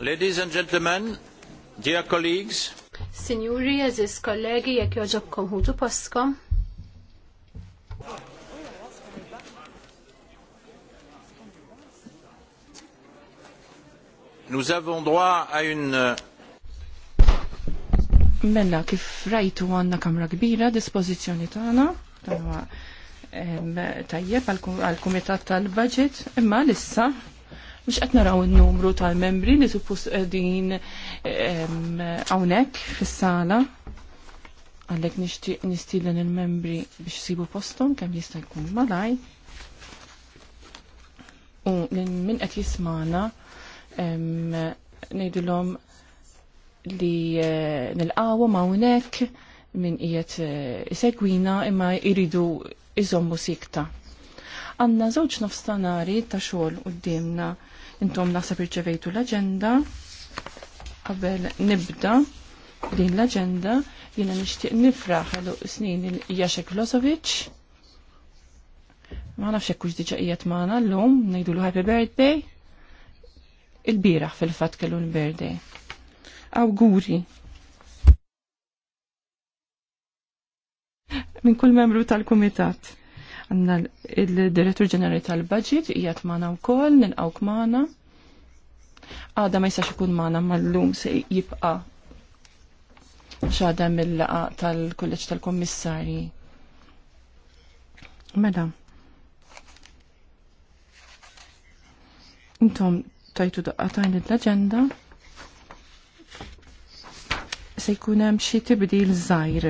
Ladies and gentlemen, dear colleagues. Signori, aziz kollegi, jekk joġobkom ħutu postkom. Nous avons droit à une Mella kif rajtu għanna kamra kbira dispożizzjoni tagħna tajjeb għal-kumitat tal-budget imma lissa mux qed naraw il-numru tal-membri li suppost qegħdin hawnhekk fis-sala. Għalhekk nixtieq nistilen il-membri biex sibu postom kemm jista' jkun malaj. U min qed jismana ngħidulhom li eh, nilqawhom hawnhekk min qiegħed eh, isegwina imma jridu iżommu sikta għanna żewġ nofstanari ta' xogħol qudiemna Intom nasab irċevejtu l-agenda. Qabel nibda din l-agenda jiena nixtieq nifraħ għal snin il-Jaxek Losovic. Ma nafx hekk hux diġà qiegħed l llum najdu happy birthday. il biraħ fil-fatt kellu l-birthday. Awguri minn kull membru tal-Kumitat. Għanna il-Direttur Ġenerali tal-Budget, jgħat maħna u koll, nil-għawk maħna għada ma jistax ikun maħna l lum se jibqa xada mill-laqa tal-kolleġ tal-kommissari. Mela. Intom tajtu daqqatajn l-agenda se jkun hemm xi tibdil żgħir.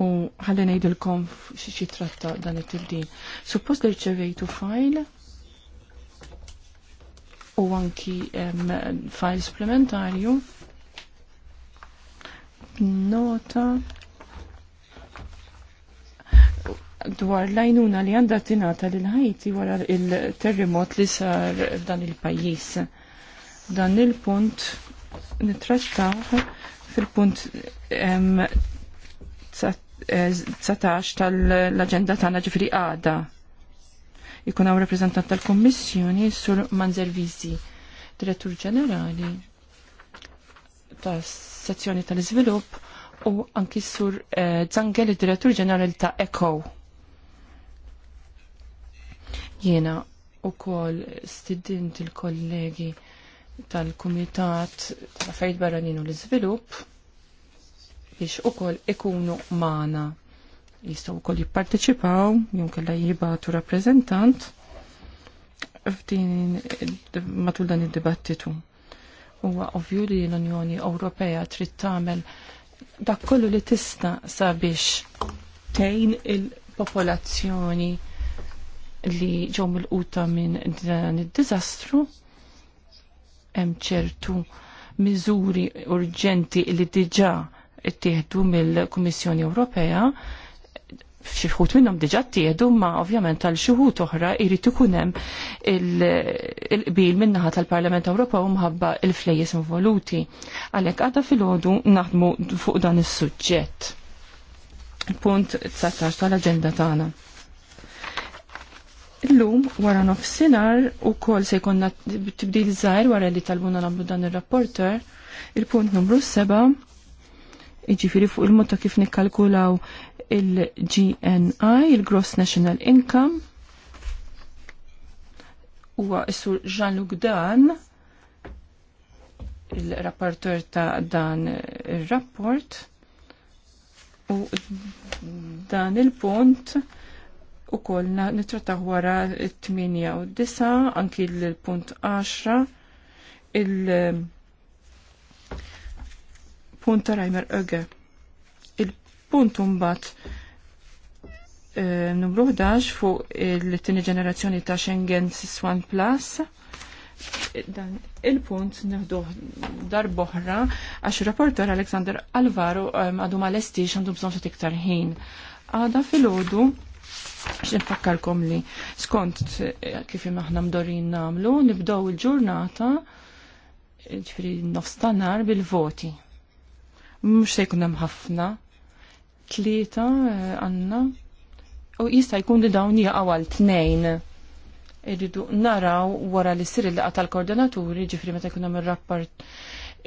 U ħalli ngħidilkom xi tratta dan it-tibdil. Suppost li rċevejtu file u anki file supplementarju nota dwar lajnuna li għandha tingħata lil Ħajti wara il-terremot li sar f'dan il-pajjiż. Dan il-punt nitrattaw fil-punt 19 eh, tal-aġenda tagħna ġifri għada ikun hawn reprezentant tal-Kummissjoni Sur Manzervizi, Direttur Ġenerali tas-Sezzjoni tal-Iżvilupp u anki Sur eh, Zangel, Direttur Ġenerali ta' ECO. Jiena kol stidint il-kollegi tal-Kumitat tal-Affarijiet Barranin u l-Iżvilupp biex ukoll ikunu maħna jistaw wkoll jipparteċipaw jew kellha jibatu rappreżentant f'din matul dan id-dibattitu. Huwa ovvju li l-Unjoni Ewropea trid tagħmel dak kollu li tista' sabiex tgħin il-popolazzjoni li ġew mill-quta minn dan id-diżastru hemm ċertu miżuri urġenti li diġà ttieħdu mill-Kummissjoni Ewropea xieħut minnom diġa tiedu ma ovvjament tal xuħut oħra irrit ikunem il-qbil minnaħa tal-Parlament Ewropew mħabba il-flejjes involuti. Għalek għada fil-ħodu naħdmu fuq dan is-suġġett. Punt 19 tal-agenda tagħna. Illum wara nofsinhar ukoll se jkollna tibdil żgħir wara li talbuna nagħmlu dan ir-rapporter, il punt numru 7 iġifiri fuq il-mod ta' kif nikkalkulaw il-GNI, il-Gross National Income, huwa għessu Jean-Luc Dan, il rapporteur ta' dan il-rapport, u dan il-punt u kolna nitrattaħ wara 8 u 9, anki il punt 10, il-punt ta' Reimer Öge punt mbagħad eh, numru 11 fuq il-tini ġenerazzjoni ta' Schengen SIS One Plus. Eh, dan il-punt neħduh darboħra għax il-rapporter Alexander Alvaro eh, għadu ma l-estix għandu bżon xa tiktar ħin. Għada fil-ħodu xinfakkarkom li skont kif aħna mdorin namlu nibdow il-ġurnata ġifri nofstanar bil-voti. Mux se jkunem ħafna tlieta eh, għanna u jista' jkun li dawn jaqgħu għal tnejn. Irridu naraw wara li sir il-laqa tal-koordinaturi ġifri meta jkun hemm ir-rapport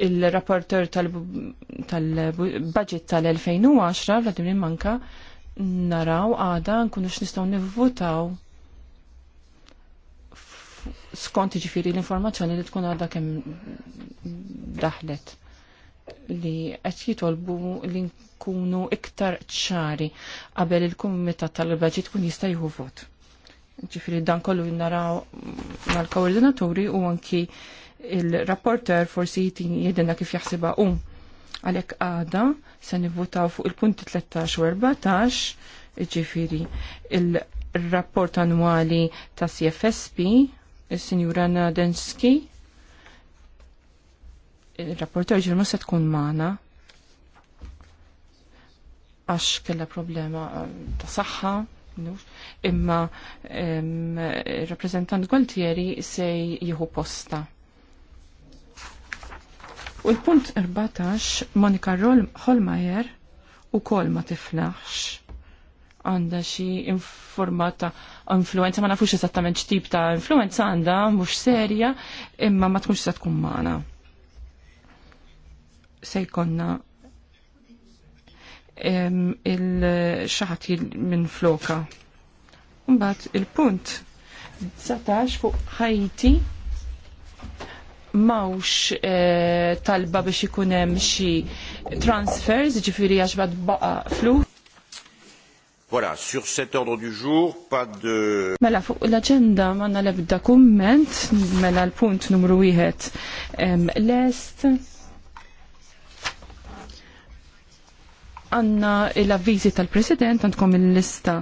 il-rapporter tal-budget tal-2010 Vladimir Manka naraw għada nkunu x-nistaw nivvutaw skont ġifiri l-informazzjoni li tkun għadha kemm daħlet li qed jitolbu li nkunu iktar ċari qabel il-kumitat tal-baġit kun jista' jieħu vot. Ġifieri dan kollu naraw mal-koordinaturi u anki il-rapporter forsi jedinna kif jaħsiba u Għalhekk għada se nivvotaw fuq il-punti 13 u 14 ġifieri il-rapport annwali ta' CFSP, il-Sinjura Nadenski, il-rapporter ġirmu se tkun maħna għax kella problema eh, ta' saħħa, imma il-rappresentant Gualtieri se jieħu posta. U l-punt 14, Monika Holmajer u kol ma tiflaħx għanda xi informata influenza, ma nafux esattament x'tip ta' influenza għanda, mhux serja, imma ma tkunx se tkun magħna se jkonna il-xaħat minn floka. Mbagħad il-punt 19 fuq Ħajti mawx e, talba biex ikun hemm xi transfers, ġifieri għax bad baqa' flu. Voilà, sur cet ordre du jour, pas de... Mela, fuq l-agenda manna lebda komment, mela l-punt numru wieħed lest għanna l-avvizi tal-President għandkom il-lista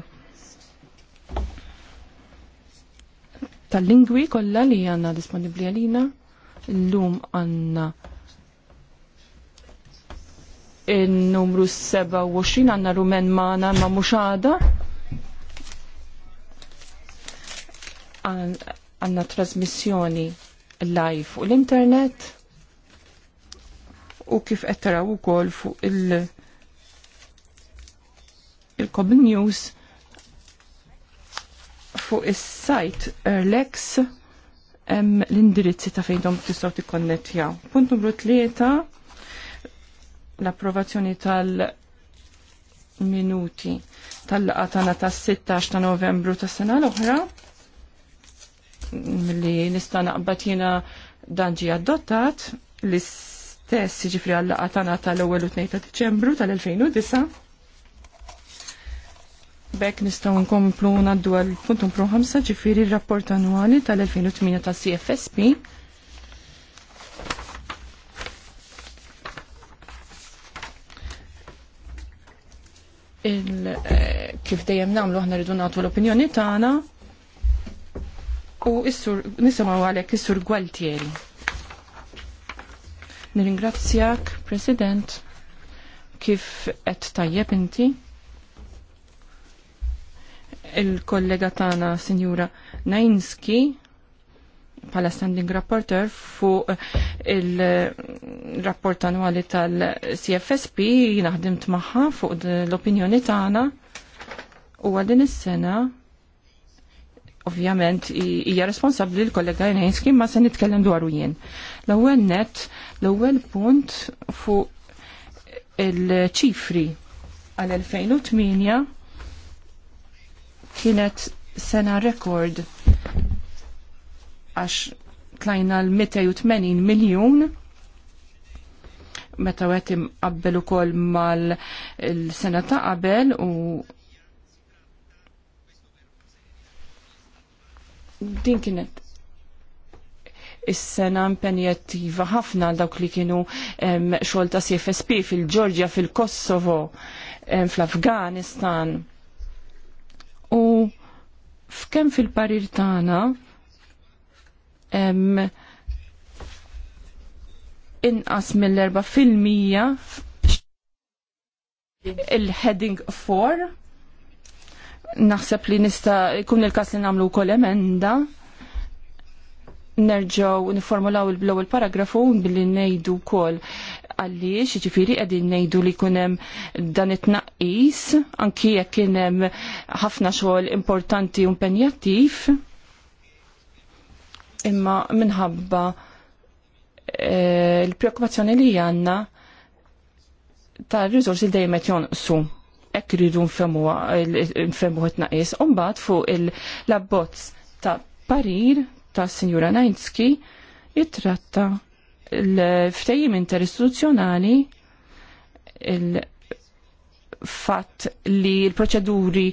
tal-lingwi kollha li għanna disponibli għalina. L-lum għanna il-numru 27 għanna rumen maħna ma muxada. Għanna trasmissjoni live fuq l-internet u kif qed taraw ukoll fuq il- il-Common News fuq is-sajt Erlex hemm l-indirizzi ta' fejn dom tistgħu tikkonnettjaw. Punt numru tlieta l-approvazzjoni tal-minuti tal-laqatana tas-16 ta' Novembru tas-sena l-oħra li nista naqbad jiena dan ġi adottat l-istess jiġifieri għall-laqatana tal-ewwel u 2 ta' Diċembru tal-2009 Bek nistaw nkomplu naddu għal puntum proħamsa 5 ġifiri rapport annuali tal-2008 ta' CFSP. Il, eh, kif dejjem namlu ħna rridu nagħtu l-opinjoni tagħna u issur nisimgħu għalhekk is-sur Gualtieri. Nirringrazzjak, President, kif qed tajjeb inti il-kollega tagħna Sinjura Nainski bħala standing rapporter fuq il-rapport annwali tal-CFSP jinaħdimt maħħa fuq l-opinjoni tagħna u għadin is-sena ovvjament hija responsabbli l-kollega Nainski ma se nitkellem dwaru jien. L-ewwel net, l-ewwel punt fuq il-ċifri għal 2008 kienet sena rekord għax tlajna l-280 miljon meta għet imqabbel ukoll mal-sena ta' qabel u din kienet is-sena impenjattiva ħafna għal dawk li kienu xogħol ta' CFSP fil-Ġorġja, fil-Kosovo, fl-Afganistan. fil ġorġja fil kosovo fl fil ġorġja fil kosovo fl afganistan U f'kemm fil-parir tagħna inqas mill-4 fil-mija il-heading 4 naħseb li nista jkun il-kas li nagħmlu wkoll emenda nerġaw niformulaw il-blow il-paragrafu billi nejdu kol għaliex, ġifiri għedin nejdu li kunem dan it-naqis, anki jek kienem ħafna xogħol importanti un penjattiv, imma minħabba eh, l-preokkupazzjoni li għanna ta' rizorsi dejmet jonqsu ek rridu nfemmu it-naqis, umbat fuq il-labbozz ta' parir ta' Sinjura Nainski jitratta l ftejim interistituzzjonali il-fatt li l-proċeduri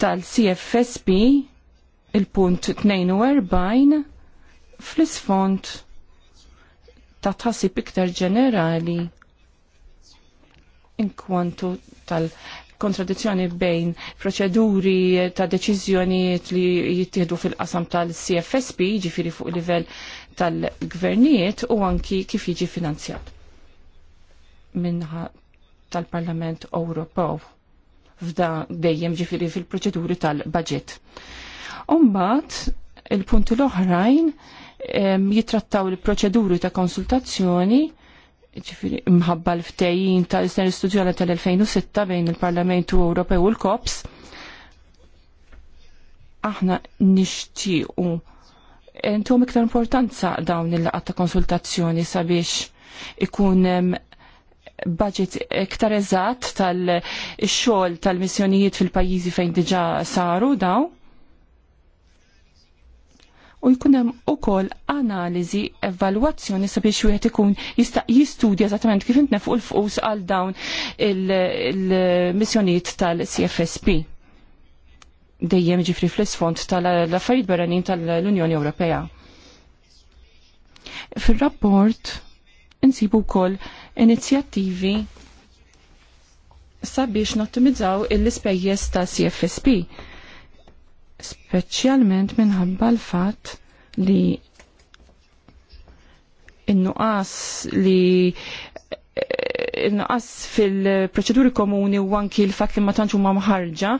tal-CFSP il-punt 42 fl-isfont ta' tħassib iktar ġenerali inkwantu tal-kontradizzjoni bejn proċeduri ta' deċiżjonijiet li jittieħdu fil-qasam tal-CFSP, ġifiri fuq livell tal-gvernijiet u anki kif jiġi finanzjat minħa tal-Parlament Ewropew f'da dejjem ġifiri fil-proċeduri tal-budget. Umbat, il-punti l-oħrajn jitrattaw il-proċeduri ta' konsultazzjoni ġifiri mħabba l-ftejjin ta' l-Isner Istituzjonali tal-2006 bejn il-Parlamentu Ewropew u l-Kops. Aħna nixtiequ intom iktar importanza dawn il-laqat ta' konsultazzjoni sabiex ikun budget iktar eżatt tal-xogħol tal-missjonijiet fil-pajjiżi fejn diġà saru daw. U jkun hemm ukoll analiżi, evalwazzjoni sabiex wieħed ikun jista' jistudja eżattament kif intnefqu l fqus għal dawn il-missjonijiet tal-CFSP dejjem ġifri fl-isfond tal-affarijiet barranin tal-Unjoni Ewropea. Fil-rapport insibu wkoll inizjattivi sabiex nottimizzaw l-ispejjeż ta' CFSP, speċjalment minħabba l-fatt li innuqas li inqas fil-proċeduri komuni u anki l-fat li ma tantx huma mħarġa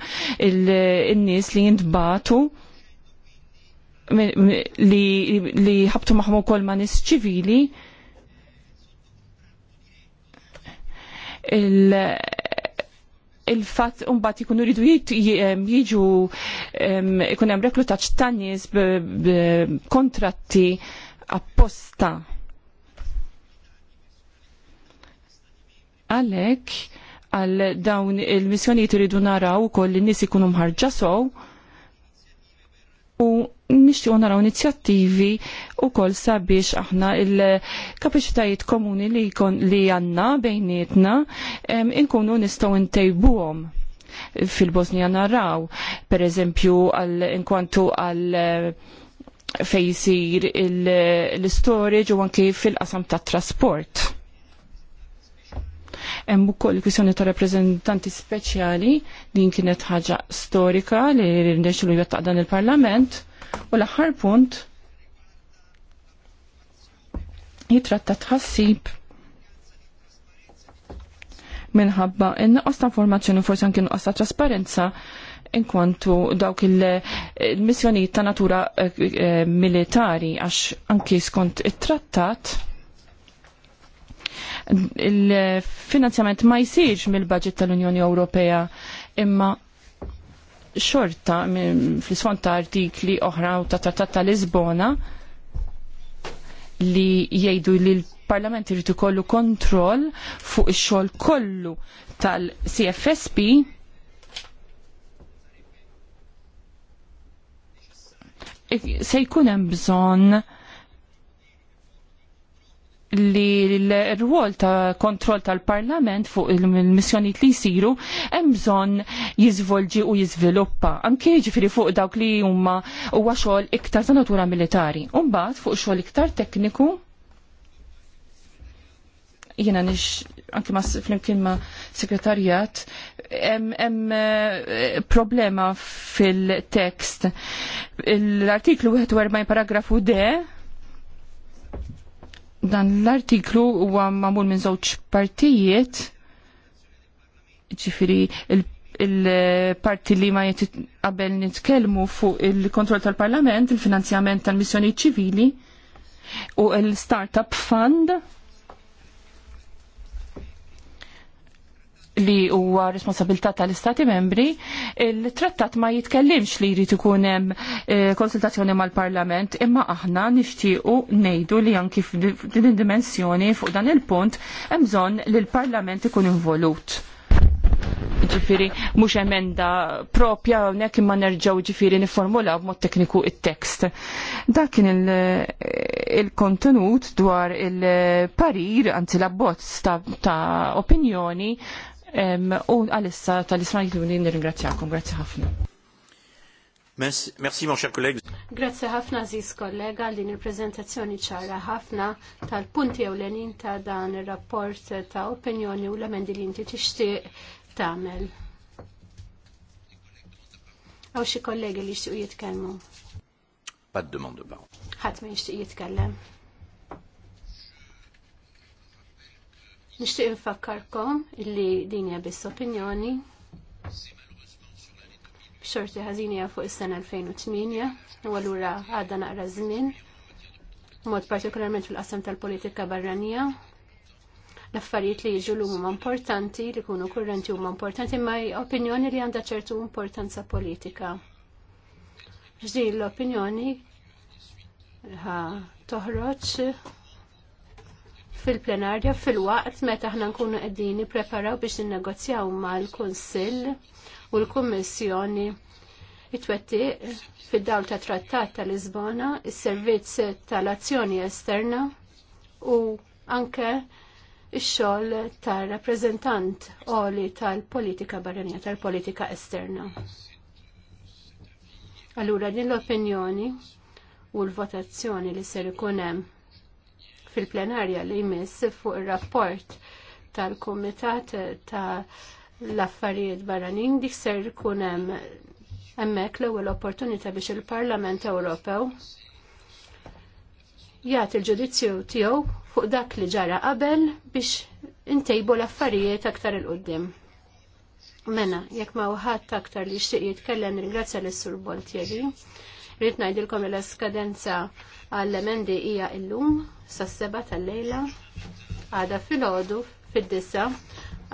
il-nies li jintbatu li, li ħabtu maħmu kol ma nis ċivili il, il fatt unbat jikunu ridu jiġu ikun hemm reklutaċ tan nies kontratti apposta Għalek, għal dawn il-missjonijiet iridu naraw ukoll li nies ikunu mħarġa sow u nixtiequ naraw inizjattivi koll sabiex aħna il-kapaċitajiet komuni li jkun li għandna bejnietna inkunu nistgħu ntejbuhom fil-Bosnija naraw, per eżempju għal inkwantu għal eh, fejsir l-storage u anki fil-qasam tat trasport Hemm ukoll kwistjoni ta' rappreżentanti speċjali din kienet ħaġa storika li rnexxilu jottaq dan il-Parlament u l-aħħar punt jitratta tħassib minħabba in-naqos ta' informazzjoni forsi anke naqos ta' trasparenza inkwantu dawk il-missjonijiet ta' natura eh, eh, militari għax anki skont it-trattat il-finanzjament ma jsirx mill-budget tal-Unjoni Ewropea imma xorta fl-isfond ta' artikli oħra u ta' trattat ta' Lisbona li jgħidu li l-Parlament irid ikollu kontroll fuq ix-xogħol kollu tal-CFSP se jkun hemm bżonn li l-rwol ta' kontroll tal-parlament fuq il-missjoniet li jisiru hemm bżonn jiżvolġi u jiżviluppa. Anke jiġifieri fuq dawk li huma huwa xogħol iktar ta' natura militari. U mbagħad fuq xogħol iktar tekniku jiena nix anke ma' flimkien ma' sekretarjat hemm eh, problema fil-tekst. L-artiklu 41 paragrafu D Dan l-artiklu huwa mamul minn żewġ partijiet, ġifiri il-parti li ma qabel nitkellmu fuq il-kontroll tal-Parlament, il-finanzjament tal-missjoni ċivili u l-Startup Fund li huwa responsabilità tal-Istati membri, il-trattat ma jitkellimx li jrid ikun hemm eh, konsultazzjoni mal-Parlament, imma aħna nixtiequ ngħidu li anki f'din dimensjoni fuq dan il-punt hemm bżonn li l-Parlament ikun involut. Ġifiri, mhux emenda propja hawnhekk imma nerġgħu ġifieri nifformulaw b'mod tekniku t tekst Dak kien il-kontenut dwar il-parir, anzi l-abbozz ta' opinjoni U għalissa tal-Ismajtuni nirringrazzjakom, grazzi ħafna. Merci, mon cher collègue. Grazie ħafna, ziz kollega, li il prezentazzjoni ċara ħafna tal-punti ewlenin ta' dan il-rapport ta' opinjoni u l-amendi li inti tixtieq tagħmel. Għaw xie kollegi li jixtiequ jitkellmu. Pas de demande de parole. Ħadd ma jixtieq jitkellem. Nixtieq nfakkarkom illi din hija biss opinjoni b'xorti hija fuq is-sena 2008 u allura għadha naqra żmien mod partikolarment fil-qasam tal-politika barranija l-affarijiet li jiġu l-huma importanti, li jkunu kurrenti huma importanti, imma opinjoni li għandha ċertu importanza politika. Ġdin l-opinjoni toħroġ fil-plenarja fil-waqt meta aħna nkunu qegħdin nippreparaw biex ninnegozjaw mal-Kunsill u l-Kummissjoni it-twetti fid-dawl ta' Trattat ta' Lisbona, is-servizz tal-azzjoni esterna u anke ix-xogħol tar rappreżentant oli tal-politika barranija tal-politika esterna. Allura din l-opinjoni u l-votazzjoni li ser ikun hemm fil-plenarja li jmiss fuq ir-rapport tal-Kumitat ta' l-affarijiet barranin dik ser ikun emmek hemmhekk l-ewwel opportunità biex il-Parlament Ewropew jagħti l-ġudizzju tiegħu fuq dak li ġara qabel biex intejbu l-affarijiet aktar il-qoddim. Mena, jekk ma uħat aktar li xtiq jitkellem ringrazzja l sur Boltieri. Rrid ngħidilkom il eskadenza għall-emendi hija illum sas-seba tal-lejla għada fil-ħodu fid-disa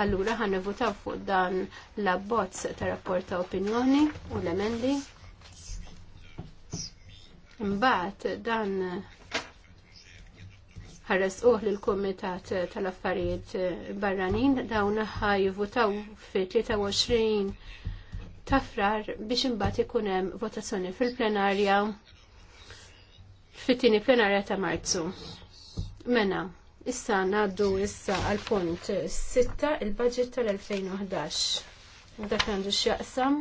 allura ħan votaw fuq dan l-abbozz ta' rapporta opinjoni u l-emendi. Imbagħad dan ħares uħ l kumitat tal-affarijiet barranin dawn ħaj votaw fi 23 ta' frar biex imbagħad ikun hemm votazzjoni fil-plenarja fit-tieni plenarja ta' Marzu. Mena, issa ngħaddu issa għal punt 6 il-budget tal-2011. Dak għandu x'jaqsam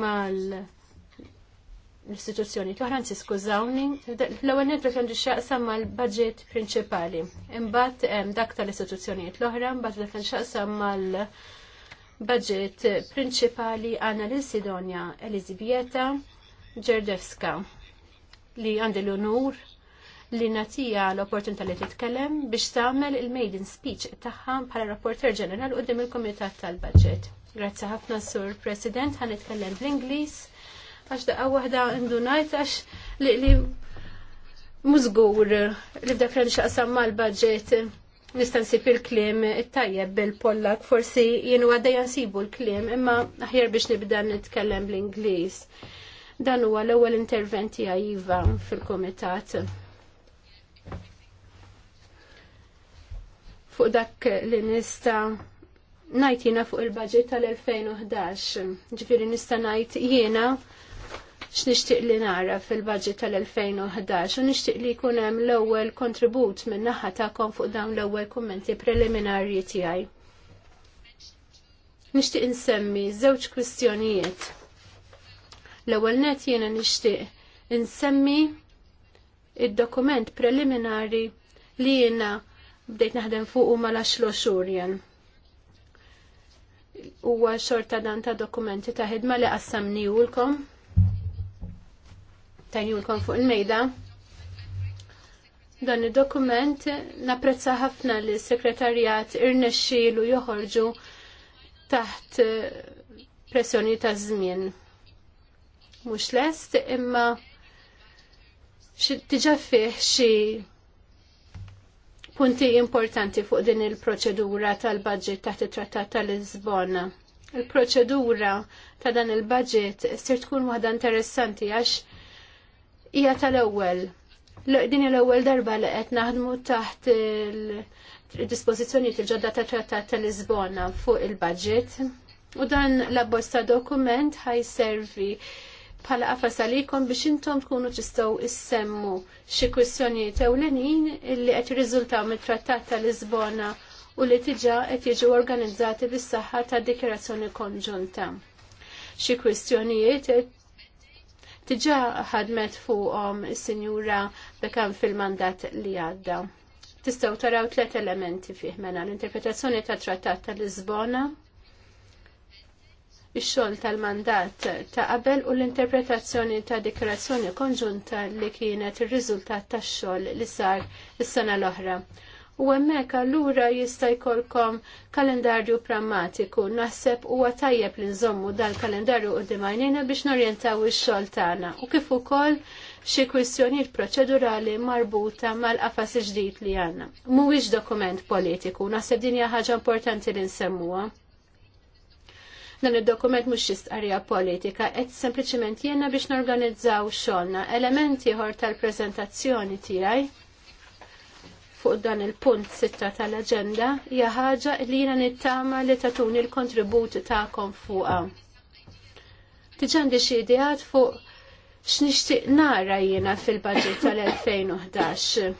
mal l-istituzzjoni. Toħran skużawni, l-ewwel nitlu għandu x'jaqsam mal-budget prinċipali. Imbagħad dak tal-istituzzjonijiet l-oħra, mbagħad li għandu x'jaqsam mal-budget prinċipali għandna lil Sidonja Elizibieta Ġerdewska li għandi l-onur li natija l-opportunità li titkellem biex tagħmel il-maiden speech tagħha bħala rapporter ġeneral quddiem il-Kumitat tal budget Grazzi ħafna Sur President ħan nitkellem bl-Ingliż għax daqqa waħda għandu ngħid għax li, li mużgur li f'dak li xaqsam mal-budget nista' nsib il-kliem it-tajjeb bil-Pollak, forsi jien għadda nsibu l-kliem, imma aħjar biex nibda nitkellem bl-Ingliż Dan huwa l-ewwel interventi għajiva fil-Komitat. Fuq dak li nista' ngħid jiena fuq il-budget tal-2011. Ġifieri nista' ngħid jiena x'nixtieq li nara fil-budget tal-2011 u nixtieq li jkun hemm l-ewwel kontribut minn naħa tagħkom fuq dawn l-ewwel kummenti preliminarji tiegħi. Nixtieq insemmi żewġ kwistjonijiet L-ewwel net jiena nixtieq insemmi id-dokument preliminari li jiena bdejt naħdem fuq huma l-10 Huwa xorta dan ta' dokumenti ta' ħidma li qassamniwlkom tajnjulkom fuq il-mejda. Dan id-dokument napprezza ħafna li s-sekretarjat irnexxielu joħorġu taħt pressjoni ta' żmien mhux lest imma diġà fih xi punti importanti fuq din il-proċedura tal-budget taħt it-Trattat tal-Lisbona. Il-proċedura ta' dan il-budget sir tkun waħda interessanti għax hija tal-ewwel. Din l-ewwel darba li qed naħdmu taħt il dispożizzjonijiet tal-ġodda ta' Trattat tal-Lisbona fuq il-budget. U dan l-abbozz ta' dokument ħajservi servi bħala qafas biex intom tkunu tistgħu issemmu xi kwistjonijiet ewlenin illi qed jirriżultaw mit-Trattat tal Lisbona u li tiġa qed jiġu organizzati bis-saħħa ta' dikjerazzjoni konġunta. Xi kwistjonijiet tiġa ħadmet fuqhom is-Sinjura bekan fil-mandat li għadda. Tistgħu taraw tliet elementi fih mela l-interpretazzjoni tat Trattat tal Lisbona, ix-xogħol tal-mandat ta' qabel u l-interpretazzjoni ta' dikjarazzjoni konġunta li kienet ir-riżultat tax-xogħol li sar is-sena l-oħra. U hemmhekk allura jista' jkollkom kalendarju prammatiku naħseb huwa tajjeb li nżommu dal-kalendarju qudiem għajnejna biex norjentaw ix-xogħol tagħna u kif ukoll xi kwistjonijiet proċedurali marbuta mal-qafas ġdid li għandna. Mhuwiex dokument politiku, naħseb din hija ħaġa importanti li nsemmuha. Dan id-dokument mhux istqarrija politika, qed sempliċement jiena biex norganizzaw xolna elementi ħor tal-preżentazzjoni tiegħi fuq dan il-punt sitta tal-aġenda hija ħaġa li jiena nittama li tatuni l-kontribut tagħkom fuqha. Diġà għandi xi ideat fuq x'nixtieq nara jiena fil-budget tal-2011.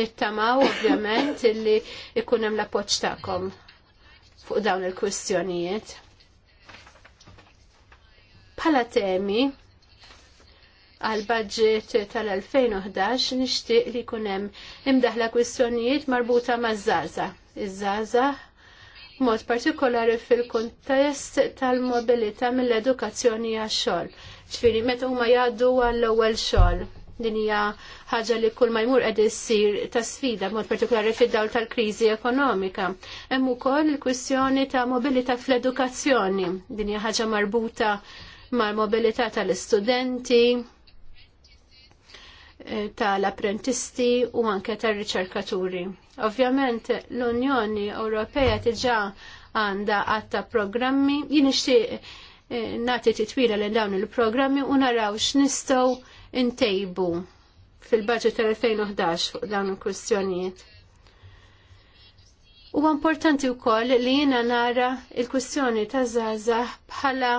Nittamaw ovvjament illi ikun hemm l-appoġġ tagħkom fuq dawn il-kwistjonijiet. Bħala temi għal budget tal-2011 nixtieq li jkun hemm imdaħla kwistjonijiet marbuta maż żaza Iż-żaża mod partikolari fil-kuntest tal-mobilità mill-edukazzjoni għax-xogħol. Ġifieri meta huma jgħaddu għall-ewwel xogħol. Din hija ħaġa li kull ma jmur qed issir ta' sfida mod partikolari fid-dawl tal-kriżi ekonomika. Hemm ukoll il-kwistjoni ta' mobilità fl-edukazzjoni. Din hija ħaġa marbuta mal-mobilità tal-istudenti, eh, tal-apprentisti u anke tal-riċerkaturi. Ovvjament l-Unjoni Ewropea tiġa għanda għatta programmi, jien nixtieq eh, nagħti titwila lil dawn il-programmi u naraw x'nistgħu intejbu fil-budget tal-2011 fuq dawn il-kwistjonijiet. Huwa importanti wkoll li jiena nara il-kwistjoni ta' żgħażagħ bħala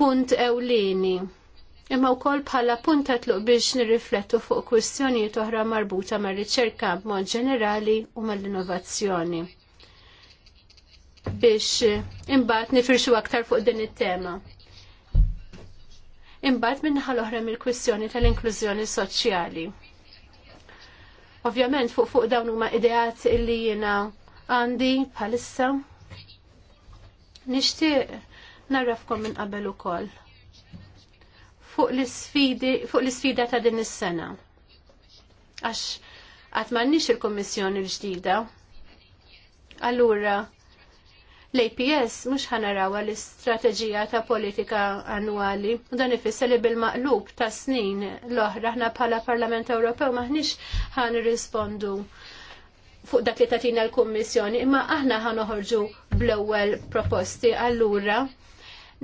punt ewlieni imma wkoll bħala punt għatluq biex nirriflettu fuq kwistjonijiet oħra marbuta mar-riċerka b'mod ġenerali u mal-innovazzjoni biex eh, imbagħad nifirxu aktar fuq din it-tema. Imbagħad minnaħa l-oħra mill-kwistjoni tal-inklużjoni soċjali. Ovvjament fuq fuq dawn huma ideat illi jiena għandi bħalissa nixtieq narrafkom minn qabel ukoll fuq l-sfida ta' din is-sena. Għax għat m'għandniex il-Kummissjoni l-ġdida. Allura l-APS mhux ħanaraw l-istrateġija ta' politika annwali u dan ifisser li bil-maqlub ta' snin l-oħra aħna bħala Parlament Ewropew maħniex ħan rispondu fuq dak li tatina l-Kummissjoni, imma aħna ħanoħorġu bl-ewwel proposti allura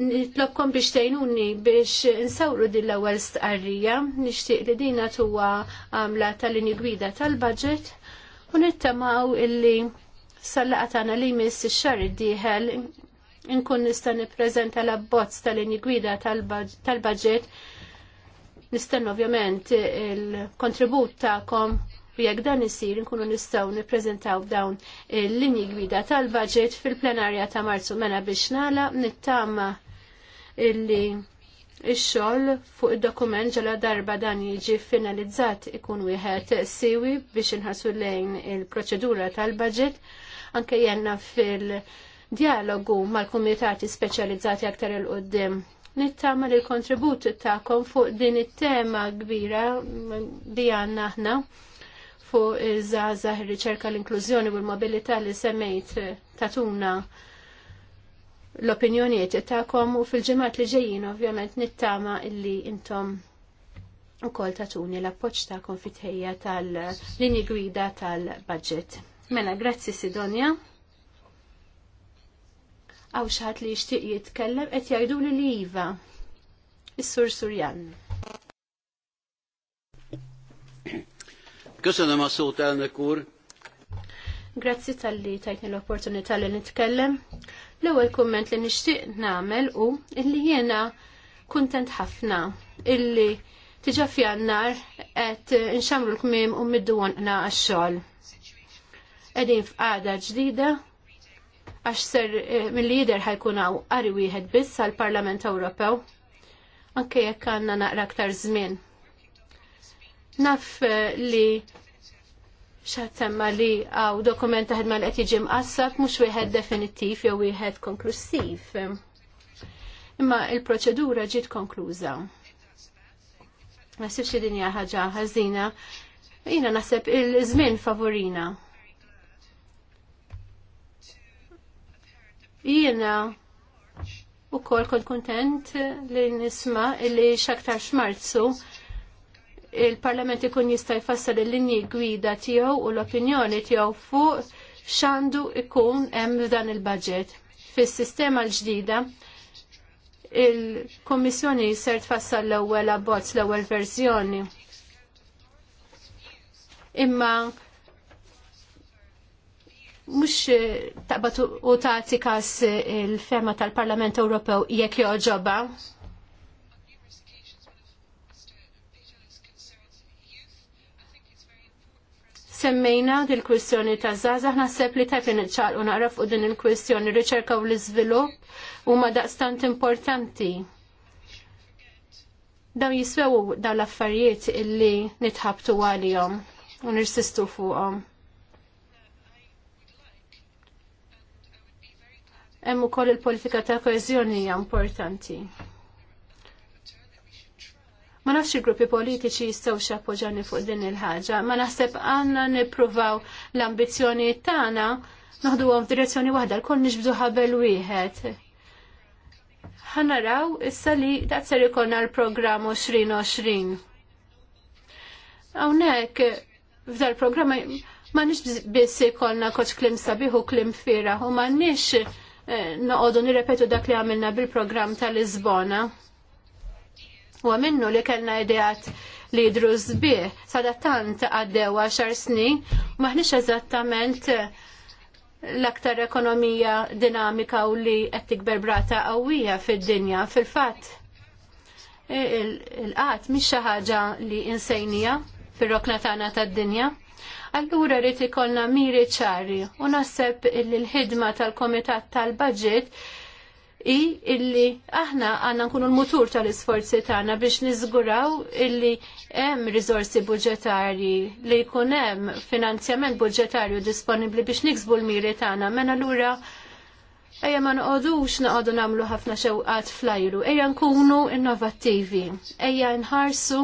nitlobkom biex tgħinuni biex insawru din l-ewwel stqarrija, nixtieq li dina tuwa għamla tal-linji gwida tal-budget u nittamaw illi sal tagħna li jmiss ix-xahar iddieħel inkun nista' nippreżenta l-abbozz tal-linji gwida tal-budget nistenn ovvjament il-kontribut tagħkom u jekk dan isir nkunu nistgħu nippreżentaw dawn il-linji gwida tal-budget fil-plenarja ta' Marzu mena biex nala nittama illi il xogħol fuq id-dokument ġala darba dan jiġi finalizzat ikun wieħed siwi biex inħarsu lejn il-proċedura tal-budget anke jenna fil-dialogu mal-kumitati speċjalizzati aktar il qoddim Nittama li l-kontribut ta'kom fuq din it-tema kbira li għanna aħna fuq iż-żgħażagħ ir-riċerka l-inklużjoni u l-mobilità li semmejt tatuna l-opinjoniet ta'kom u fil-ġemat li ġejjin ovvjament nittama illi intom u kol tatuni l-appoċ ta'kom fitħejja tal-lini gwida tal-budget. Mela, grazzi Sidonia. Għaw xaħat li jishtiq jitkellem, et jajdu li li jiva. Is-sur Surjan. Köszönöm a szót, tal-nekur. Grazzi tal-li tajtni l-opportunità li nitkellem. L-ewwel kumment li nixtieq nagħmel hu illi jiena kuntent ħafna illi tiġa f'jannar qed inxamru l kmiem u middu għax-xogħol. Qegħdin f'qagħda ġdida għax ser eh, mill-lider ħajkun hawn qari wieħed biss għall-Parlament Ewropew anke jekk għandna naqra aktar żmien. Naf eh, li xattemma li għaw dokumenta ma li għet jiġi mqassab mux wieħed definittiv jew wieħed konklusiv. Imma il-proċedura ġiet konkluża. Ma xie dinja ħagġa ħaġa ħażina. Jiena naħseb il-żmien favorina. Jina u kol kont kontent li nisma li xaktar xmarzu il-Parlament ikun jista' jfassar il-linji gwida tiegħu u l-opinjoni tiegħu fuq x'għandu ikun hemm dan il-budget. Fis-sistema l-ġdida il-Kommissjoni ser tfassal l-ewwel abbozz l-ewwel verżjoni. Imma mux taqbatu u tagħti każ il-fema tal-Parlament Ewropew jekk joġoba Semmejna dil-kwistjoni ta' zazah, naħseb li tajb li u naqra fuq din il-kwistjoni riċerka u l iżvilupp u ma daqstant importanti. Daw jiswew daw l-affarijiet illi nitħabtu għalihom u nirsistu fuqhom. Hemm ukoll il-politika ta' koeżjoni hija importanti. Ma nafx il-gruppi politiċi jistgħu xappoġani fuq din il-ħaġa, ma naħseb għandna nippruvaw l-ambizzjoni tagħna naħduhom f'direzzjoni waħda l-kol ħabel wieħed. Ħanaraw issa li daqser ikolna l-programm 2020. Hawnhekk f'dal programm ma nix biss kolna koċ klim sabiħu klim fira u ma nix eh, noqogħdu nirrepetu dak li għamilna bil programm tal-Lisbona. U minnu li kellna ideat li Bi sada tant għaddew għaxar snin, maħniex eżattament l-aktar ekonomija dinamika u li qed tikber brata qawwija fid-dinja fil-fatt. Il-qat mhix xi ħaġa li insejnija fir-rokna tagħna tad-dinja. Allura rrid ikollna miri ċari u naħseb li l-ħidma tal-Komitat tal-Baġit i illi aħna għanna nkunu l-mutur tal-isforzi tagħna biex niżguraw illi hemm riżorsi budġetarji li jkun hemm finanzjament budġetarju disponibbli biex niksbu l-miri tagħna mena lura ejja ma noqogħdux noqogħdu nagħmlu ħafna xewqat flajru, ejja nkunu innovattivi, ejja nħarsu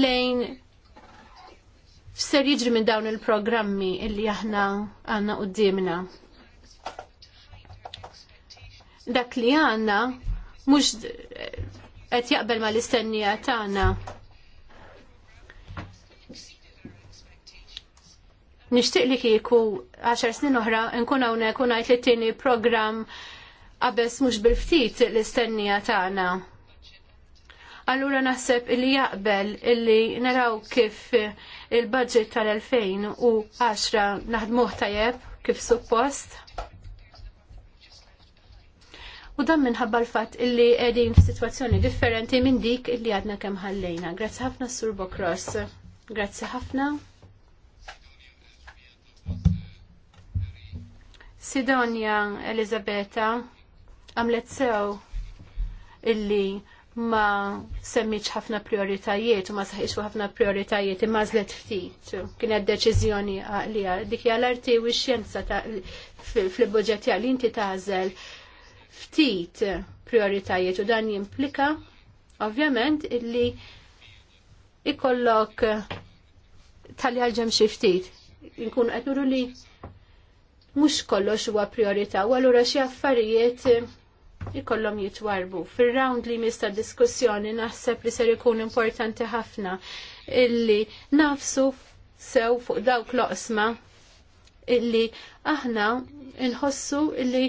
lejn ser jiġri minn dawn il-programmi illi aħna għandna qudiemna dak li għanna mhux qed jaqbel mal istennija tagħna. Nixtieq li kieku 10 snin oħra nkun hawnhekk u ngħid li t tieni programm qabeż mhux bil-ftit l-istennija tagħna. Allura naħseb li jaqbel illi naraw kif il-budget tal-2010 naħdmuh tajjeb kif suppost u dan minħabba l-fatt illi qegħdin f'sitwazzjoni differenti minn dik illi għadna kemm ħallejna. Grazzi ħafna Sur Bokros. Grazzi ħafna. Sidonia Elizabeta għamlet sew illi ma semmiċ ħafna prioritajiet u ma saħiċ ħafna prioritajiet imma zlet ftit. Kienet deċiżjoni għalija. Dikja hija l-arti u xjenza fil budġetja li inti tażel ftit prioritajiet u dan jimplika ovvjament illi ikollok tali għalġem xi ftit. Nkun qed li mhux kollox huwa priorità u allura xi affarijiet ikollhom jitwarbu. Fir-round li mista diskussjoni naħseb li ser ikun importanti ħafna illi nafsu sew fuq dawk loqsma illi aħna nħossu illi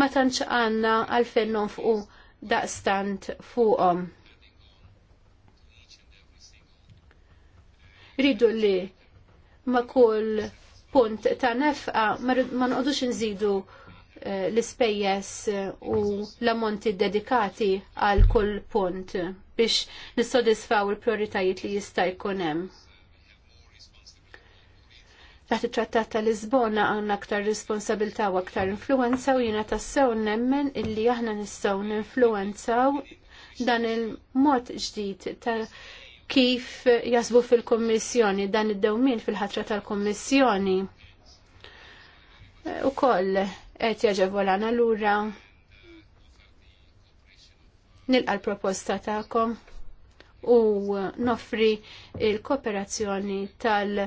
ma tantx għandna għalfejn nonfqu daqstant fuqhom. Ridu li ma kull punt ta' nefqa ma nqodux nżidu eh, l-ispejjeż eh, u l-ammonti dedikati għal kull punt biex nissodisfaw il-prioritajiet li jista' jkun hemm. Taħt it-trattat ta' Lisbona għandna aktar responsabilta u aktar influenza u jiena tassew nemmen illi aħna nistgħu ninfluenzaw dan il-mod ġdid ta' kif jasbu fil-Kommissjoni dan id-dewmin fil-ħatra tal-Kommissjoni. U koll qed jaġevolana lura nilqa l-proposta tagħkom u noffri il-kooperazzjoni tal-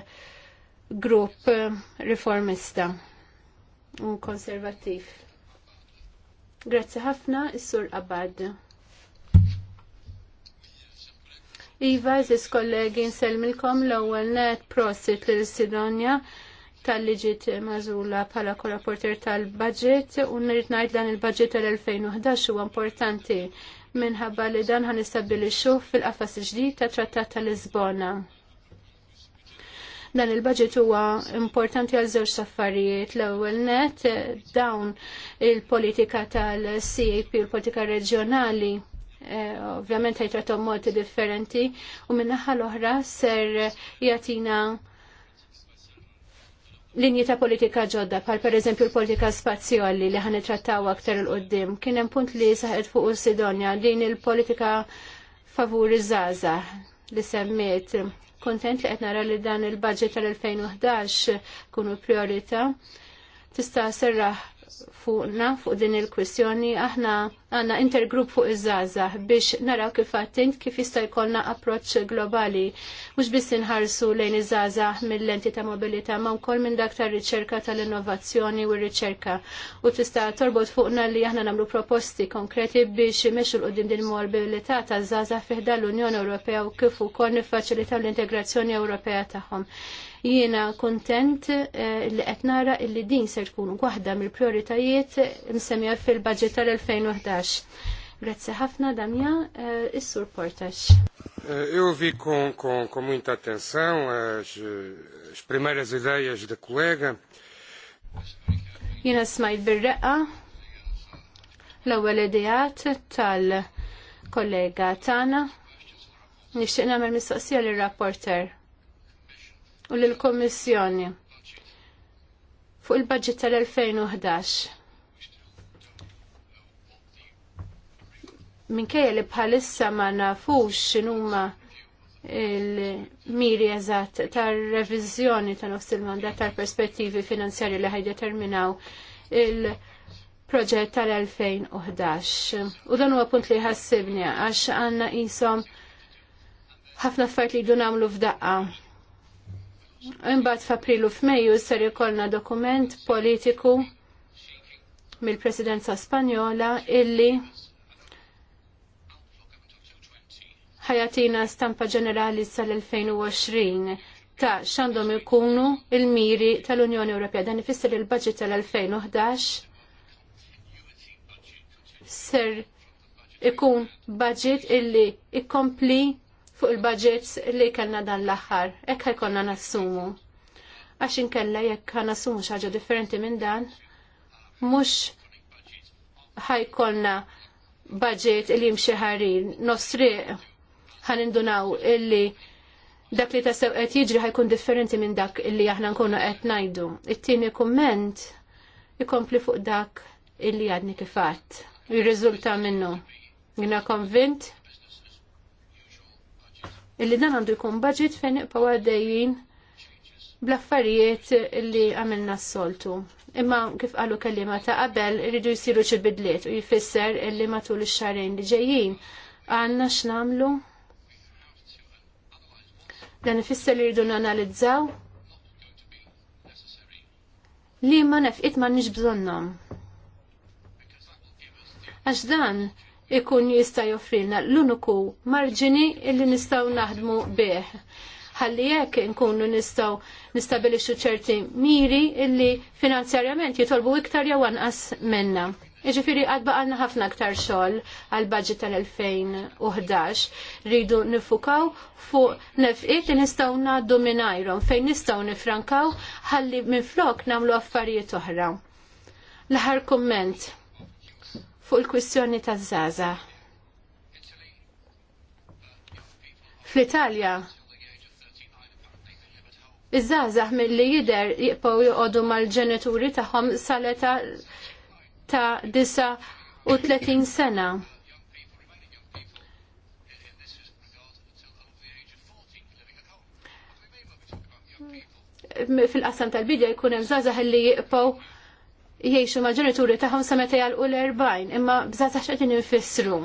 grupp eh, riformista u konservativ. Grazzi ħafna, Is-Sur Abad. Iva, ziz kollegi, nselmilkom l-ewwel net prosit lil Sidonja tal-liġit mażula bħala korrapporter tal-budget u nirrit ngħid dan il-budget tal-2011 huwa importanti minħabba li dan ħanistabbilixxu fil-qafas ġdid ta' Trattat tal-Lisbona. Dan il-budget huwa importanti għal żewġ saffarijiet. L-ewwel net dawn il-politika tal-CAP u l-politika reġjonali eh, ovvjament ħajtratom molti differenti u min-naħa l-oħra ser jatina linji ta' politika ġodda, pal per eżempju l-politika spazjali li ħan trattaw aktar l-qoddim. Kien hemm punt li saħet fuq Sidonja din il-politika favur iż li semmiet kontent li qed nara li dan il-budget tal-2011 kunu priorita. Tista' serraħ fuqna fuq din il-kwistjoni aħna għanna intergrupp fuq iż-żgħażagħ biex naraw kif għattint kif jista' jkollna approċċ globali mhux biss inħarsu lejn iż-żgħażagħ mill-lenti ta' mobilità ma wkoll minn dak tar-riċerka tal-innovazzjoni u r-riċerka u tista' torbot fuqna li aħna nagħmlu proposti konkreti biex imexxu l-qudiem din il-mobilità taż-żgħażagħ fiħda l-Unjoni Ewropea u kif ukoll niffaċilitaw l-integrazzjoni Ewropea tagħhom. Jiena kontent eh, li qed nara li din ser tkun waħda mill-prioritajiet msemmija fil-budget tal-2011. Grazzi ħafna Damja, eh, is-sur Portax. Eh, eu vi com, com, com muita atenção as, as primeiras ideias da colega. Jina smajt bil-reqqa l-ewwel idejat tal-kollega Tana. Nixtieq nagħmel mistoqsija lir-rapporter u lill-Kummissjoni fuq il-budget tal-2011. Minkejja li bħalissa ma nafux x'inhuma il-miri eżatt tar-reviżjoni ta' nofs il-mandat tal-perspettivi finanzjarji li ħajdeterminaw il-proġett tal-2011. U dan huwa punt li ħassibni għax għandna qishom ħafna affarijiet li jdu nagħmlu f'daqqa Imbagħad f'Aprilu f'Mejju ser ikollna dokument politiku mill-Presidenza Spanjola illi ħajatina stampa ġenerali sal-2020 ta' xandom ikunu il-miri tal-Unjoni Ewropea. Dan ifisser il-budget tal-2011 ser ikun budget illi ikkompli fuq il-budgets li kellna dan l-aħħar. Hekk konna nassumu. Għax inkella jekk ħanassumu xi ħaġa differenti minn dan, mhux ħajkonna budget li jimxi ħarin, nosriq ħanindunaw illi dak li tassew qed jiġri ħajkun differenti minn dak illi aħna nkunu qed ngħidu. It-tieni kumment ikompli fuq dak illi għadni kifat. Jirriżulta minnu. Jina konvint illi dan għandu jkun budget fejn iqpaw għaddejjin bl-affarijiet li għamilna s-soltu. Imma kif qalu kellima ta' qabel rridu jisiru xi bidliet u jfisser illi matul ix-xarejn li ġejjin għandna x'namlu dan ifisser li rridu nanalizzaw li ma nefqiet ma nix bżonnom. Għax dan ikun jista' joffrilna l-uniku marġini illi nistgħu naħdmu bih. Ħalli jekk nkunu nistgħu nistabilixxu ċerti miri illi finanzjarjament jitolbu iktar jew anqas minna. Iġifiri għadba għanna ħafna aktar xol għal budget tal-2011. Rridu nifukaw fuq nefqiet li nistaw naddu minn ajrom, fejn nistaw nifrankaw ħalli minn flok namlu affarijiet oħra. L-ħar komment fuq il-kwistjoni ta' zaza. Fl-Italja, iż-żazax mill-li jider jibqgħu joqogħdu mal-ġenituri tagħhom saleta ta' 39 sena. fil-qasam tal-bidja jkun hemm żgħażagħ li jiqgħu jiexu ma' ġenituri tagħhom sa meta u l erbajn imma bżgħat taħx qegħdin infissru.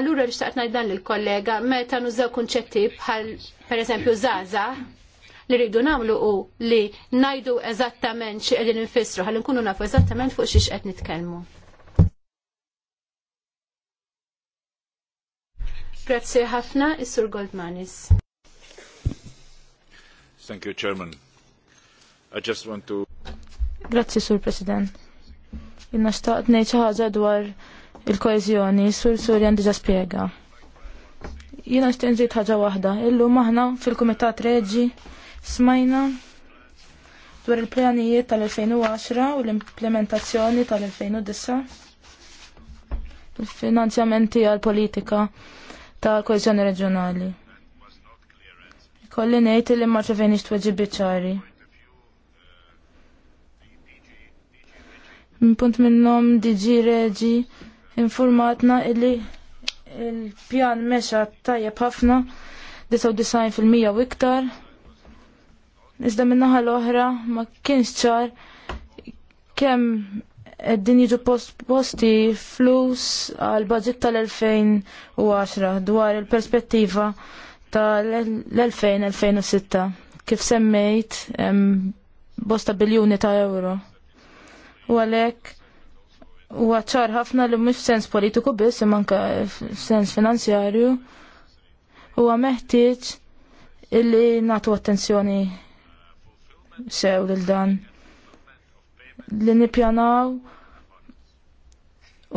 Allura li ngħid dan lill-kollega meta nużaw kunċetti bħal pereżempju zaza, li rridu nagħmlu hu li ngħidu eżattament xi qegħdin infissru ħalli nkunu nafu eżattament fuq xiex qed nitkellmu. Grazzi ħafna, is-Sur Goldmanis. Thank you, Chairman. I just want to... Grazzi, Sur President. Jina xtaqt nejċa ħaġa dwar il-koezjoni, Sur Surjan diġa spiega. Jina xtaqt nżid ħaġa wahda. Illu maħna fil-Kumitat Reġi smajna dwar il-planijiet tal-2010 u l-implementazzjoni tal-2009 il-finanzjamenti għal-politika ta' koezjoni reġjonali. Kolli ngħid li ma ċevenix tweġibi ċari punt minnom diġi reġi informatna illi il-pjan meċa tajjeb ħafna 99% u iktar. Iżda minnaħa l-oħra ma kienx ċar kemm din jiġu post posti flus għal budget tal-2010 dwar il-perspettiva 2006 kif semmejt bosta biljuni ta' euro u għalhekk huwa ċar ħafna li mux sens politiku biss imma anke sens finanzjarju huwa meħtieġ illi nagħtu attenzjoni sew lil dan li nippjanaw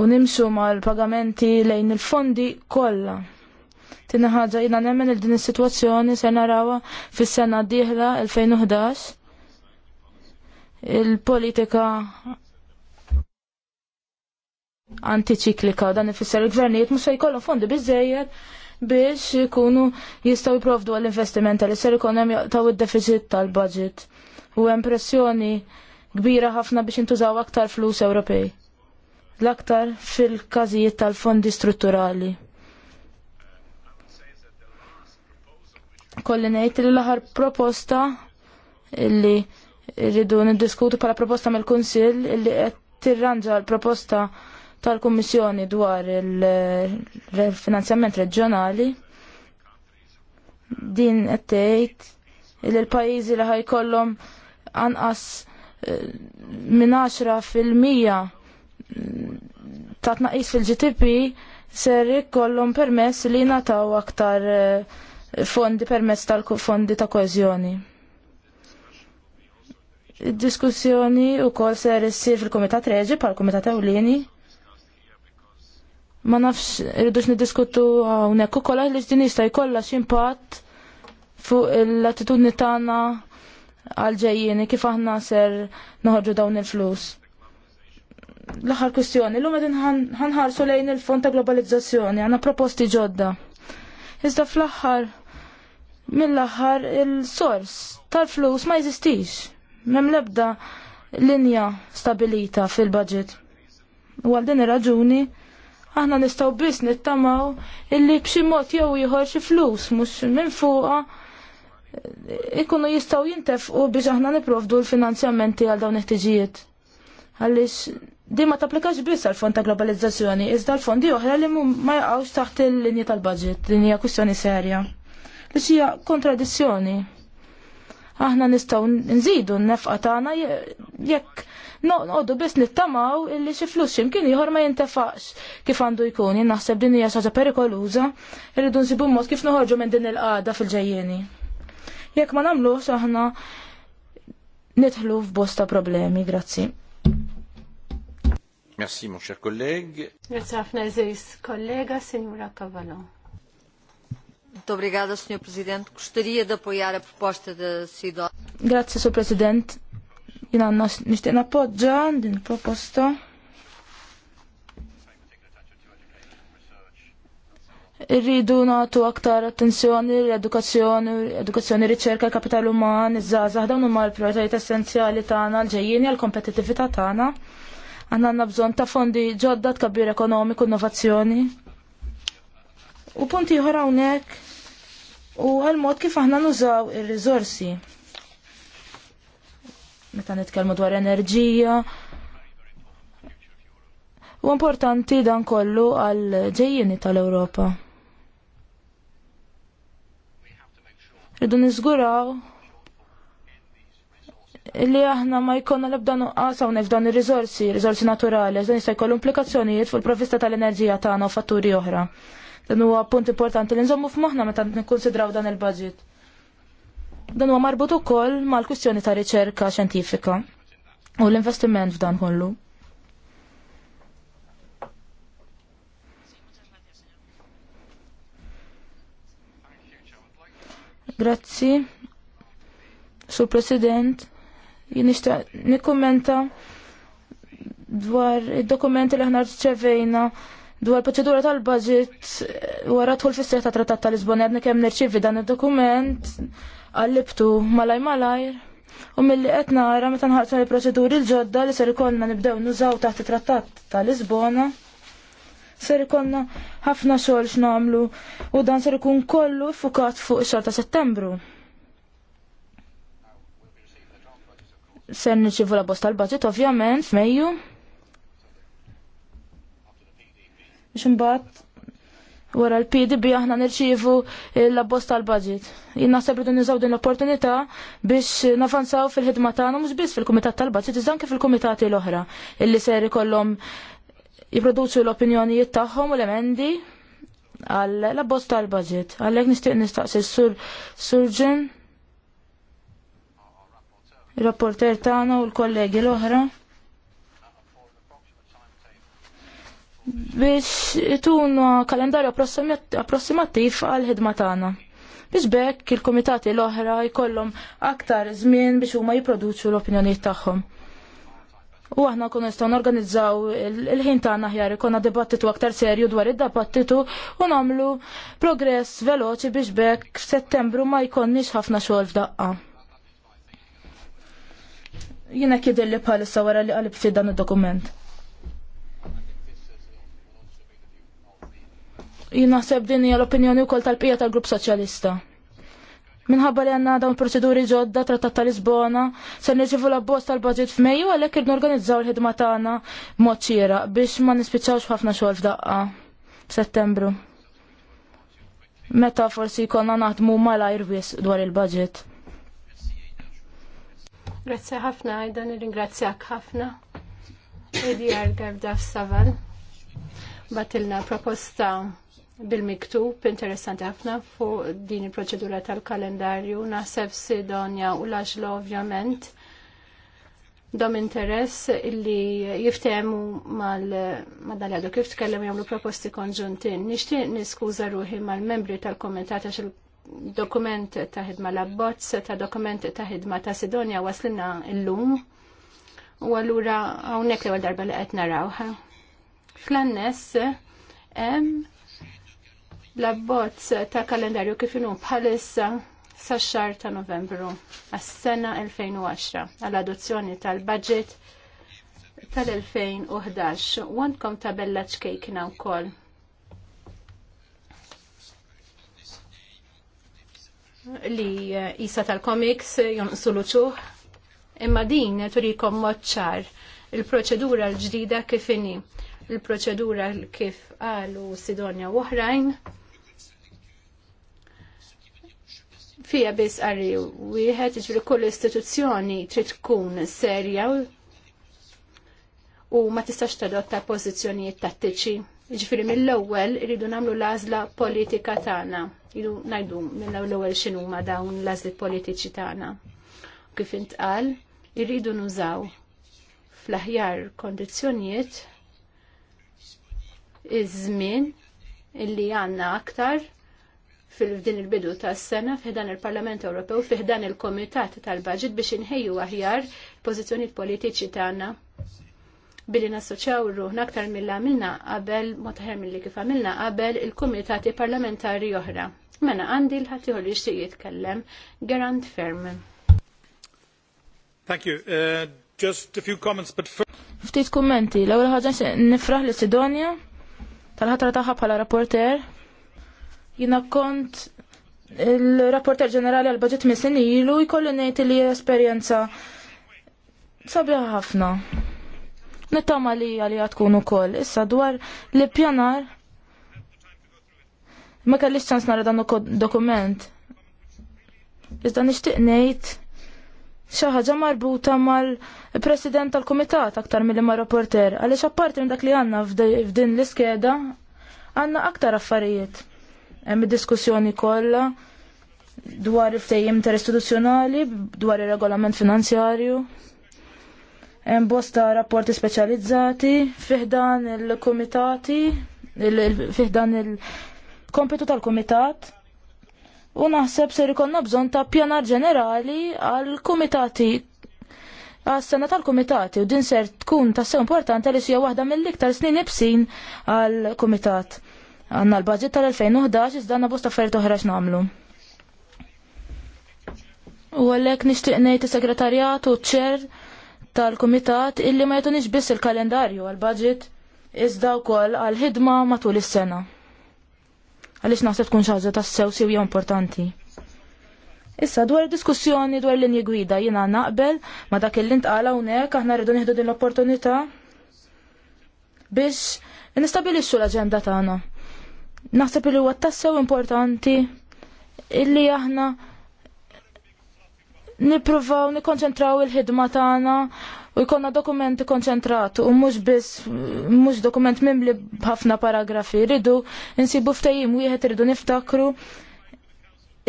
u nimxu mal-pagamenti lejn il-fondi kollha. Tina ħaġa jina nemmen il-din is-sitwazzjoni se narawha fis-sena d-dieħla 2011 il-politika antiċiklika dan ifisser il-gvernijiet mhux se jkollhom fondi biżejjed biex ikunu jistgħu jprovdu għall investimenta li ser ikun hemm jaqtaw id-deficit tal-budget. U hemm pressjoni kbira ħafna biex intużaw aktar flus Ewropej. L-aktar fil-każijiet tal-fondi strutturali. Kolli ngħid li l-aħħar proposta illi Irridu niddiskutu bħala proposta mill-Kunsill li qed tirranġa l-proposta tal-Kummissjoni dwar il-finanzjament reġjonali. Din qed tgħid li l-pajjiżi li ħajkollhom anqas eh, minn 10 fil-mija mm, ta' tnaqis fil-GTP ser ikollhom permess li nataw aktar eh, fondi permess tal-fondi ta' koezjoni. Diskussjoni u kol ser issir fil-Komitat Reġi pal komitat Ewlieni. Ma nafx irridux niddiskutu hawnhekk ukoll li din jista' jkollha x'impatt fuq l-attitudni tagħna għal ġejjieni kif aħna ser noħorġu dawn il-flus. L-aħħar kwistjoni, l-lum qegħdin ħanħarsu lejn il-fond ta' globalizzazzjoni, għandna proposti ġodda. Iżda fl-aħħar mill-aħħar il-sors tal-flus ma jeżistix Mem lebda linja stabilita fil-budget. U għal din ir-raġuni aħna nistgħu biss nittamaw illi b'xi mod jew ieħor xi flus mhux minn fuqha ikunu jistgħu jintefqu biex aħna nipprovdu l-finanzjamenti għal dawn it-tiġijiet. Għaliex di ma tapplikax biss għal fond ta' globalizzazzjoni, iżda l-fondi oħra li ma jaqgħux taħt il linja tal-budget, linja hija kwistjoni serja. Li hija kontradizzjoni aħna nistgħu nżidu n-nefqa tagħna jekk noqogħdu biss nittamaw illi xi flus x'imkien ieħor ma jintefaqx kif għandu jkun. Jien naħseb din hija xi perikoluża irridu nsibu mod kif noħorġu minn din il-qagħda fil-ġejjeni. Jekk ma nagħmluhx aħna nidħlu f'bosta problemi, grazzi. Merci, mon cher collègue. Merci, ħafna eżis kollega, Signora Cavallo. Muito obrigada, Sr. Presidente. Gostaria de apoiar a proposta da CIDO. Grazie, Sr. Presidente. Jina nishtiq nappoġġa din proposta. Irridu natu aktar attenzjoni l-edukazzjoni, edukazzjoni riċerka, kapital uman, iż-żgħażagħ dawn huma l-prijoritajiet essenzjali tagħna l-ġejjieni għall-kompetittività tagħna. Għandna bżonn ta' fondi ġodda tkabbir ekonomiku, innovazzjoni U punti ħora hawnhekk u għal-mod kif aħna nużaw ir rizorsi Meta nitkellmu dwar enerġija, u importanti dan kollu għal ġejjeni tal-Ewropa. Rridu niżguraw li aħna ma jkollna lebda ebda nuqqas hawnhekk f'dan ir-riżorsi, riżorsi naturali, dan jista' jkollu implikazzjonijiet fil provvista tal-enerġija tagħna u fatturi oħra. Dan huwa punt importanti li nżommu f'moħħna meta nikkonsidraw dan il-budget. Dan huwa marbut ukoll mal-kwistjoni ta' riċerka xjentifika u l-investiment f'dan kollu. Grazzi. Sur President, jien nikkumenta dwar id-dokumenti li ħna rċevejna dwar proċedura tal-budget eh, wara tħol fis ta' trattat tal-Lisbona għadni kem nirċivi dan id-dokument libtu malaj malajr u mill-li qed nara meta nħarsu il proċeduri l-ġodda li ser ikollna nibdew nużaw taħt it-trattat tal-Lisbona ser ikollna ħafna xol xnamlu u dan ser ikun kollu fukat fuq xol ta' Settembru. Ser nirċivu la bosta tal-budget ovvjament f'Mejju. biex imbagħad wara l-PDB aħna nirċievu l-abbozz tal-budget. Jien naħseb li niżaw din l-opportunità biex nafanzaw fil-ħidma tagħna mhux biss fil-kumitat tal-budget iżda anke fil-kumitati l-oħra illi ser ikollhom jipproduċu l-opinjonijiet tagħhom u l-emendi għal la tal budget Għalhekk nixtieq nistaqsi sur surġen rapporter tagħna u l-kollegi l-oħra biex ituna kalendarju approssimattiv għal ħidma tagħna. Biex bekk il-komitati l-oħra jkollhom aktar żmien biex huma jipproduċu l-opinjonijiet tagħhom. U aħna nkunu nistgħu norganizzaw il-ħin tagħna aħjar ikonna dibattitu aktar serju dwar id-dibattitu u nagħmlu progress veloċi biex bekk f'Settembru ma jkollniex ħafna xogħol f'daqqa. Jiena kiedilli bħalissa wara li qalib fid dan id-dokument. Jinaħseb din hija l-opinjoni wkoll tal-qija tal-Grupp Soċjalista. Minħabba li għanna dawn proċeduri ġodda trattat ta' Lisbona, se nirċivu l abbos tal-budget f'Mejju għalhekk irid norganizzaw l ħidma tagħna mod ċira biex ma nispiċċawx ħafna xogħol f'daqqa f'Settembru. Meta forsi jkollna naħdmu malajr biss dwar il-budget. Grazzi ħafna, Aidan, nirringrazzjak ħafna. Edi għargar għabda f'Saval. Batilna proposta bil-miktub interessanti ħafna fuq din il-proċedura tal-kalendarju. Naħseb Sidonja u laġlo ovvjament dom interess illi jiftemu mal-dalja kif tkellem jagħmlu proposti konġunti Nixtieq niskuża ruħi mal-membri tal-komitat għax il-dokument ta' ħidma l-abbozz ta' dokument ta' ħidma ta' Sidonja waslina l-lum. U allura hawnhekk l-ewwel darba li qed narawha. fl em, hemm l-abbozz ta' kalendarju kif inhu bħalissa sa' xar ta' Novembru għas-sena 2010 għall-adozzjoni tal-budget tal-2011. Għandkom tabella ċkejkina wkoll. li jisa eh, tal-komiks jonqsu l-uċuħ. Imma din turikom moċċar il-proċedura l-ġdida kif inhi. Il-proċedura kif qalu Sidonja u oħrajn fija biss għarri wieħed ġifri kull istituzzjoni trid tkun serja u ma tistax tadotta pożizzjonijiet tattiċi. Ġifri mill-ewwel iridu nagħmlu l-għażla politika tagħna. Ilu ngħidu mill-ewwel x'inhuma dawn l-għażli politiċi tagħna. Kif intqal, irridu nużaw fl-aħjar kondizzjonijiet iż-żmien illi għandna aktar fil-din il-bidu tas sena fiħdan il-Parlament Ewropew fiħdan il-Komitat tal-Baġit biex inħejju aħjar pożizzjonijiet politiċi tagħna billi nassoċjaw ruħna aktar mill għamilna qabel, motaħer mill-li kif għamilna qabel il-Komitati Parlamentari oħra. Mena għandi l ħadd li xtiq jitkellem, Garant Ferm. Thank you. Uh, just a few comments, but first... Ftit kummenti, l-ewwel ħaġa nifraħ li Sidonja tal-ħatra tagħha bħala rapporter Jina kont il-rapporter ġenerali għal budget minn ilu jkollu ngħid li esperjenza sabiħa ħafna. Nittama li għalija tkun ukoll. Issa dwar li pjanar ma kellix ċans nara dan dokument. Iżda nixtieq ngħid xi ħaġa marbuta mal-President tal-Kumitat aktar mill ma' rapporter għaliex apparti minn dak li għandna f'din l-iskeda għandna aktar affarijiet. Hemm diskussjoni kollha dwar il-ftejjem interistituzzjonali, dwar ir-regolament finanzjarju. Hemm bosta rapporti speċjalizzati fiħdan il-kumitati, fiħdan il-kompitu tal-kumitat. U naħseb ser ikonna bżonn ta' pjanar ġenerali għal-kumitati għas-sena tal-kumitati u din ser tkun tassew importanti li hija waħda mill-iktar snin ibsin għal-kumitat Għanna l-budget tal-2011 iżda bosta affarijiet toħra x'namlu. U għalhekk nixtieq ngħid is-segretarjat u ċer tal-kumitat illi ma jtunix biss il-kalendarju għal-budget iżda wkoll għal-ħidma matul is-sena. Għaliex naħseb tkun xi tassew sewja importanti. Issa dwar diskussjoni dwar l-inji gwida jiena naqbel ma dak il għala hawnhekk aħna rridu nieħdu din l-opportunità biex nistabilixxu l-aġenda tagħna. Naħseb li huwa tassew importanti illi aħna nippruvaw nikkonċentraw il-ħidma tagħna u jkollna dokumenti konċentratu u mhux biss mhux dokument mimli b'ħafna paragrafi. Ridu insibu ftehim wieħed irridu niftakru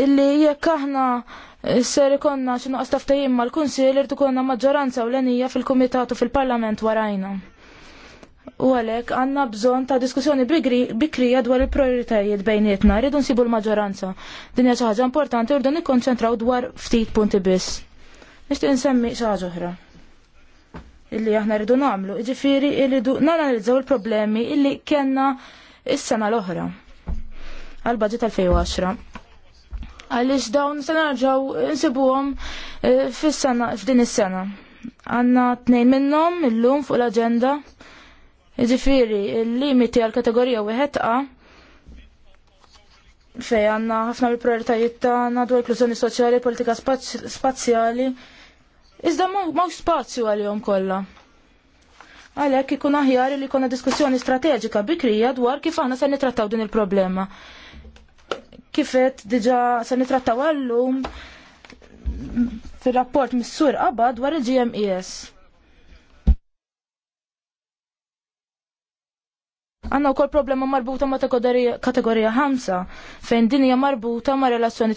illi jekk aħna ser ikonna xi nuqqas ta' ftehim mal-Kunsill irid konna maġġoranza u fil-Kumitat u fil-Parlament warajna u għalek għanna bżon ta' diskussjoni bikrija dwar il-prioritajiet bejnietna, rridu nsibu l-maġġoranza. Din hija xi ħaġa importanti u rridu nikkonċentraw dwar ftit punti biss. Nixtieq insemmi xi ħaġa oħra. Illi aħna rridu nagħmlu, jiġifieri rridu nanalizzaw il-problemi illi kellna is-sena l-oħra. Għal-budget tal-2010. Għaliex dawn se nerġgħu nsibuhom eh, fis-sena f'din is-sena. Għandna tnejn minnhom illum fuq l-aġenda. Ġifiri, il-limiti għal kategorija wieħed A fej għanna ħafna mill-prioritajiet tagħna dwar inklużjoni soċjali, politika spazjali. Iżda m'hux spazju għalihom kollha. Għalhekk ikun aħjar li jkollna diskussjoni strateġika bikrija dwar kif aħna se nitrattaw din il-problema. Kifet diġà se nitrattaw għallum fir-rapport mis-sur qabad dwar il-GMES Għanna wkoll problema marbuta ma' kategorija 5 fejn din hija marbuta ma' relazzjoni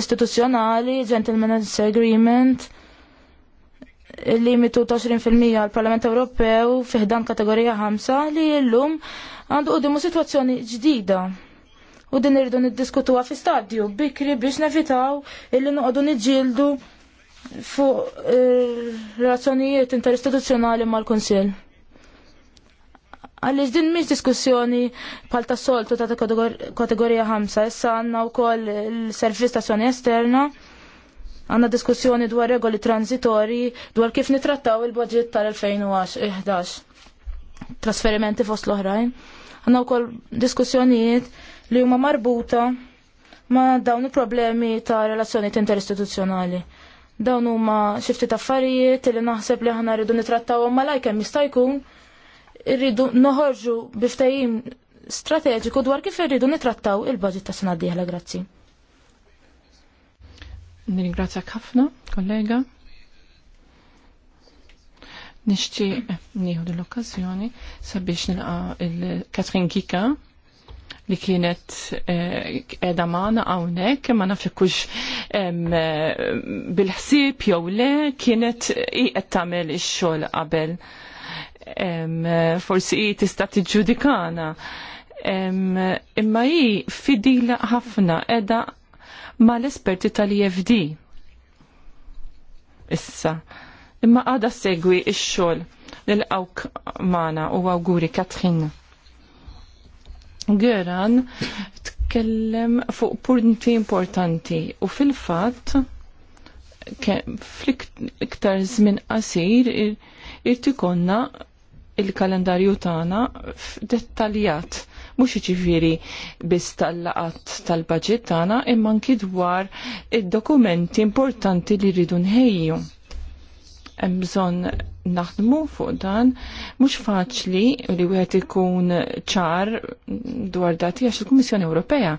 istituzzjonali, gentleman's agreement, il-limitu ta' 20% għal-Parlament Ewropew fiħdan kategorija 5 li llum għandu qudimu situazzjoni ġdida. U din irridu niddiskutuha fi stadju bikri biex nevitaw illi noqogħdu niġġieldu fuq eh, relazzjonijiet interistituzzjonali mal-Kunsill. Għaliex din mhix diskussjoni bħal ta' soltu ta' kategorija 5, issa għandna wkoll il servis ta' soni esterna, għandna diskussjoni dwar regoli transitorji dwar kif nitrattaw il-budget tal-2011. Trasferimenti fost l-oħrajn. Għandna wkoll diskussjonijiet li huma marbuta ma' dawn il-problemi ta' relazzjonijiet interistituzzjonali dawn huma xi ftit affarijiet li naħseb li aħna rridu nitrattaw ma' kemm jista' jkun irridu noħorġu biftajim strateġiku dwar kif irridu nitrattaw il-budget ta' sena diħla, grazzi. Nirringrazzjak ħafna, kollega. Nishti nieħu l-okkazjoni sabiex nilqa il-Katrin Kika li kienet edha eh, maħna għawnek, ma nafikux eh, bil-ħsib jew le, kienet i għettamel ix-xol qabel forsi tista' tiġġudikana. Imma hi fidila ħafna edha mal-esperti tal-IFD. Issa. Imma għada segwi ix-xogħol l awk mana u għawguri Katrin. Għeran, tkellem fuq punti importanti u fil-fatt fl-iktar żmien qasir irtikonna il-kalendarju tagħna f'dettaljat mhux iġifieri biss tal-laqat tal-baġit tagħna imma anki dwar id-dokumenti importanti li rridu nħejju bżon naħdmu fuq dan, mhux faċli li wieħed ikun ċar dwar dati għax il-Kummissjoni Ewropea eh,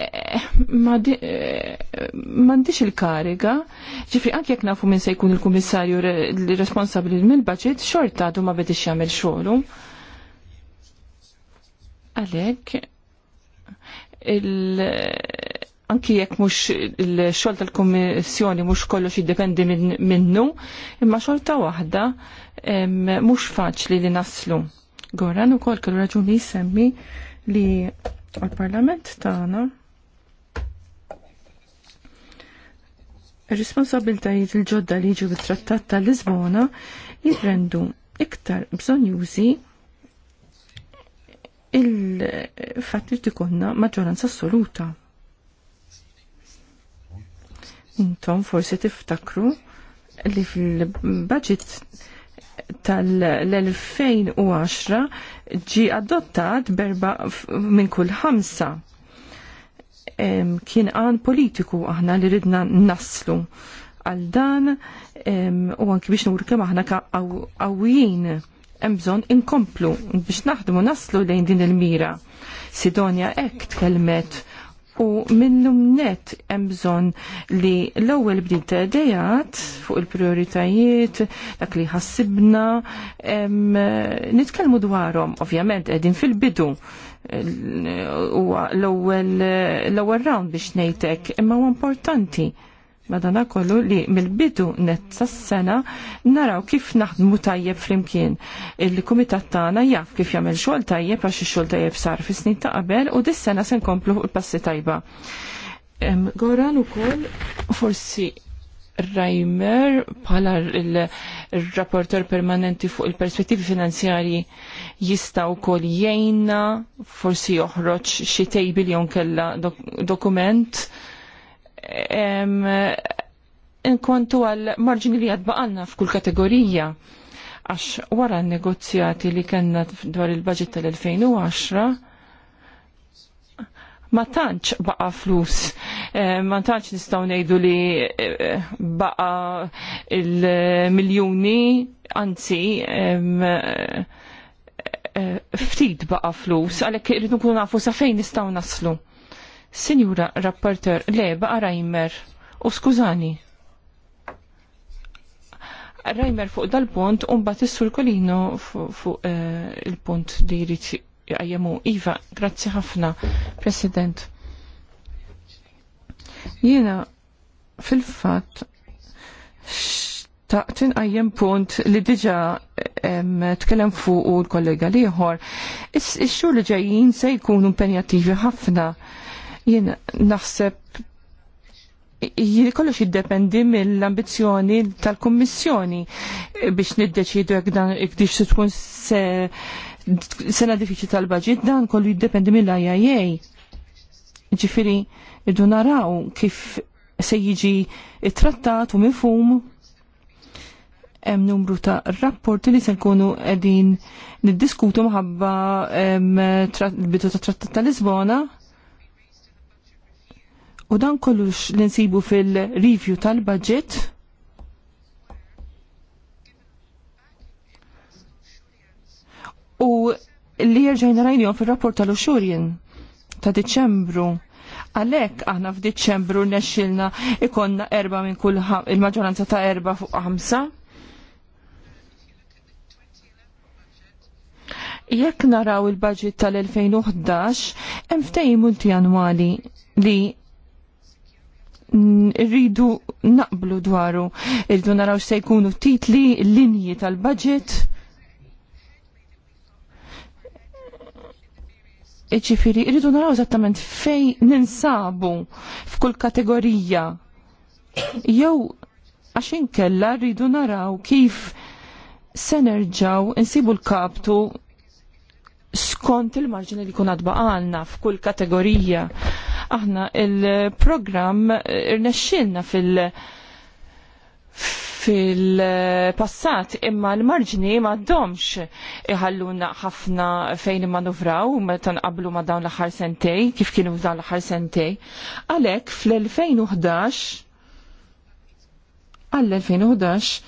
eh, m'għandix il-kariga, ġifri għak jek nafu minn se jkun il-Kummissarju responsabbli mill-budget, xorta għadu ma bedix jagħmel xogħlu. Għalhekk il anki jekk mhux il-xogħol tal-Kummissjoni mhux kollox jiddependi minnu, imma xorta waħda mhux faċli li naslu. Goran ukoll kellu raġuni jsemmi li għal-Parlament tagħna ir-responsabiltajiet il-ġodda li jiġu bit-Trattat tal-Lisbona jirrendu iktar bżonjużi il-fatt li tikonna maġġoranza assoluta. Intom forsi tiftakru li fil-budget tal-2010 ġi adottat berba minn kull ħamsa. Kien għan politiku aħna li ridna naslu għal dan u għanki biex nurkem aħna aħna għawijin bżon inkomplu biex naħdmu naslu lejn din il-mira. Sidonia Ekt tkellmet U minnum net emżon li l-ewwel bdiet dejat fuq il-prioritajiet, dak li ħassibna, nitkellmu dwarhom, ovvjament qegħdin fil-bidu huwa l-ewwel l round biex nejtek, imma huwa importanti madana kollu li mil bidu netza s-sena naraw kif naħdmu tajjeb flimkien. Il-kumitat tagħna jaf kif jagħmel xogħol tajjeb għax xol xogħol tajjeb sar fis-snin ta' qabel u dis-sena se nkomplu il-passi tajba. Goran ukoll forsi Reimer bħala il-rapporter permanenti fuq il-perspettivi finanzjarji jista' wkoll jgħinna forsi joħroġ xi tejbil kella dokument inkontu għal marġini li għadbaqanna f'kull kategorija għax wara negozjati li kena dwar il-budget tal-2010 ma tantx baqa flus eh, ma tantx nistaw nejdu li eh, baqa il-miljoni anzi eh, ftit baqa flus għalek irridu nkunu nafu sa fejn nistaw naslu Sinjura rapporter Leba Rajmer, u skużani. Rajmer fuq dal-punt un bat is kolino fuq eh, il-punt li jrid jgħajjemu. Iva, grazzi ħafna, President. Jiena fil fat taqtin għajjem punt li diġa tkellem fuq u l-kollega liħor, ix xur li ġejjin se jkunu impenjattivi ħafna Jien naħseb kollox jiddependi mill-ambizjoni tal-Kummissjoni biex niddeċidu jekk dan jekk se tkun sena diffiċi tal-baġit dan kollu jiddependi mill-IIA. Ġifiri, idu naraw kif se jiġi trattat u mifhum hemm numru ta' rapporti li se nkunu qegħdin niddiskutu mħabba bidu ta' trattat tal Lisbona U dan kollux li nsibu fil-review tal-budget u li jirġajna rajnijom fil-rapport tal oxurien ta' Deċembru. Għalek aħna f'Diċembru nesċilna ikonna erba minn kull il-maġġoranza ta' erba fuq ħamsa. Jekk naraw il-budget tal-2011, hemm ftehim annwali li irridu naqblu dwaru. Irridu naraw se jkunu titli, linji tal-budget. Iċifiri, irridu naraw eżattament fej ninsabu f'kull kategorija. Jew għaxin kella rridu naraw kif senerġaw insibu l-kaptu skont il-marġini li kunat għadba f'kull kategorija Aħna il-programm irnexxilna fil- fil-passat imma l-marġni ma domx iħalluna ħafna fejn manuvraw meta nqablu ma dawn l-aħħar sentej, kif kienu dawn l-aħħar sentej. Għalhekk fl-2011 għall-2011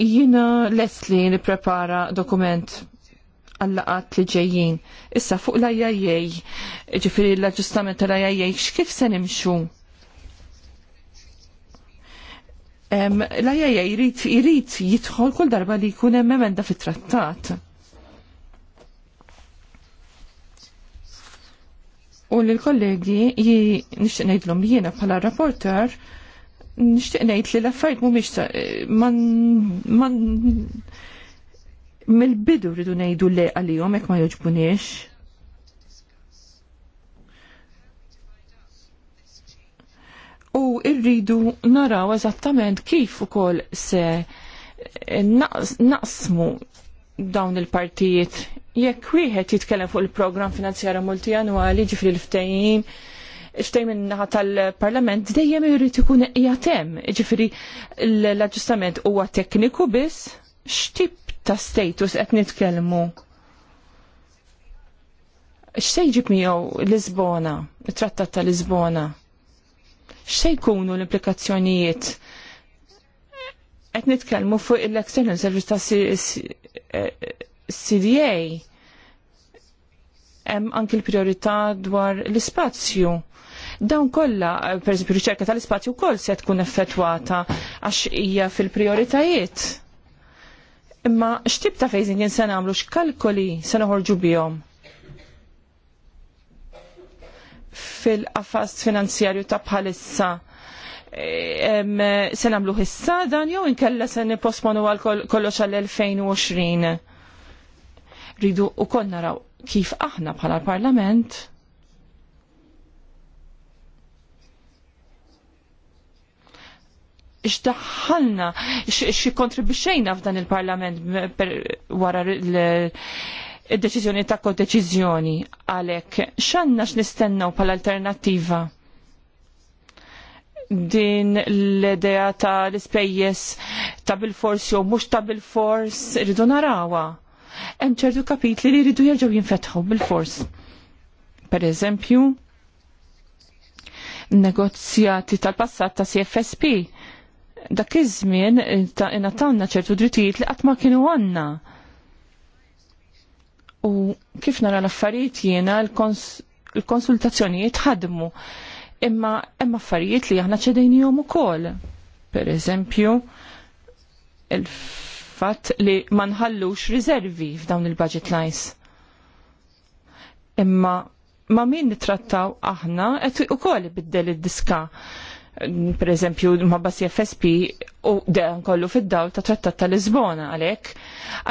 jina Leslie li prepara dokument għallaqat li ġejjin. Issa fuq l jajjej, ġifiri l-aġustament tal jajjej, x'kif se nimxu? l jajjej jrid jrid jidħol kull darba li jkun hemm emenda fit-trattat. U l-kollegi nixtieq ngħidlhom li jiena bħala rapporter nixtieq ngħid li l-affarijiet mhumiex eh, man mill-bidu rridu ngħidu le għalihom jekk ma jogħġbunix. U rridu naraw eżattament kif ukoll se eh, naqsmu dawn il-partijiet jekk wieħed jitkellem fuq il-programm finanzjarju multijanwali ġifri l-ftejjin ftej minnaħa tal-parlament dejjem jrid ikun hemm, ġifri l-aġġustament huwa tekniku biss x'tip ta' status qed nitkellmu. X'se jġib miegħu Lisbona, it-Trattat ta' Lisbona? X'se jkunu l-implikazzjonijiet? Qed nitkellmu fuq l-External Service ta' CDA hemm anki l-priorità dwar l-ispazju dawn kollha, per riċerka tal-ispazju wkoll se tkun effettwata għax hija fil-prioritajiet. Imma x'tib ta' phasing se nagħmlu x'kalkoli se noħorġu bihom fil-qafas finanzjarju ta' bħalissa e, se nagħmlu ħissa dan jew inkella se nipposponu għal kollox għall-2020. Ridu u naraw kif aħna bħala parlament xdaħħalna, xie kontribixxejna f'dan il-Parlament wara il-deċiżjoni ta' kodeċiżjoni għalhekk x'għandna u pal alternattiva din l-idea ta' l-ispejjeż ta' bil-fors jew mhux ta' bil-fors irridu narawha. Hemm ċertu kapitli li jridu jerġgħu jinfetħu bil-fors. Per eżempju, negozjati tal-passat ta' CFSP dak iż-żmien eh, ingħattawna ċertu drittijiet li qatt ma kienu għandna. U kif nara l-affarijiet jiena l-konsultazzjonijiet ħadmu imma hemm affarijiet li aħna ċedejnihom ukoll. Per eżempju, il-fatt li ma nħallux riservi f'dawn il-budget lines. Imma ma min nittrattaw aħna qed ukoll biddel id-diska per eżempju mabba CFSP u dan kollu fid-dawl ta' trattat ta' Lisbona għalhekk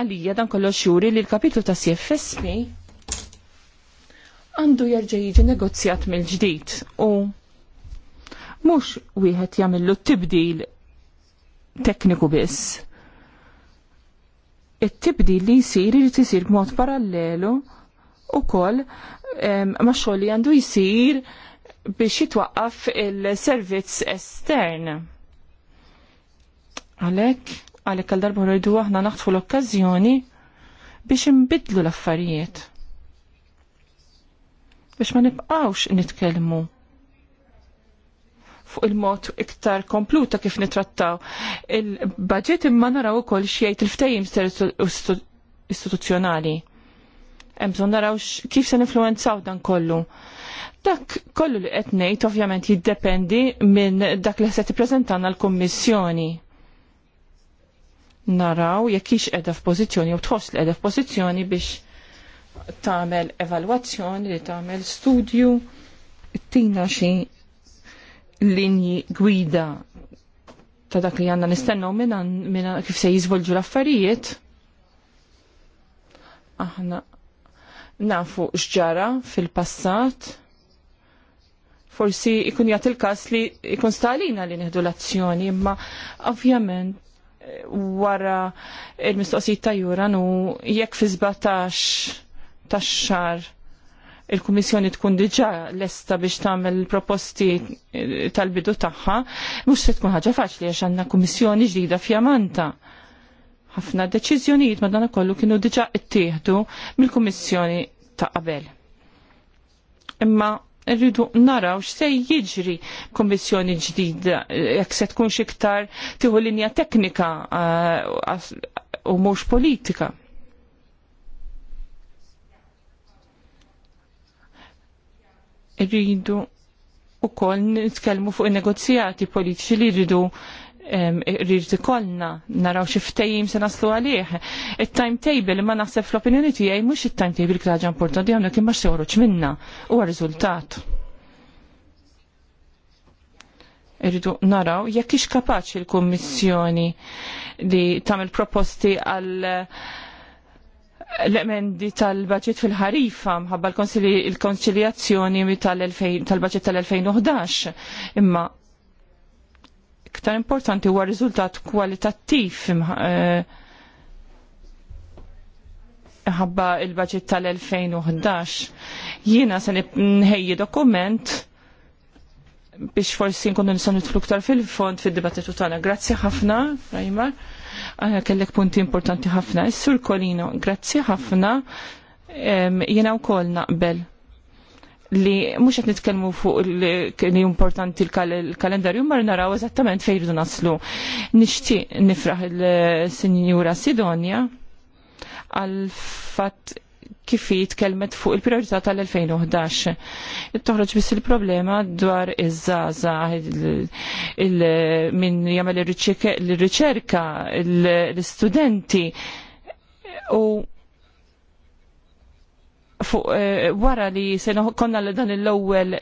għalija dan kollu xuri li l-kapitlu ta' CFSP għandu jerġa' jiġi negozjat mill-ġdid u mhux wieħed t tibdil tekniku biss. It-tibdil li jsir irid isir b'mod parallelu ukoll ma' xogħol li għandu jsir biex jitwaqqaf il-servizz estern. Għalek, għalek għal-darba rridu aħna naħtfu l-okkazjoni biex imbidlu l-affarijiet. Biex ma nibqawx nitkelmu fuq il-mod iktar kompluta kif nitrattaw. Il-budget imma naraw ukoll xiejt il-ftejim istituzzjonali. Emżon bżonn naraw kif se influenzaw dan kollu Dak kollu li qed ngħid ovvjament jiddependi minn dak li se tippreżentana l-Kummissjoni. Naraw jekk hix qiegħda f'pożizzjoni u tħoss li qiegħda f'pożizzjoni biex tagħmel evalwazzjoni li tagħmel studju tina xi linji gwida ta' dak li għanna nistennu minna kif se jizvolġu l-affarijiet. Aħna nafu xġara fil-passat. Forsi ikun jagħti il-każ li ikun stalina li nieħdu l-azzjoni, imma ovvjament eh, wara il-mistoqsijiet ta' jura nu jekk fi 17 tax-xar il-Kummissjoni tkun diġà lesta biex tagħmel proposti eh, tal-bidu tagħha, mhux se tkun ħaġa faċli għax għandna Kummissjoni ġdida fjamanta ħafna deċiżjonijiet madana kollu kienu diġa ittieħdu mill-Kummissjoni ta' qabel. Imma rridu naraw x'se jiġri kommissjoni ġdida jekk se tkun iktar tieħu linja teknika eh, u mhux politika. Rridu wkoll nitkellmu fuq in-negozjati politiċi li rridu rrid ikollna naraw xi ftehim se naslu għalih. It-timetable ma naħseb fl-opinjoni tiegħi mhux it-timetable ħaġa importanti hawnhekk imma xewroġ minna huwa riżultat. Irridu naraw jekk ix kapaċi l-Kummissjoni li tagħmel proposti għal eh, l-emendi tal-budget fil-ħarifa mħabba l-konsiljazzjoni tal-budget tal-2011 imma l-aktar importanti huwa riżultat kwalitattiv eh, ħabba il-budget tal-2011. Jiena se nħejji dokument biex forsi nkunu nisan nitflu ktar fil-fond fil-dibattitu tagħna. Grazzi ħafna, Rajmar. Ah, kellek punti importanti ħafna. Is-Sur Kolino, grazzi ħafna. Jiena wkoll naqbel li mhux qed nitkellmu fuq li importanti l-kalendarju mar naraw eżattament fejn rridu naslu. Nixtieq nifraħ il-Sinjura Sidonja għal fatt kif jitkellmet fuq il-priorità tal-2011. Toħroġ biss il-problema dwar iż-żaża minn jagħmel ir-riċerka l-istudenti u fuq eh, wara li se konna li dan l-ewwel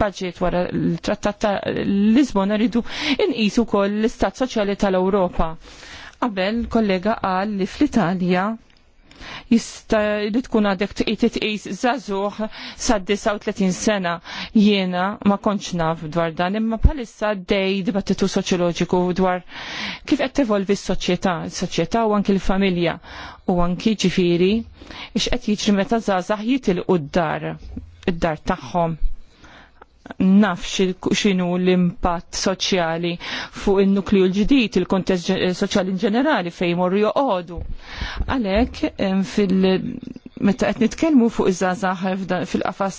budget wara l-trattat ta' l-Lisbon rridu inqisu wkoll l-istat soċjali tal-Ewropa. Qabel kollega qal li fl-Italja jista li tkun għadek tqis tqis zazuħ sa' 39 sena jiena ma konċ naf dwar dan imma bħalissa dej dibattitu soċjoloġiku dwar kif qed tevolvi s-soċjetà, s-soċjetà u anki l-familja u anki ġifiri ix qed jiġri meta żgħażagħ jitilqu d-dar id-dar tagħhom naf xinu l-impatt soċjali fuq il-nukliju l-ġdid, il-kontest eh, soċjali in ġenerali fej morru joqodu. Għalek, meta qed nitkellmu fuq iż-żgħażagħ fil-qafas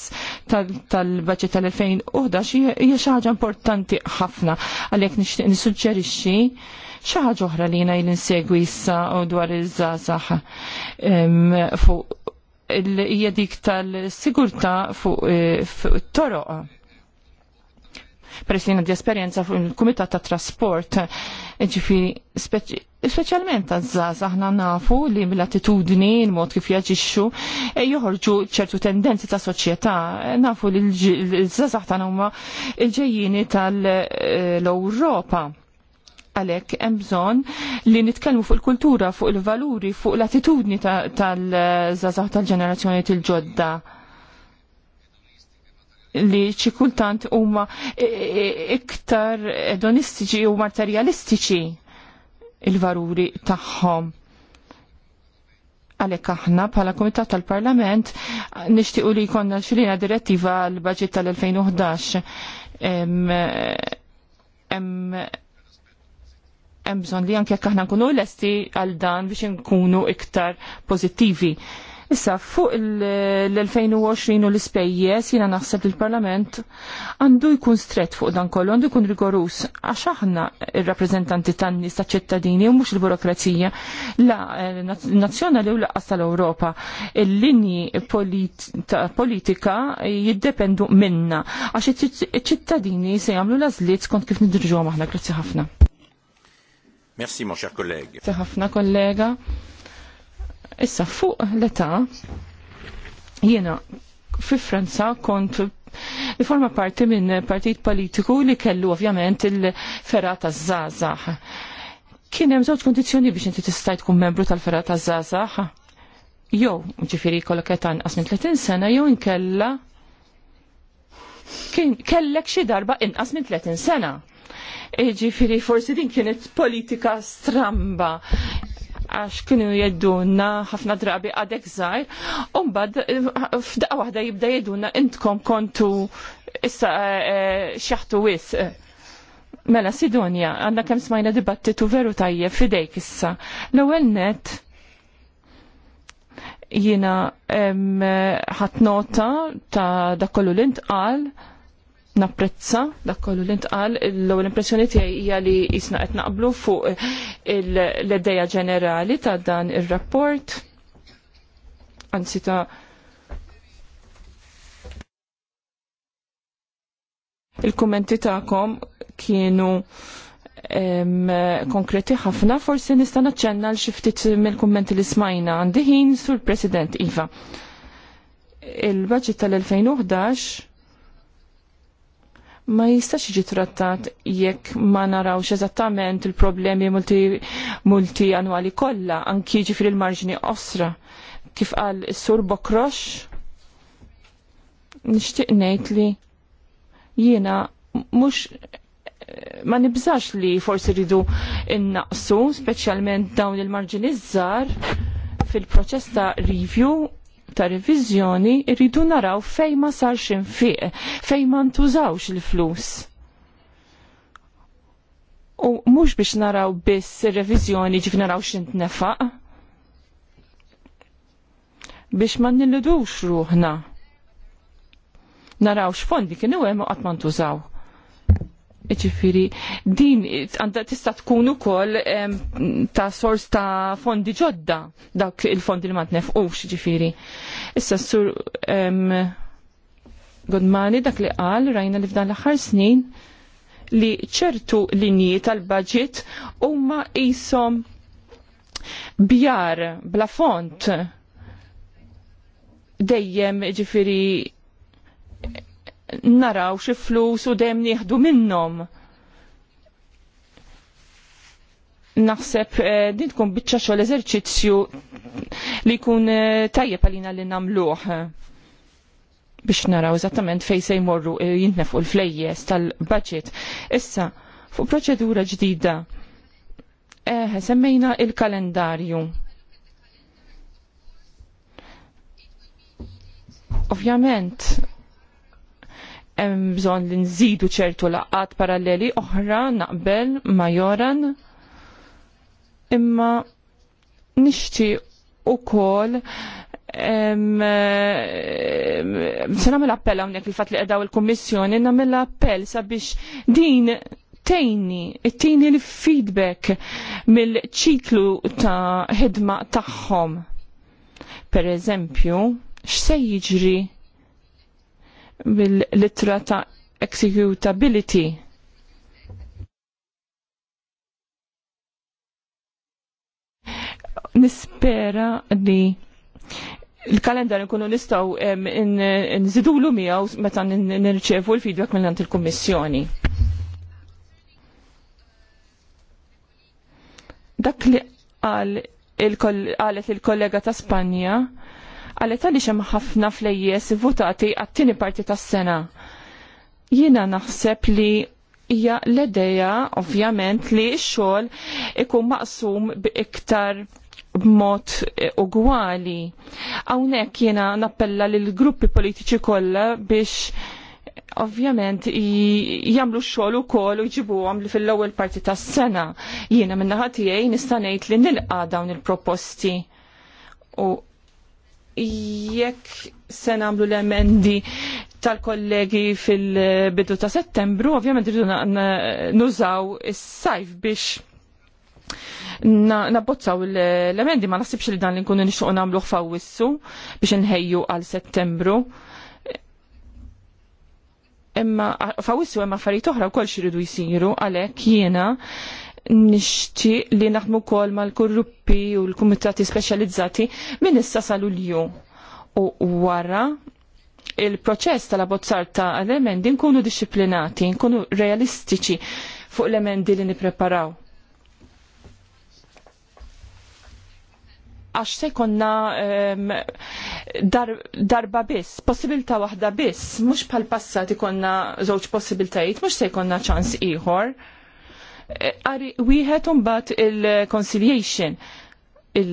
tal-baġġet tal-2011 hija xi ħaġa importanti ħafna għalhekk nixtieq nissuġġerixxi xi ħaġa oħra li jil insegwi issa dwar iż-żgħażagħ fuq il dik tal-sigurtà fuq it-toroq eh, peress di esperienza esperjenza fuq il-Kumitat ta' Trasport, ġifiri, specialment għazzaż aħna nafu li mill-attitudni, il-mod kif jaġixxu, e joħorġu ċertu tendenzi ta' soċjetà. Nafu li l-żazax tagħna huma il-ġejjini tal-Ewropa għalek bżonn li nitkellmu fuq il-kultura, fuq il-valuri, fuq l-attitudni tal-żazax tal-ġenerazzjoni til-ġodda. tal ġenerazzjoni til ġodda tal ġodda li xi kultant huma iktar edonistiċi u materialistiċi il-varuri tagħhom għalek aħna bħala Komitat tal-Parlament nixtiequ li jkonna xilina direttiva l baġit tal-2011 hemm bżonn li anke aħna nkunu lesti għal dan biex nkunu iktar pożittivi. Issa, fuq l-2020 u l spejjes jina naħseb il parlament għandu jkun stret fuq dan kollu, għandu jkun rigorus, għax aħna il-rappresentanti tan-nies ċittadini u mhux il-burokrazija la eh, nazzjonali u laqqas tal-Ewropa. Il-linji politika jiddependu minna, għax iċ-ċittadini se jagħmlu lażliet skont kif nidrġu aħna. Grazzi ħafna. Merci, mon cher collègue. Ħafna kollega. Issa fuq l-età jiena fi Franza kont forma parti minn partit politiku li kellu ovvjament il-ferata zazax. Kien hemm żewġ kundizzjoni biex inti tista' tkun membru tal-ferata zazax. Jew, ġifieri kollok qed tanqas minn 30 sena jew inkella kien kellek xi darba inqas minn 30 sena. Ġifieri forsi din kienet politika stramba għax kienu jedduna ħafna drabi għadek zaħir, umbad eh, f'daqqa wahda jibda jedduna intkom kontu issa eh, xaħtu wis. Mela, Sidonia, għanna kem smajna dibattitu veru tajje fidejk issa. L-ewel net, jina ħatnota nota ta' dakollu l-intqal, napprezza dak kollu li ntqal l-ewwel impressjoni tiegħi hija li jisna qed naqblu fuq l-idea ġenerali ta' dan ir-rapport. Anzi ta' il-kummenti tagħkom kienu konkreti ħafna, forsi nista' naċċenna l xiftit mill-kummenti li smajna għandi ħin sur President Iva. Il-budget tal-2011 ma jistax jiġi trattat jekk ma narawx eżattament il-problemi multi annwali kollha, anki ġifir il-marġini osra. Kif qal is-sur Bokrox, nixtieq ngħid li jiena mhux ma nibżax li forsi ridu innaqsu, speċjalment dawn il-marġini żgħar fil-proċess ta' review ta' revizjoni irridu naraw fejn ma sarx fiq, fejn ma ntużawx il-flus. U mhux biex naraw biss ir-reviżjoni ġif naraw x'int nefaq. Biex ma nilludux ruħna. Naraw x'fondi kienu għem u għatman ma ntużaw. Ġifiri, din għanda tista tkun ukoll ta' sors ta' fondi ġodda dak il-fondi li ma u ġifiri. Issa sur Godmani dak li qal rajna li f'dan l-aħħar snin li ċertu linji tal-budget huma jisom bjar bla fond, dejjem ġifiri naraw xi flus u dejjem nieħdu minnhom. Naħseb eh, din tkun biċċa xogħol eżerċizzju li jkun eh, tajjeb għalina li nagħmluh biex naraw eżattament fejn se jmorru eh, jintnefqu l-flejjes tal-budget. Issa, fuq proċedura ġdida, eh, semmejna il-kalendarju. Ovvjament, hemm bżonn li nżidu ċertu laqat paralleli oħra naqbel ma' joran imma nixtieq ukoll se nagħmel appell hawnhekk il fatt li qedaw il-Kummissjoni namil appell sabiex din tejni, tejni l-feedback mill-ċiklu ta' ħidma tagħhom. Per eżempju, x'se jiġri bil-litra ta' executability. Nispera li l kalendar nkunu nistaw nżidulu miegħu meta nirċevu l-feedback mill-għand il-Kummissjoni. Dak li għal il-kollega ta' Spanja għalet għaliex hemm ħafna flejjes votati għat-tieni parti tas-sena. Jiena naħseb li hija l-edeja ovvjament li x-xogħol ikun maqsum iktar b'mod ugwali. Hawnhekk jiena nappella lil gruppi politiċi kollha biex ovvjament jamlu xogħol ukoll u jġibuhom li fil-ewwel parti tas-sena. Jiena min-naħa tiegħi nista' ngħid li nilqa' dawn il-proposti u jekk se nagħmlu l-emendi tal-kollegi fil-bidu ta' settembru, ovvjament rridu nużaw is-sajf biex nabbozzaw l-emendi ma nasibx li dan li nkunu nixtuq nagħmlu f'awwissu biex nħejju għal settembru. Imma f'awwissu hemm affarijiet oħra wkoll xiridu jsiru għalhekk jiena nixtieq li naħdmu wkoll mal-korruppi u l-kumitati speċjalizzati minn issa sal-ulju. U wara il-proċess tal-abbozzar ta' l-emendi nkunu disciplinati, nkunu realistiċi fuq l-emendi li nipreparaw. Għax se konna um, ehm, dar, darba biss, possibilta waħda biss, mux pal passati konna zoċ possibiltajiet, mux se konna ċans iħor. E Eh, għari, wieħed imbagħad il-conciliation. Il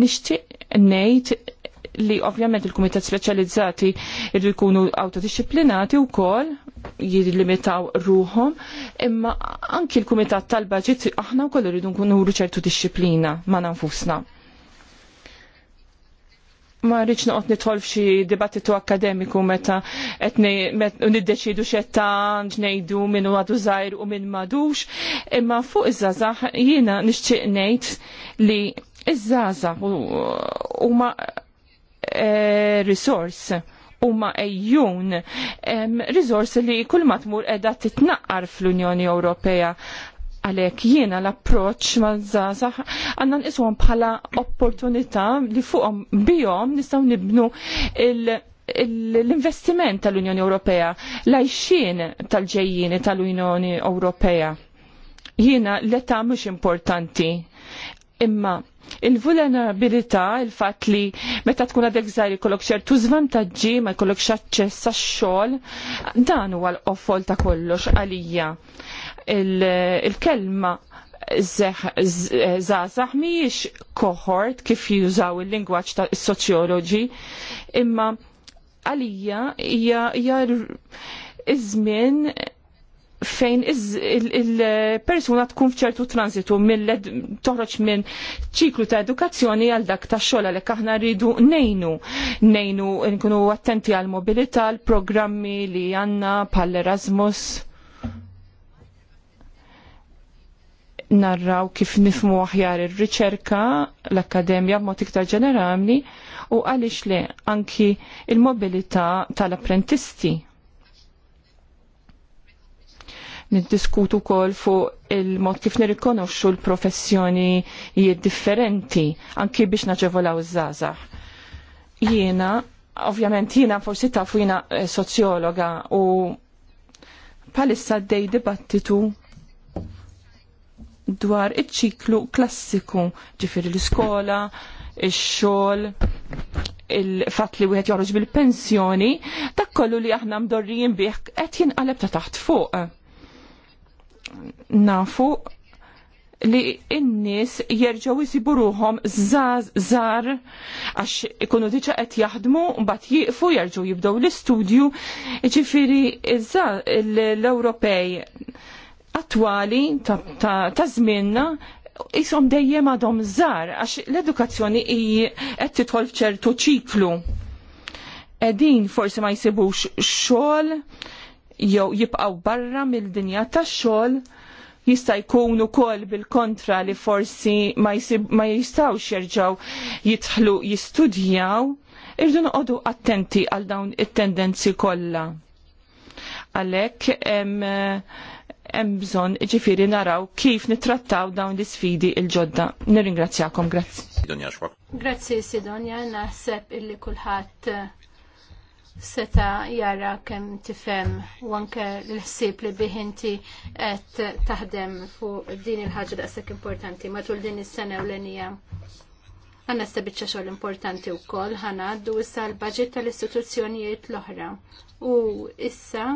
Nixtieq ngħid li ovvjament il-kumitat speċjalizzati irridu jkunu autodisciplinati wkoll jirlimitaw ruhom, imma anki l-kumitat tal-budget aħna wkoll irridu nkunu ċertu disciplina ma' nafusna ma rridx noqgħod nidħol f'xi dibattitu akademiku meta qed niddeċidu x'ettan ngħidu min għadu żgħir u minn m'għadux, imma fuq iż-żgħażagħ jiena nixtieq ngħid li iż-żgħażagħ huma e, resource huma ejjun risors li kull ma tmur qiegħda titnaqqar fl-Unjoni Ewropea Għalek jiena l-approċ mal-żazax għanna iswom bħala opportunità li fuqhom bijom nistgħu nibnu il- l-investiment tal-Unjoni Ewropea, l-għajxin tal-ġejjini tal-Unjoni Ewropea. Jiena l-età mhux importanti, imma il-vulnerabilità, il-fat li meta tkun għadek zaħir jkollok ċertu zvantagġi ma jkollok xaċċess għax-xogħol, dan huwa l-offol ta' kollox għalija. Il-kelma zazax mhijiex kohort kif jużaw il-lingwaġġ ta' soċjoloġi, imma għalija hija iż-żmien fejn il-persuna tkun fċertu transitu mill toħroġ minn ċiklu ta' edukazzjoni għal dak ta' xogħol għalhekk aħna rridu nejnu, nejnu nkunu attenti għal mobilità, l programmi li għandna bħal Erasmus. Narraw kif nifmu aħjar ir-riċerka, l-akkademja b'mod iktar ġenerali u għaliex li anki il-mobilità tal-apprentisti niddiskutu kol fuq il-mod kif nirrikonoxxu l professjoni differenti anki biex naġevolaw iż-żgħażagħ. Jiena, ovvjament jiena forsi tafu jiena eh, sozjologa u palissa dej dibattitu dwar iċ-ċiklu klassiku, ġifiri l-iskola, ix-xogħol, il-fat li wieħed joħroġ bil-pensjoni, dak kollu li aħna mdorrijin bih qed jinqaleb ta' taħt fuq nafu li n jerġaw jisiburuħom ruħom zar għax ikunu diċa qed jaħdmu mbagħad jieqfu jerġgħu jibdew l-istudju. ġifiri l-Ewropej attwali ta' żmienna jisom dejjem għadhom zar għax l-edukazzjoni qed titħol f'ċertu ċiklu. Edin forsi ma jsibux xogħol jew jibqgħu barra mill-dinja tax-xogħol jista' jkun ukoll bil-kontra li forsi ma, jisib, ma jistawx jerġgħu jidħlu jistudjaw, irdu noqogħdu attenti għal dawn it-tendenzi kollha. Għalhekk hemm bżonn ġifieri naraw kif nittrattaw dawn l-isfidi il-ġodda. Nirringrazzjakom, grazzi. Grazzi Sidonja, naħseb illi kulħadd seta jara kemm tifhem u anke l-ħsieb li bih inti qed taħdem fuq din il-ħaġa daqshekk importanti matul din is-sena ewlenija. Għanna stabiċċa xogħol importanti wkoll ħanaddu issa l-baġit tal-istituzzjonijiet l-oħra. U issa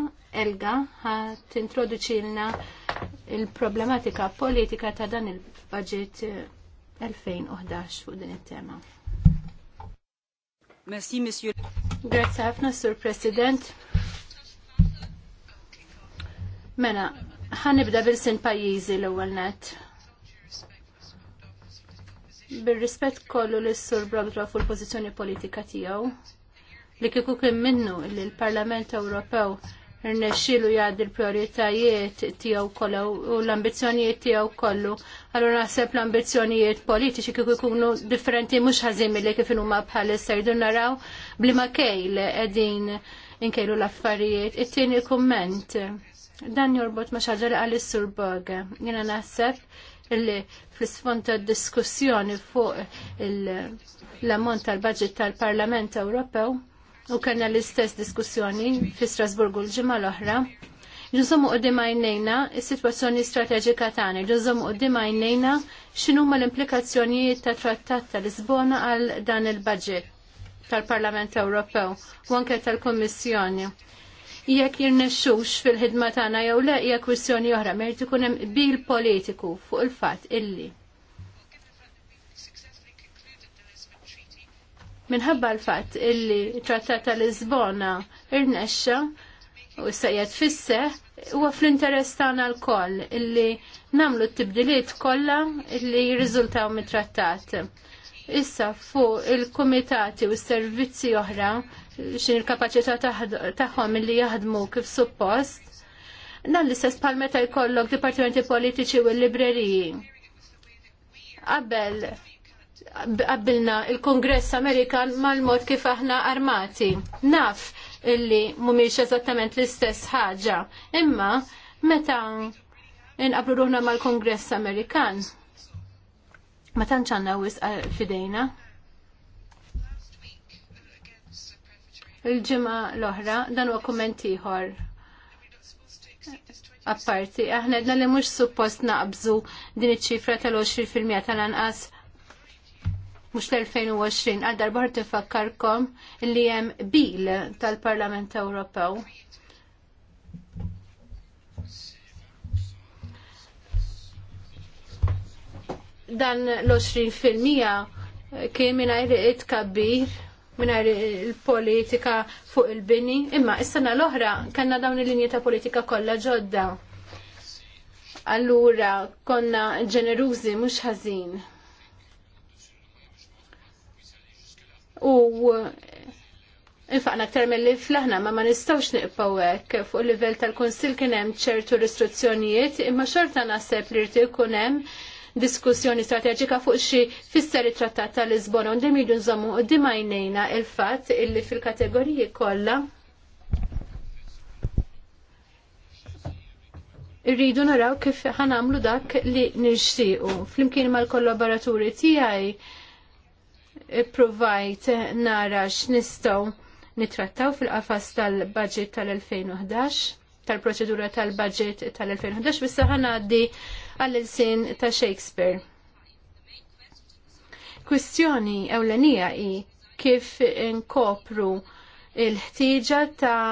Elga ħat introduċilna il-problematika politika ta' dan il-baġit 2011 eh, fuq din it-tema. Merci, Monsieur. Grazie ħafna, Sur President. Mena, ħanibda bil-sin pajizi l-ewwel net. Bir-rispett kollu lis sur Brodra fuq il-pożizzjoni politika tiegħu li kieku kien minnu li l-Parlament Ewropew rnexxielu jgħad il prioritajiet tiegħu kollha u l-ambizzjonijiet tiegħu kollu. Allura naħseb l-ambizzjonijiet politiċi kieku jkunu differenti mhux ħażin milli kif huma bħalissa jridu naraw blima kejl qegħdin inkejlu l-affarijiet. It-tieni kumment dan jorbot ma' xi li is sur Boga. Jiena naħseb illi fl-isfond tad diskussjoni fuq l-ammont tal-budget tal-Parlament Ewropew u kellna l-istess diskussjoni fi Strasburgu l-ġimgħa l-oħra. Nżommu qudiem għajnejna is-sitwazzjoni strateġika tagħna, nżommu qudiem għajnejna x'inhuma l-implikazzjonijiet ta' Trattat ta' Lisbona għal dan il-budget tal-Parlament Ewropew u anke tal-Kummissjoni. Jekk jirnexxux fil-ħidma tagħna jew le hija kwistjoni oħra, merit ikun bil politiku fuq il-fatt illi minħabba l-fatt illi trattat tal-Lisbona irnexxa u sejjed fisseħ huwa fl-interess tagħna l-koll illi nagħmlu t-tibdiliet kollha illi jirriżultaw mit-trattat. Issa fuq il-kumitati u s-servizzi oħra xin il-kapacità tagħhom illi jaħdmu kif suppost. Dan l-istess bħal meta jkollok dipartimenti politiċi u l-libreriji. Qabel qabilna il-Kongress Amerikan mal-mod kif aħna armati. Naf illi mumiex eżattament l-istess ħaġa. Imma meta inqablu ruħna mal-Kongress Amerikan, ma tantx għandna wisqa eh, fidejna. Il-ġimgħa l-oħra dan huwa kommentiħor. ieħor. Apparti, aħna għedna li mhux suppost naqbżu din iċ-ċifra tal-20% tal-anqas mux l-2020, għaddar bħar tifakkarkom li jem bil tal-Parlament Ewropew. Dan l-20% kien minnajr it-kabbir, minna il-politika fuq il-bini, imma is-sena l-oħra kanna dawn il-linji ta' politika kollha ġodda. Allura konna ġenerużi mhux ħażin. u eh, infaqna ktar mill-li flaħna ma ma nistawx niqpaw hekk fuq livell tal-Kunsill kien hemm ċertu restrizzjonijiet imma xorta naħseb li rrid ikun hemm diskussjoni strateġika fuq xi fisser it-Trattat tal-Lisbona u ndemidu nżommu qudiem jnejna il-fatt illi fil-kategoriji kollha irridu naraw kif ħanamlu dak li nixtiequ. Flimkien mal-kollaboraturi tiegħi provajt nara x'nistgħu nitrattaw fil-qafas tal-budget tal-2011 tal-proċedura tal-budget tal-2011 bissa ħanaddi għall-sin ta' Shakespeare. Kwistjoni ewlenija hi kif nkopru il-ħtieġa ta'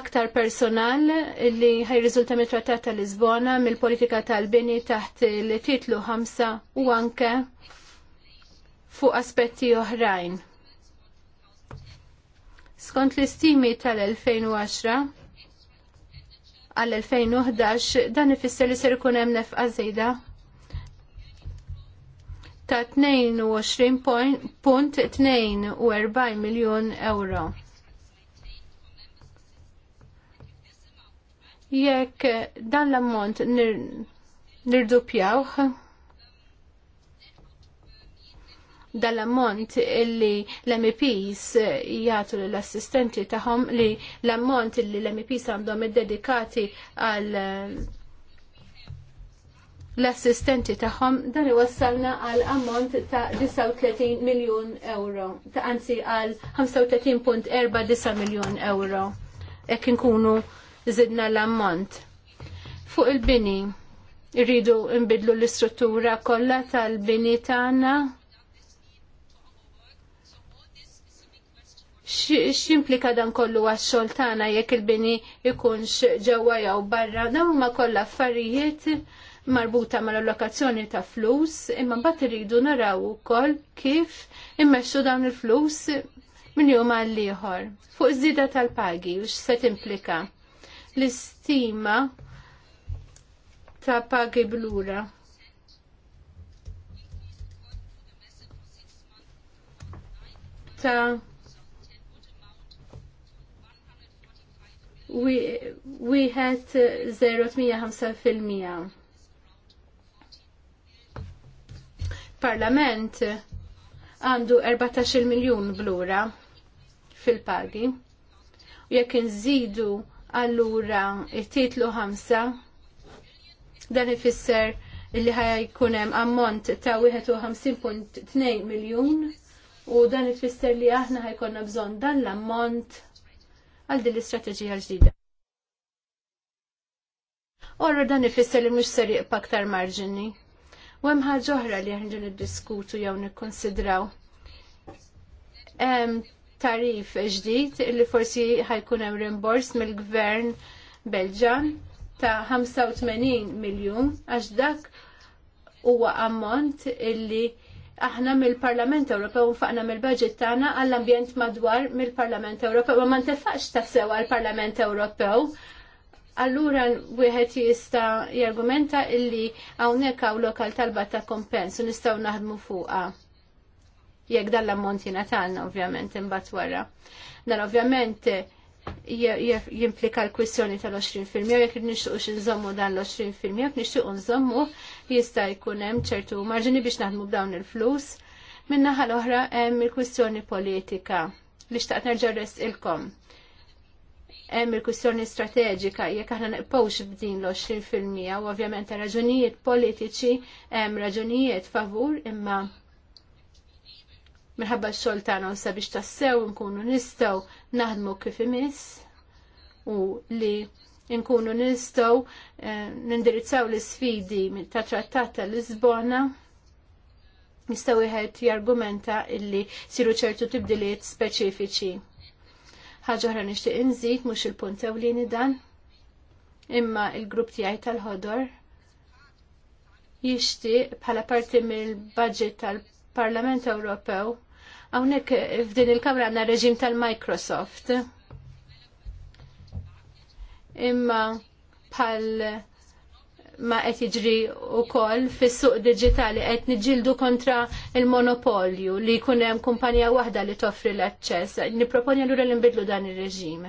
aktar personal li ħajriżulta mit-trattat tal-Lisbona mill-politika tal-bini taħt il-titlu 5 u anke fuq aspetti oħrajn. Skont l-istimi tal-2010 għal-2011 dan ifisser li ser ikun hemm nefqa żejda ta' 22.42 miljon euro. Jekk dan l-ammont nirdupjawh, nir dal-ammont illi l-MEPs eh, jgħatu l-assistenti tagħhom li l-ammont illi l-MEPs għandhom id-dedikati għal eh, l-assistenti tagħhom dan iwassalna għal ammont ta' 39 miljun euro, ta' anzi għal 35.49 miljun euro. Ek nkunu zidna l-ammont. Fuq il-bini, irridu nbidlu l-istruttura kollha tal-bini tagħna x'implika dan kollu għax-xogħol tagħna jekk il-bini ikunx ġewwa jew barra, dawn huma kollha affarijiet marbuta mal-allokazzjoni ta' flus, imma mbagħad irridu naraw ukoll kif immexxu dawn il-flus minn jum għal ieħor. Fuq żieda tal-pagi u x'se timplika. L-istima ta' pagi blura. ta' wieħed eh, fil-mija. Parlament għandu 14 miljun blura fil-pagi. U jekk nżidu allura it-titlu 5 dan ifisser li ħajkun hemm ammont ta' 51.2 miljun u dan ifisser li aħna ħajkonna bżonn dan l-ammont għal din l-istrateġija ġdida. Orra dan ifisser li mhux ser jiqpa aktar marġini. U hemm ħaġa oħra li aħna niddiskutu jew nikkonsidraw. Hemm tarif ġdid li forsi ħajkun hemm rimbors mill-Gvern Belġan ta' 85 miljun għax dak huwa ammont illi aħna mill-Parlament Ewropew faqna mill-budget tagħna għall-ambjent madwar mill-Parlament Ewropew ma ntefaqx taħsew għall-Parlament Ewropew. Allura wieħed jista' jargumenta illi hawnhekk hawn lokal talba ta' kompens u nistgħu naħdmu fuqha. Jekk dan l-ammont tagħna ovvjament imbagħad wara. Dan ovvjament jimplika l kwistjoni tal-20% jekk nixtuqx nżommu dan l-20% jekk nixtiequ nżommu jista' jkun hemm ċertu marġini biex naħdmu b'dawn il-flus. naħa l-oħra hemm il-kwistjoni politika li xtaqt nerġa' ilkom. Hemm il-kwistjoni strateġika jekk aħna neqpowx b'din l-20 fil-mija u ovvjament raġunijiet politiċi hemm raġunijiet favur imma minħabba x-xogħol tagħna u sabiex tassew nkunu nistgħu naħdmu kif imiss u li nkunu nistgħu eh, nindirizzaw l-isfidi ta' trattat ta' Lisbona jistgħu wieħed jargumenta illi siru ċertu tibdiliet speċifiċi. Ħaġa oħra nixtieq inżid mhux il-punt ewlieni dan, imma il-grupp tiegħi tal-ħodor jixtieq bħala parti mill-budget tal-Parlament Ewropew hawnhekk f'din il-Kamra għandna reġim tal-Microsoft imma bħal ma qed jiġri wkoll fis-suq diġitali qed niġġieldu kontra il-monopolju li jkun hemm kumpanija waħda li toffri l-aċċess. Nipproponi allura li nbidlu dan ir-reġim.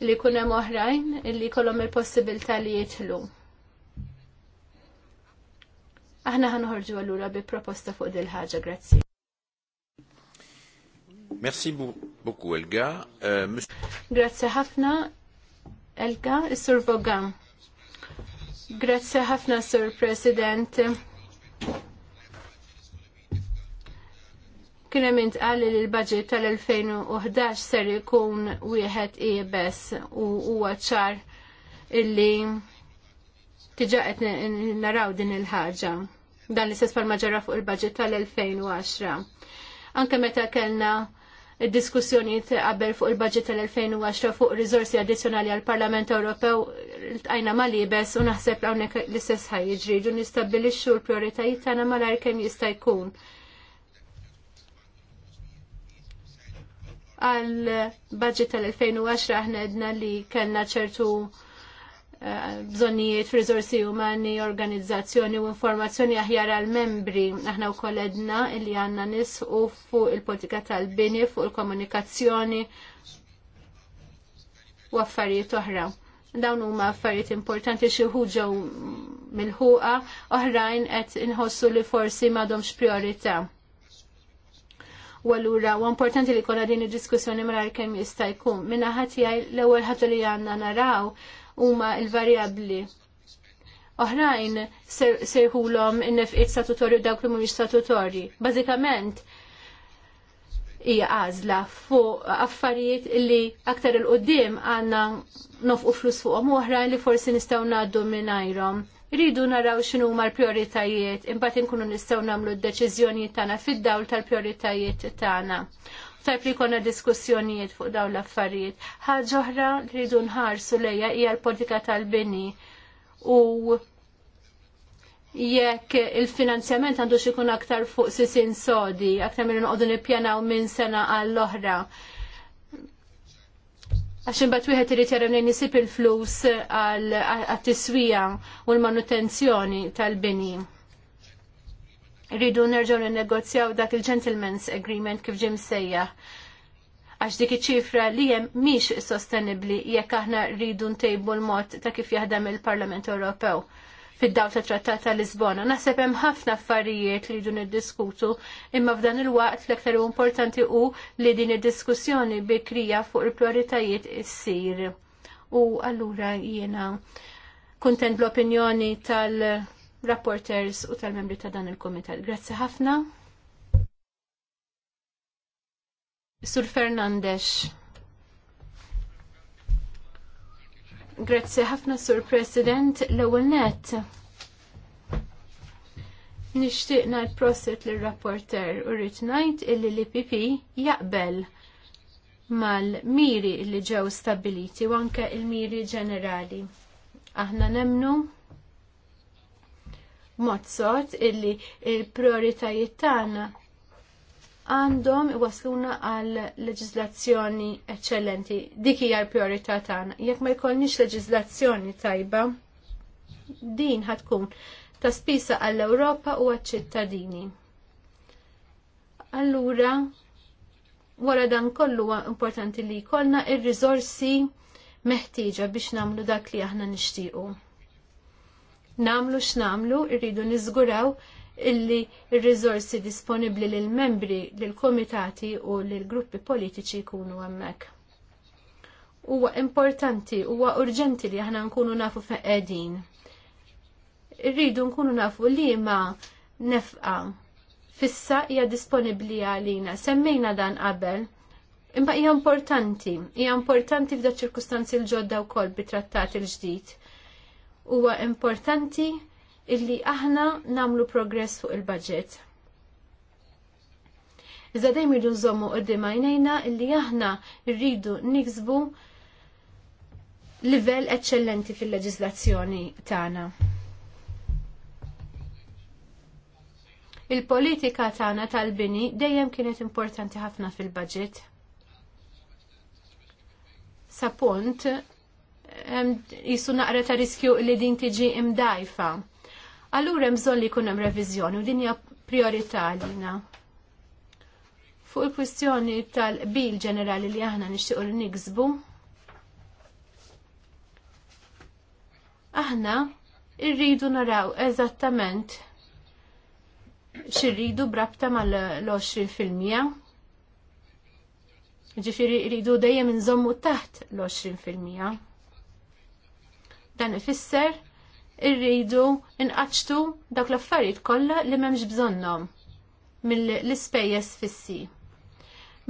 Li jkun hemm oħrajn li jkollhom il-possibilità li jidħlu. Aħna ħanħorġu allura bi proposta fuq il ħaġa grazzi. Merci beaucoup Elga. Euh, Grazie ħafna Elga, Sur Bogan. Grazie ħafna, Sur President. Kina mint għalli li l-budget tal-2011 ser ikun wieħed ibes u huwa ċar illi tiġaqet qed naraw din il-ħaġa. Dan li sespar maġara fuq il-budget tal-2010. Anke meta kellna id-diskussjonijiet qabel fuq il-budget tal-2010 fuq rizorsi addizzjonali għall parlament Ewropew l-tqajna ma libes u naħseb hawnhekk l-istess ħajġri ġu nistabbilixxu l-prijoritajiet tagħna malajr kemm jista' jkun. Għal budget tal-2010 aħna idna li kellna ċertu bżonnijiet f'riżorsi umani, organizzazzjoni u informazzjoni aħjar għal membri Aħna wkoll edna li għandna nisqu fuq il-politika tal-bini, fuq il-komunikazzjoni u affarijiet oħra. Dawn huma affarijiet importanti xi ħuġew mill-ħuqa, oħrajn qed inħossu li forsi m'għadhomx priorità. U allura u importanti li kollha din id-diskussjoni mara kemm jista' jkun. Minna ħadd l-ewwel ħaġa li għandna naraw huma l-varjabbli oħrajn serħulhom in-nefqiet statutorju dawk li mhumiex statutorji. Bażikament hija għażla fuq affarijiet li aktar il qudiem għandna nofqu flus fuqhom oħrajn li forsi nistgħu ngħaddu mingħajrhom. Rridu naraw x'inhu huma l-prijoritajiet, imbagħad inkunu nistgħu nagħmlu d-deċiżjonijiet tagħna fid-dawl tal-prijoritajiet tagħna tajb li jkollna diskussjonijiet fuq dawn l-affarijiet. Ħaġa oħra li rridu nħarsu lejha hija l-politika tal-bini u jekk il-finanzjament għandu ikun aktar fuq sisin sodi, aktar minn nqogħdu nippjanaw minn sena għall-oħra. Għax imbagħad wieħed irid jara minn isib il-flus għat-tiswija u l-manutenzjoni tal-bini rridu nerġgħu ninnegozjaw dak il-Gentleman's Agreement kif ġim sejja. Għax dik iċ-ċifra li hemm mhix sostenibbli jekk aħna rridu ntejbu l-mod ta' kif jaħdem il-Parlament Ewropew fid-daw ta' trattat ta' Lisbona. Naħseb hemm ħafna affarijiet li rridu niddiskutu, imma f'dan il-waqt l-aktar importanti hu li din id-diskussjoni bikrija fuq il-prioritajiet issir. U allura jiena kuntent bl-opinjoni tal- rapporters u tal-membri ta' dan il kumitat Grazzi ħafna. Sur Fernandez. Grazzi ħafna Sur President l-ewwel net. Nixtieqna l-proset lir-rapporter u rrid ngħid illi l-IPP jaqbel mal-miri li ġew stabiliti u anke l-miri ġenerali. Aħna nemnu mozzot illi il-prioritajiet tagħna għandhom iwasluna għal leġizlazzjoni eccellenti. Dik hija l-priorità tagħna. Jekk ma jkollniex leġizlazzjoni tajba, din ħatkun ta' spisa għall-Ewropa u għaċ-ċittadini. Allura, wara dan kollu importanti li jkollna ir-riżorsi meħtieġa biex nagħmlu dak li aħna nixtiequ namlu x'namlu, irridu niżguraw illi r-riżorsi disponibbli lill membri lill komitati u lill gruppi politiċi jkunu hemmhekk. Huwa importanti, huwa urġenti li aħna nkunu nafu fejn qegħdin. Irridu nkunu nafu li ma nefqa fissa hija disponibbli għalina. Semmejna dan qabel. Imma hija importanti, hija importanti f'da ċirkustanzi l-ġodda wkoll bit-trattat il-ġdid huwa importanti illi aħna namlu progress fuq il-budget. Iżda dejjem irridu nżommu qudiem għajnejna illi aħna rridu niksbu livell eċċellenti fil-leġislazzjoni tagħna. Il-politika tagħna tal-bini dejjem kienet importanti ħafna fil-budget. Sa punt jisu naqra ta' riskju li din tiġi imdajfa. Allura mżon li kunem revizjoni u din hija priorità lina. Fuq il-kwistjoni tal-bil ġenerali li aħna nixtiequ li niksbu, aħna irridu naraw eżattament xirridu brabta mal-20%. Ġifiri irridu dejjem nżommu taħt l-20%. Dan ifisser irridu inqaċtu dak l-affarijiet kollha li m'hemmx bżonnhom mill-ispejjeż fissi.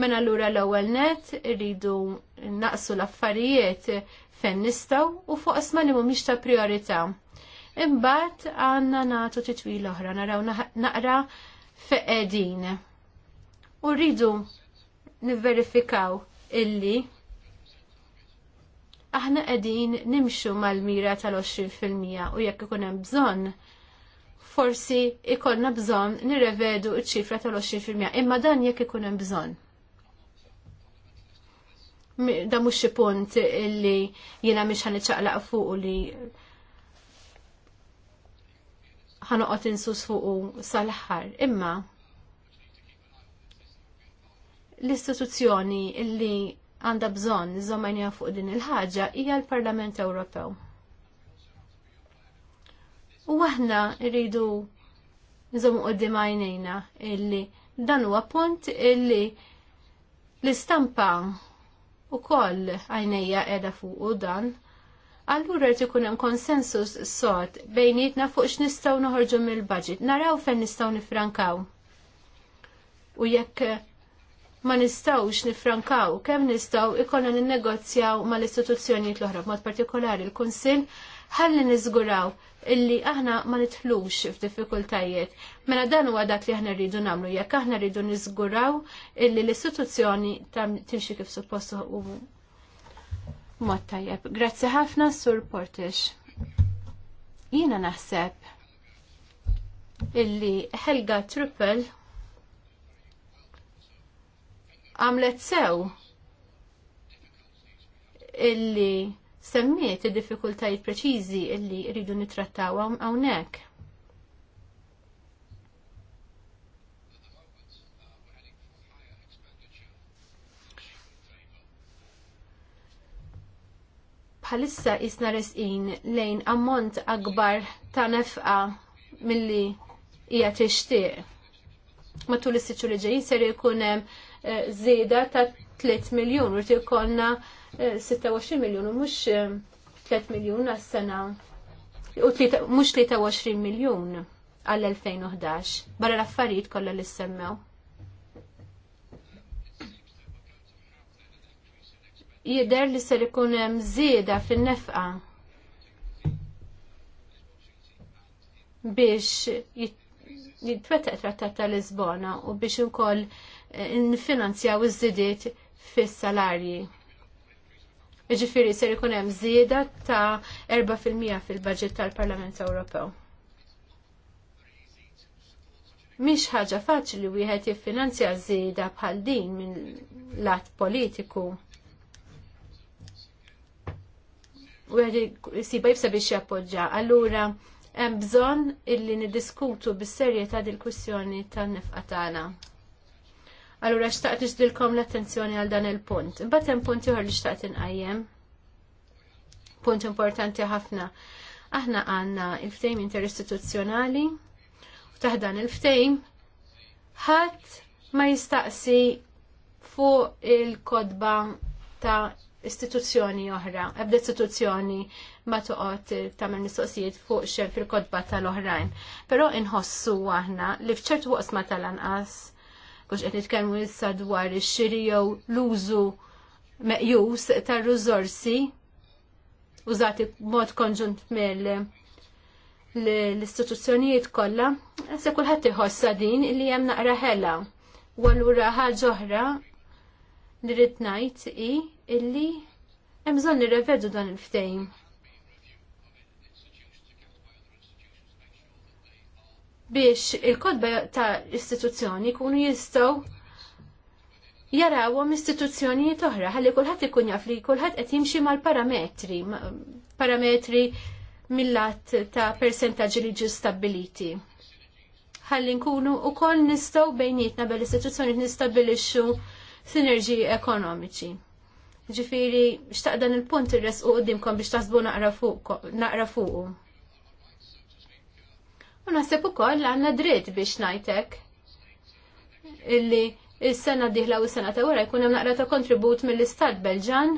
Mela allura l-ewwel net irridu naqsu l-affarijiet fejn nistgħu u fuq isma li mhumiex ta' priorità. Imbagħad għandna nagħtu titwil oħra naraw naqra feqedin. U rridu nivverifikaw illi aħna qegħdin nimxu mal-mira tal-20% u jekk ikun hemm bżonn forsi ikonna bżonn nirrevedu ċ-ċifra tal-20% imma dan jekk ikun hemm bżonn. Da mhux xi punt li jiena mhix iċċaqlaq fuq li ħanoqgħod insus fuqu sal-aħħar. Imma l-istituzzjoni li għandha bżonn iżommajnija fuq din il-ħaġa hija l-Parlament Ewropew. U aħna rridu nżommu qoddim għajnejna illi dan huwa punt illi l-istampa u koll għajnejja edha fuq u dan, allura rrit ikun hemm konsensus sod bejnietna fuq x'nistgħu noħorġu mill-budget, naraw fejn nistgħu nifrankaw. U jekk ma nistawx nifrankaw kemm nistaw ikonna ninnegozjaw mal-istituzzjonijiet l-oħra b'mod partikolari l-Kunsill ħalli niżguraw illi aħna ma nitħlux f'diffikultajiet. Mela dan huwa dak li aħna rridu nagħmlu jekk aħna rridu niżguraw illi l-istituzzjoni timxi kif suppost u mod tajjeb. Grazzi ħafna Sur Portix. Jiena naħseb illi Helga Truppel għamlet sew illi semmiet id-diffikultajiet preċiżi illi rridu nitrattaw hawnhekk. bħalissa jisna resqin lejn ammont akbar ta' nefqa mill-li hija tixtieq. Matul is-siċċu li ġejjin ser jkun hemm żieda ta' 3 miljun, u konna 26 eh, miljun, u mux 3 eh, miljun għas-sena, u mux 23 miljun għall-2011, barra l-affarijiet kollha li semmew. Jider li ser ikun hemm żieda fin-nefqa biex jitwetaq trattat ta' Lisbona u biex ukoll Eh, nfinanzjaw iż-żidiet fis-salarji. Jiġifieri ser ikun hemm żieda ta' 4% fil-baġġett tal-Parlament Ewropew. Mhix ħaġa faċli wieħed jiffinanzja żieda bħal din minn lat politiku. Wieħed jsiba jibsa biex jappoġġa. Allura hemm bżonn illi niddiskutu bis-serjetà dil-kwistjoni tan-nefqa tagħna. Allura xtaqt iġdilkom l-attenzjoni għal dan il-punt. Imbagħad hemm punt ieħor li xtaqt inqajjem. Punt importanti ħafna. Aħna għandna il-ftejm interistituzzjonali u taħdan il-ftejm ħadd ma jistaqsi fuq il-kodba ta' istituzzjoni oħra, ebda istituzzjoni ma toqgħod tagħmel mistoqsijiet fuq xejn fil-kodba tal-oħrajn. Però inħossu aħna li f'ċertu waqsma tal-anqas kux qed nitkellmu issa dwar ix-xiri jew l-użu meqjus tar-riżorsi użati b'mod konġunt mill l-istituzzjonijiet kollha, se kulħadd iħossa din li hemm naqra ħela. U allura ħaġa oħra li rid ngħid hi illi hemm bżonn nirrevedu dan il-ftehim. biex il-kodba ta' istituzzjoni kunu jistaw jarawhom istituzzjonijiet oħra ħalli kulħadd ikun jafli li kulħadd qed jimxi mal-parametri, parametri parametri mill ta' persentaġġi li ġew stabiliti. Ħalli nkunu wkoll nistgħu bejnietna bel istituzzjoni nistabilixxu sinerġiji ekonomiċi. Ġifiri, xtaqdan il-punt il-res u għoddimkom biex taħsbu naqra fuqu. U naħseb ukoll għandna dritt biex ngħidlek illi is-sena diħla u s-sena ta' wara jkun hemm naqra ta' kontribut mill-Istat Belġan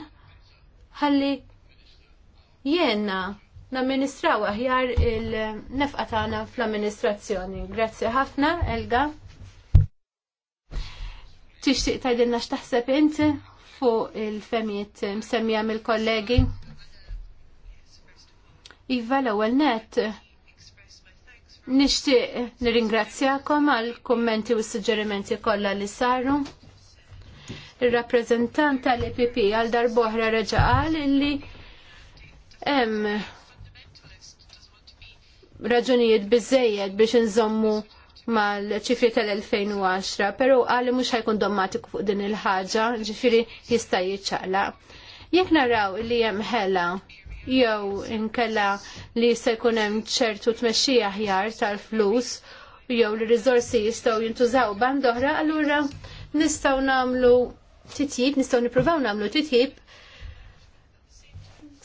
ħalli jenna namministraw aħjar il-nefqa tagħna fl-amministrazzjoni. Grazzi ħafna, Elga. Tixtieq tgħidilna x'taħseb inti fuq il-femijiet msemmija mill-kollegi? Iva l-ewwel net Nixtieq nirringrazzjakom għal kummenti u suġġerimenti kollha li saru. Ir-rappreżentant tal-EPP għal darboħra reġaqal illi hemm raġunijiet bizzejed biex inżommu mal-ċifri tal-2010, pero għalli mux ħajkun dommatiku fuq din il-ħagġa, ġifiri jista' jiċċaqla. Jekk naraw li hemm ħela jew inkella li se jkun hemm ċertu tmexxija aħjar tal-flus jew li riżorsi jistgħu jintużaw band oħra, allura nistgħu nagħmlu titjib, nistgħu nippruvaw nagħmlu titjib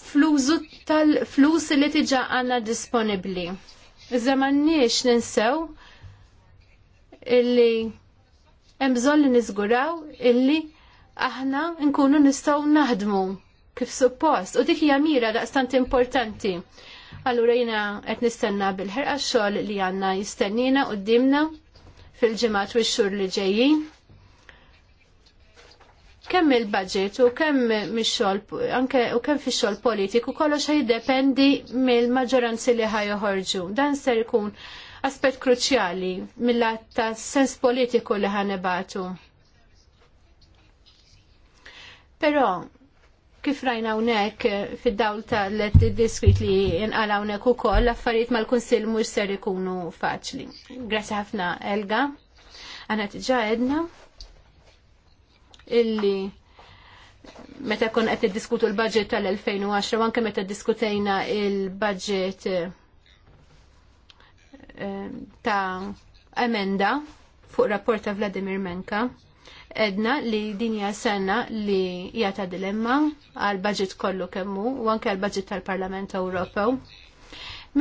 flużu tal-flus li tiġa għandna disponibbli. Iżda m'għandniex ninsew illi hemm bżonn li niżguraw illi aħna nkunu nistgħu naħdmu kif suppost. U dik hija mira daqstant importanti. Allura jina qed nistenna bil-ħerqa xogħol li għandna jistennina qudiemna fil-ġimgħat u x-xhur li ġejjin. Kemm il-budget u kemm mix-xogħol anke u kemm fix-xogħol politiku kollox jiddependi mill-maġġoranzi li ħajoħorġu. Dan ser ikun aspett kruċjali mill-att ta' sens politiku li ħanebatu. Però Kif rajna hawnhekk eh, fid-dawl tal-let diskrit li inqala hawnhekk ukoll l-affarijiet mal-Kunsill mhux ser ikunu faċli. Grazzi ħafna Elga. Għana tġa edna illi meta kon qed diskutu l-budget tal-2010 u anke meta diskutejna il-budget eh, ta' emenda fuq rapport ta' Vladimir Menka edna li din hija sena li hija ta' dilemma għal budget kollu kemmu u anke għal budget tal-Parlament Ewropew.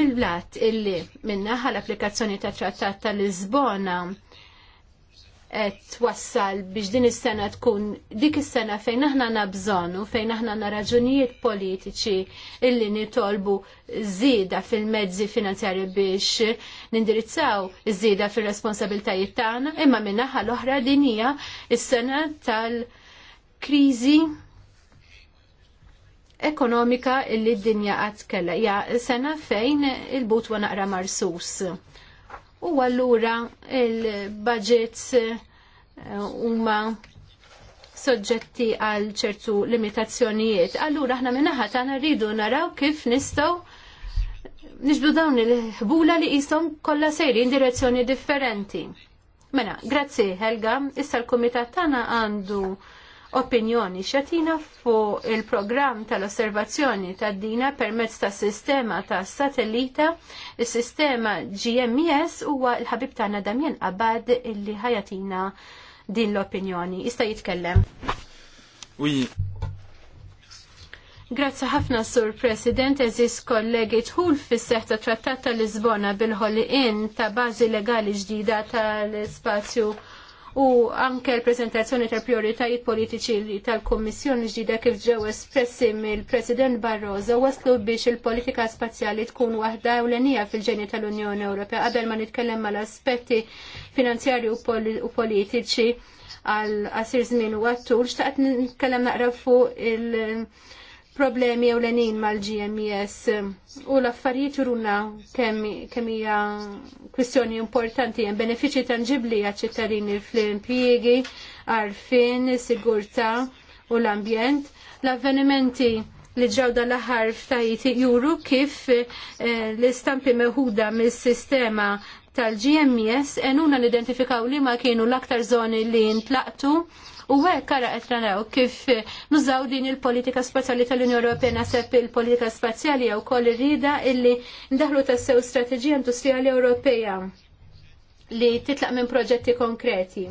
Mill-blat illi minnaħa l-applikazzjoni ta' trattat tal-Lisbona twassal biex din is-sena tkun dik is-sena fejn aħna nabżonu, bżonn u fejn aħna na raġunijiet politiċi illi nitolbu żieda fil-mezzi finanzjarji biex nindirizzaw iż-żieda fir-responsabiltajiet tagħna, imma minn naħa l-oħra din hija is-sena tal-kriżi ekonomika illi d-dinja għad kellha. Ja, sena fejn il-butwa naqra marsus u allura il-budgets eh, huma soġġetti għal ċertu limitazzjonijiet. Allura aħna minnaħa tagħna rridu naraw kif nistgħu nixbdu dawn il-ħbula li qishom kollha sejrin direzzjoni differenti. Mela, grazzi Helga, issa l-kumitat tagħna għandu opinjoni xatina fuq il-programm tal-osservazzjoni tad dina permezz ta' sistema ta' satellita, il-sistema GMS e huwa l-ħabib tagħna Damien Abad illi ħajatina din l-opinjoni. Jista' jitkellem. Oui. Grazzi ħafna, Sur President, eżis kollegi tħul fis seħħ ta' Trattat tal-Lisbona bil in ta' bażi legali ġdida tal-spazju u anke l-prezentazzjoni tal prioritajiet politiċi tal-Kommissjoni ġdida kif ġew espressi mill-President Barroso waslu biex il-politika spazjali tkun waħda ewlenija fil-ġeni tal-Unjoni Ewropea qabel ma nitkellem mal aspetti finanzjarji u politiċi għal asir żmien u għattur, xtaqt nitkellem naqra fuq il- problemi ewlenin mal-GMES um, u l-affarijiet uruna kemm hija kwistjoni importanti hemm benefiċċji tanġibbli għaċ-ċittadini fl-impjiegi, għarfien, sigurtà u l-ambjent. L-avvenimenti li ġew l aħħar f'tajti juru kif eh, l-istampi meħuda mis-sistema tal-GMES enuna nidentifikaw li ma kienu l-aktar zoni li ntlaqtu U hekk kara qed naraw kif nużaw din il-politika spazjali tal-Unjoni Ewropea naħseb il-politika spazjali jew koll rida illi ndaħlu tassew strateġija industrijali Ewropea li titlaq minn proġetti konkreti.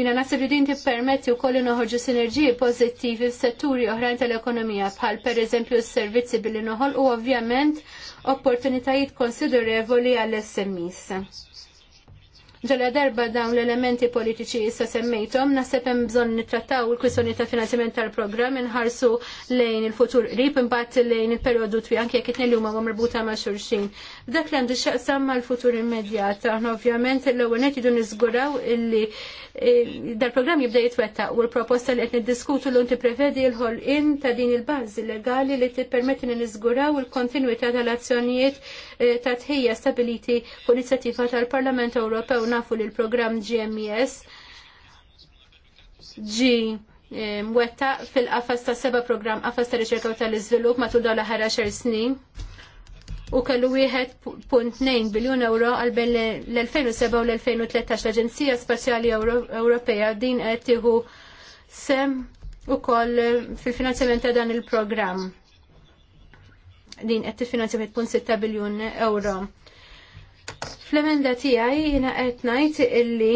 Jina nasib li din tippermetti wkoll noħorġu sinerġiji pożittivi fis-setturi oħrajn tal-ekonomija bħal pereżempju s-servizzi billi noħol u ovvjament opportunitajiet konsiderevoli għall smis Ġala darba dawn l-elementi politiċi jissa semmejtom, naħseb hemm bżonn nittrattaw il-kwistjoni ta' finanzjament tal-programm inħarsu lejn il-futur qrib imbagħad lejn il-perjodu twi anke jekk itnejn huma marbuta ma' xulxin. Dak li għandu x'aqsam mal-futur immedjat, aħna ovvjament l-ewwel qed jidu niżguraw illi eh, dal-programm jibda jitwettaq u l-proposta li qed niddiskutu l tipprevedi prevedi l in ta' din il-bażi legali li tippermetti li niżguraw il-kontinwità tal-azzjonijiet eh, ta' tħejja stabiliti fuq l inizjattiva tal-Parlament Ewropew nafu li l-programm GMES ġi eh, mwetta fil-qafas ta' seba program qafas ta' riċerka u tal-iżvilupp matul dawn l-aħħar 10 snin u kellu 1.2 biljun euro għal bejn l-2007 u l-2013 l-Aġenzija Spazjali Ewropea din qed tieħu sem ukoll fil-finanzjament ta' dan il-programm. Din qed tiffinanzja 1.6 biljun euro. Fl-emenda tiegħi jiena qed ngħid illi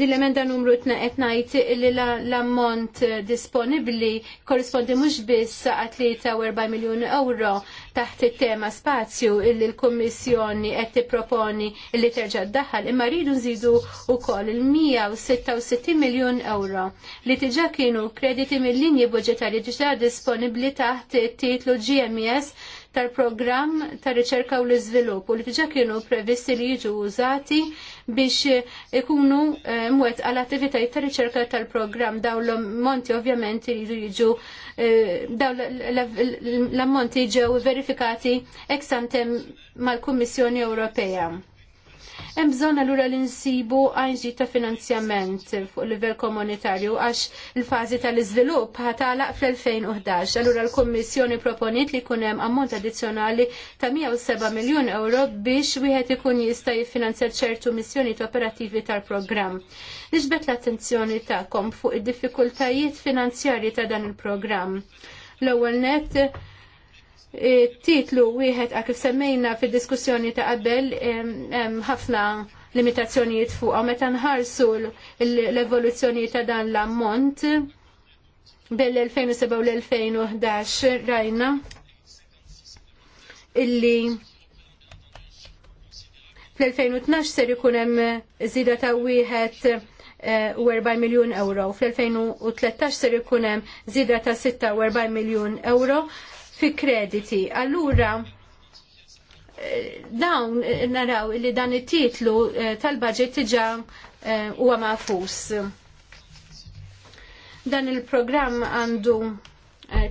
din l-emenda numru tna qed ngħid illi l-ammont disponibbli korrispondi mhux biss sa 4 miljun euro taħt it-tema spazju illi l-Kummissjoni qed tipproponi illi terġa' ddaħħal imma rridu nżidu wkoll il-166 miljun euro li diġà kienu krediti mill-linji budġetarji ġiġa disponibbli taħt it-titlu GMS e tal-programm ta' riċerka u l-iżvilupp u li diġa' kienu previsti li jiġu użati biex ikunu eh, mwet għal attivitajiet ta' riċerka tal-programm daw l-ammonti ovvjament jridu jiġu eh, daw l-ammonti ġew verifikati ex ante mal-Kummissjoni Ewropea. Hemm bżonn allura li nsibu għajn ta' finanzjament fuq livell komunitarju għax il-fażi tal-iżvilupp ħatalaq fl-2011. Allura l-Kummissjoni proponiet li jkun hemm ammont addizzjonali ta' 107 miljun euro biex wieħed ikun jista' jiffinanzja ċertu missjonijiet operattivi tal-programm. Niġbet l-attenzjoni tagħkom fuq id-diffikultajiet finanzjarji ta' dan il-programm. L-ewwel net Eh, titlu wieħed għak semmejna fid diskussjoni ta' qabel ħafna limitazzjonijiet fuqha meta nħarsu l-evoluzzjoni ta' dan l-ammont bell-2007 u l-2011 rajna illi fl-2012 ser ikun hemm żida ta' wieħed eh, u 40 miljun euro. Fl-2013 ser ikun hemm żida ta' 46 miljun euro fi krediti. Allura, eh, dawn naraw li dan it-titlu eh, tal-budget tiġa eh, huwa mafus. Dan il-programm għandu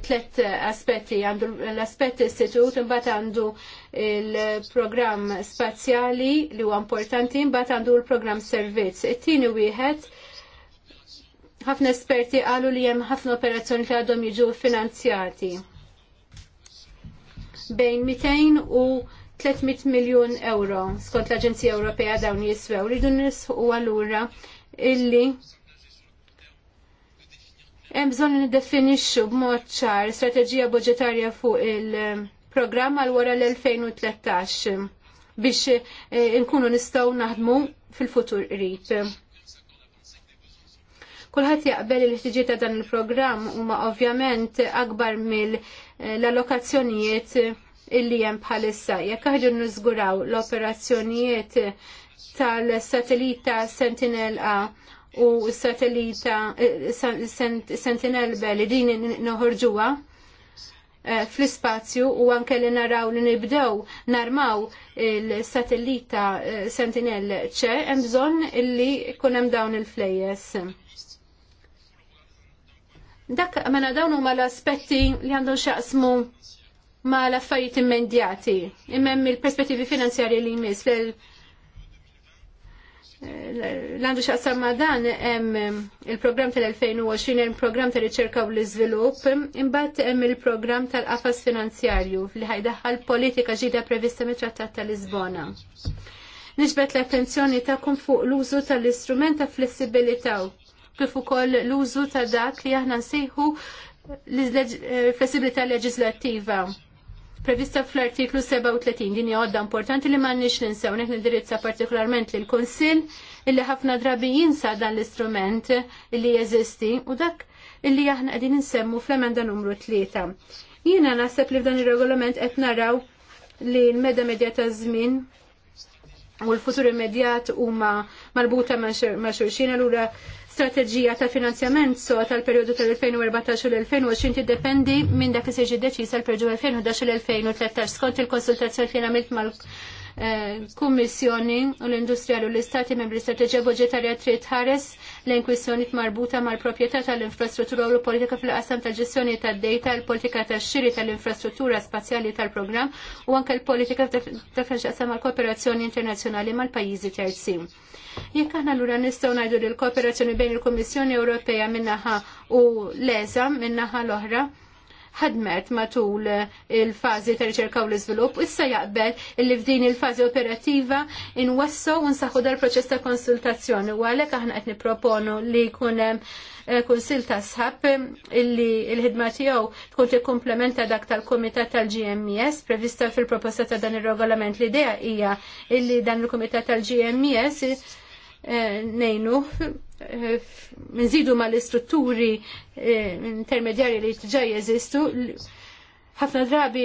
tlet aspetti, għandu l aspetti istitut, imbagħad għandu il-programm spazjali li huwa importanti, imbagħad għandu l-programm servizz. It-tieni wieħed ħafna esperti qalu li hemm ħafna operazzjoni li għadhom jiġu finanzjati bejn 200 u 300 miljon euro skont l-Aġenzija Ewropea dawn jiswew. Ridu nisħu għallura illi hemm bżonn niddefinixxu b'mod ċar strateġija budġetarja fuq il-programm għal wara l-2013 biex inkunu eh, nistgħu naħdmu fil-futur qrib. Kulħadd jaqbel il-ħtiġiet ta' dan il-programm huma ovvjament akbar mill- Eh, l-allokazzjonijiet illi hemm bħalissa. Jekk aħdu nżguraw l-operazzjonijiet tal-satellita Sentinel A u s-satellita eh, Sentinel B li din noħorġuha eh, fl-ispazju u anke li naraw li nibdew narmaw il-satellita Sentinel C hemm bżonn illi jkun hemm dawn il-flejjes Dak mela dawn huma l-aspetti li għandhom xaqsmu ma l-affarijiet immendjati. Imem il-perspettivi finanzjari li jmiss l-għandu xaqsam ma dan il-program tal-2020, il-program tal-riċerka u l-izvilup, imbat hemm il-program tal-qafas finanzjarju li ħajdaħħal politika ġida prevista mit-trattat tal-Lisbona. Nixbet l-attenzjoni ta'kum fuq l-użu tal-istrument ta' flessibilità kif ukoll l-użu ta' dak li aħna nsejħu eh, flessibilità leġislattiva prevista fl-artiklu 37 din għodda importanti li m'għandniex ninsew nek nindirizza partikolarment lil konsil illi ħafna drabi jinsa dan l-istrument illi jeżisti u dak illi aħna qegħdin insemmu fl-emenda numru 3. Jiena naħseb li f'dan ir-regolament qed naraw li l-meda medja ta' żmien u l-futur immedjat huma marbuta ma' xulxin allura strateġija ta' finanzjament so tal-periodu tal-2014 u l-2020 tiddependi minn dak li se jiġi deċiż għal periodu 2011 u 2013 skont il-konsultazzjoni li għamilt mal Eh, kummissjoni u l-industrija u l-istati membri strateġija budgetarja trid ħares lejn kwistjonijiet marbuta mal-proprjetà tal-infrastruttura u l-politika fil-qasam tal-ġestjoni tad-dejta, l-politika tax-xiri tal-infrastruttura spazjali tal-programm u anke l-politika ta' xaqsam mal-kooperazzjoni internazzjonali mal-pajjiżi terzi. Jekk aħna lura nistgħu ngħidu li l-kooperazzjoni bejn il-Kummissjoni Ewropea minnaħa u l-ESA minnaħa l-oħra, ħadmet matul il-fazi ta' riċerka u l-iżvilupp, issa jaqbel li f'din il-fazi operattiva inwassu u nsaħħu dal-proċess ta' konsultazzjoni u għalhekk aħna qed nipproponu li jkun hemm eh, konsil ta' sħab illi l-ħidma tiegħu tkun tikkumplementa dak tal-Kumitat tal-GMES prevista fil-proposta ta' dan ir-regolament. L-idea hija illi dan il-Kumitat tal-GMES eh, nejnu minżidu eh, ma l-istrutturi eh, intermedjari li ġa jeżistu, ħafna drabi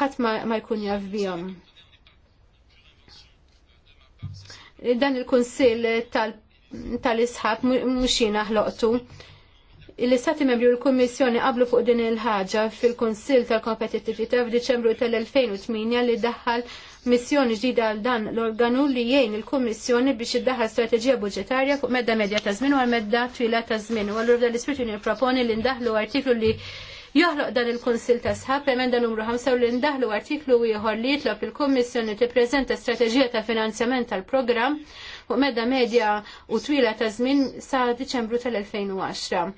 ħadd ma jkun jafbijom. Dan il-Kunsill tal-isħab mhux ħloqtu. Il-Istati Membri u l-Kummissjoni qablu fuq din il-ħaġa fil-Kunsill tal kompetittivita f'Diċembru tal-2008 li daħħal missjoni ġdida għal dan l-organu li jgħin il-Kummissjoni biex iddaħħal strateġija budġetarja fuq medda medja ta' żmien u għal medda twila ta' żmien. U allura dan l-ispirtu nipproponi li ndaħlu artiklu li joħloq dan il konsil ta' sħab emenda numru 5 u li ndaħlu artiklu ieħor li jitlob il-Kummissjoni tippreżenta strateġija ta' finanzjament tal-programm fuq medda medja u twila ta' żmien sa' Diċembru tal-2010.